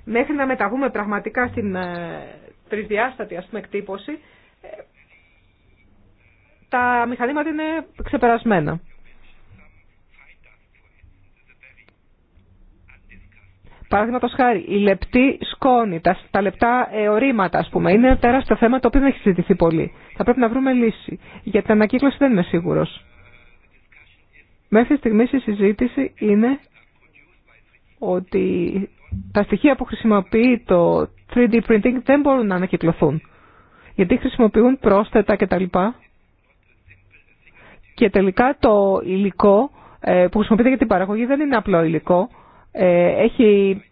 μέχρι να μεταβούμε πραγματικά στην ε, τρισδιάστατη ας πούμε, εκτύπωση, ε, τα μηχανήματα είναι ξεπερασμένα. Παραδείγματο χάρη, η λεπτή σκόνη, τα, τα λεπτά ορίματα, α πούμε, είναι ένα τεράστιο θέμα το οποίο δεν έχει συζητηθεί πολύ. Θα πρέπει να βρούμε λύση. Για την ανακύκλωση δεν είμαι σίγουρο. Μέχρι στιγμή η συζήτηση είναι ότι τα στοιχεία που χρησιμοποιεί το 3D printing δεν μπορούν να ανακυκλωθούν. Γιατί χρησιμοποιούν πρόσθετα κτλ. Και τελικά το υλικό ε, που χρησιμοποιείται για την παραγωγή δεν είναι απλό υλικό. Ε, έχει,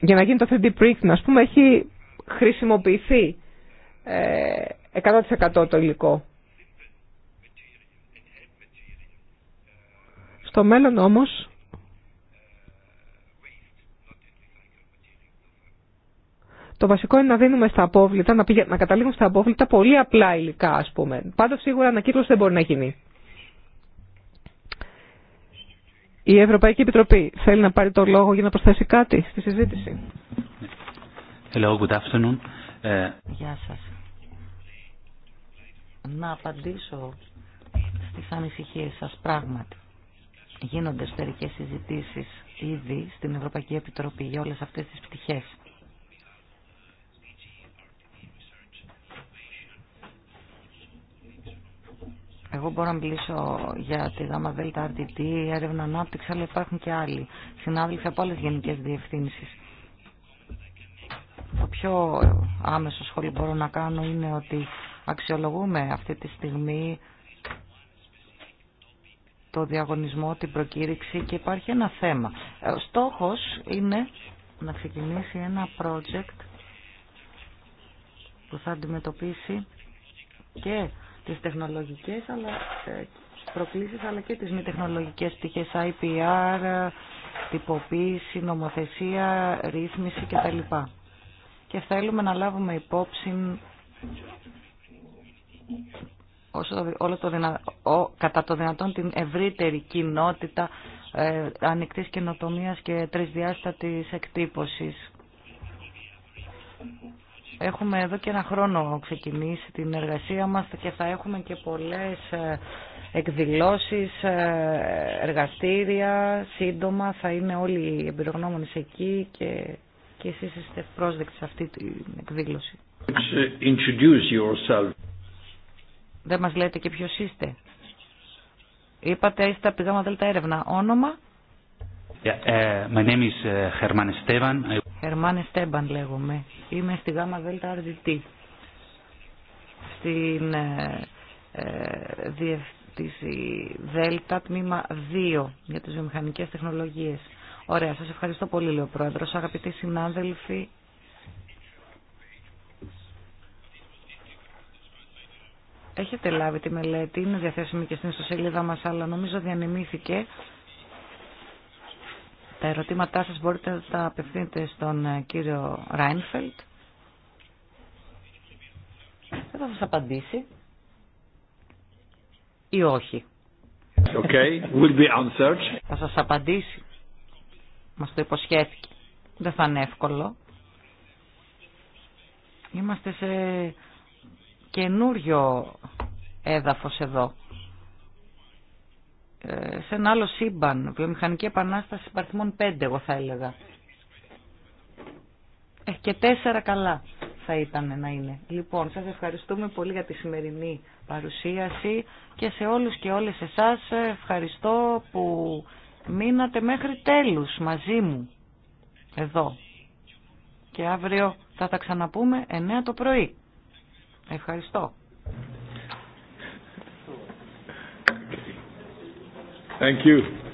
για να γίνει το 3D printing, ας πούμε, έχει χρησιμοποιηθεί 100% ε, το υλικό. Στο μέλλον όμως, Το βασικό είναι να δίνουμε στα απόβλητα, να, πηγα... να καταλήγουμε στα απόβλητα πολύ απλά υλικά, ας πούμε. Πάντως σίγουρα ανακύκλωση δεν μπορεί να γίνει. Η Ευρωπαϊκή Επιτροπή θέλει να πάρει το λόγο για να προσθέσει κάτι στη συζήτηση. Hello, good afternoon. Ε, Γεια σας. Να απαντήσω στις ανησυχίες σας πράγματι. Γίνονται εσωτερικές συζητήσεις ήδη στην Ευρωπαϊκή Επιτροπή για όλες αυτές τις πτυχές. Εγώ μπορώ να μιλήσω για τη ΓΑΜΑ ΔΕΛΤΑ RDT, έρευνα ανάπτυξη, αλλά υπάρχουν και άλλοι συνάδελφοι από άλλε γενικέ διευθύνσει. Το πιο άμεσο σχόλιο μπορώ να κάνω είναι ότι αξιολογούμε αυτή τη στιγμή το διαγωνισμό, την προκήρυξη και υπάρχει ένα θέμα. Ε, ο στόχος είναι να ξεκινήσει ένα project που θα αντιμετωπίσει και τις τεχνολογικές αλλά, ε, προκλήσεις αλλά και τις μη τεχνολογικές πτυχές IPR, τυποποίηση, νομοθεσία, ρύθμιση κτλ. Και θέλουμε να λάβουμε υπόψη όσο, όλο το δυνα... ο, κατά το δυνατόν την ευρύτερη κοινότητα ε, ανοιχτής καινοτομίας και τρισδιάστατης εκτύπωσης. Έχουμε εδώ και ένα χρόνο ξεκινήσει την εργασία μας και θα έχουμε και πολλές ε, εκδηλώσεις, ε, εργαστήρια, σύντομα θα είναι όλοι οι εμπειρογνώμονες εκεί και, και εσείς είστε πρόσδεκτοι σε αυτή την εκδήλωση. Ε, Δεν μας λέτε και ποιος είστε. Είπατε είστε από τη έρευνα. Όνομα. Uh, my name is uh, Esteban. λέγομαι. Είμαι στη ΓΑΜΑ ΔΕΛΤΑ RDT. Στην ε, ε ΔΕΛΤΑ τμήμα 2 για τις βιομηχανικέ τεχνολογίες. Ωραία, σας ευχαριστώ πολύ λέει ο Αγαπητοί συνάδελφοι, έχετε λάβει τη μελέτη, είναι διαθέσιμη και στην ιστοσελίδα μας, αλλά νομίζω διανεμήθηκε. Τα ερωτήματά σας μπορείτε να τα απευθύνετε στον ε, κύριο Ράινφελτ. Δεν θα σας απαντήσει. Ή όχι. Okay, will be answered. Θα σας απαντήσει. Μας το υποσχέθηκε. Δεν θα είναι εύκολο. Είμαστε σε καινούριο έδαφος εδώ σε ένα άλλο σύμπαν, βιομηχανική επανάσταση παρθυμών 5 εγώ θα έλεγα. Ε, και τέσσερα καλά θα ήταν να είναι. Λοιπόν, σας ευχαριστούμε πολύ για τη σημερινή παρουσίαση και σε όλους και όλες εσάς ε, ευχαριστώ που μείνατε μέχρι τέλους μαζί μου εδώ. Και αύριο θα τα ξαναπούμε 9 το πρωί. Ευχαριστώ. Thank you.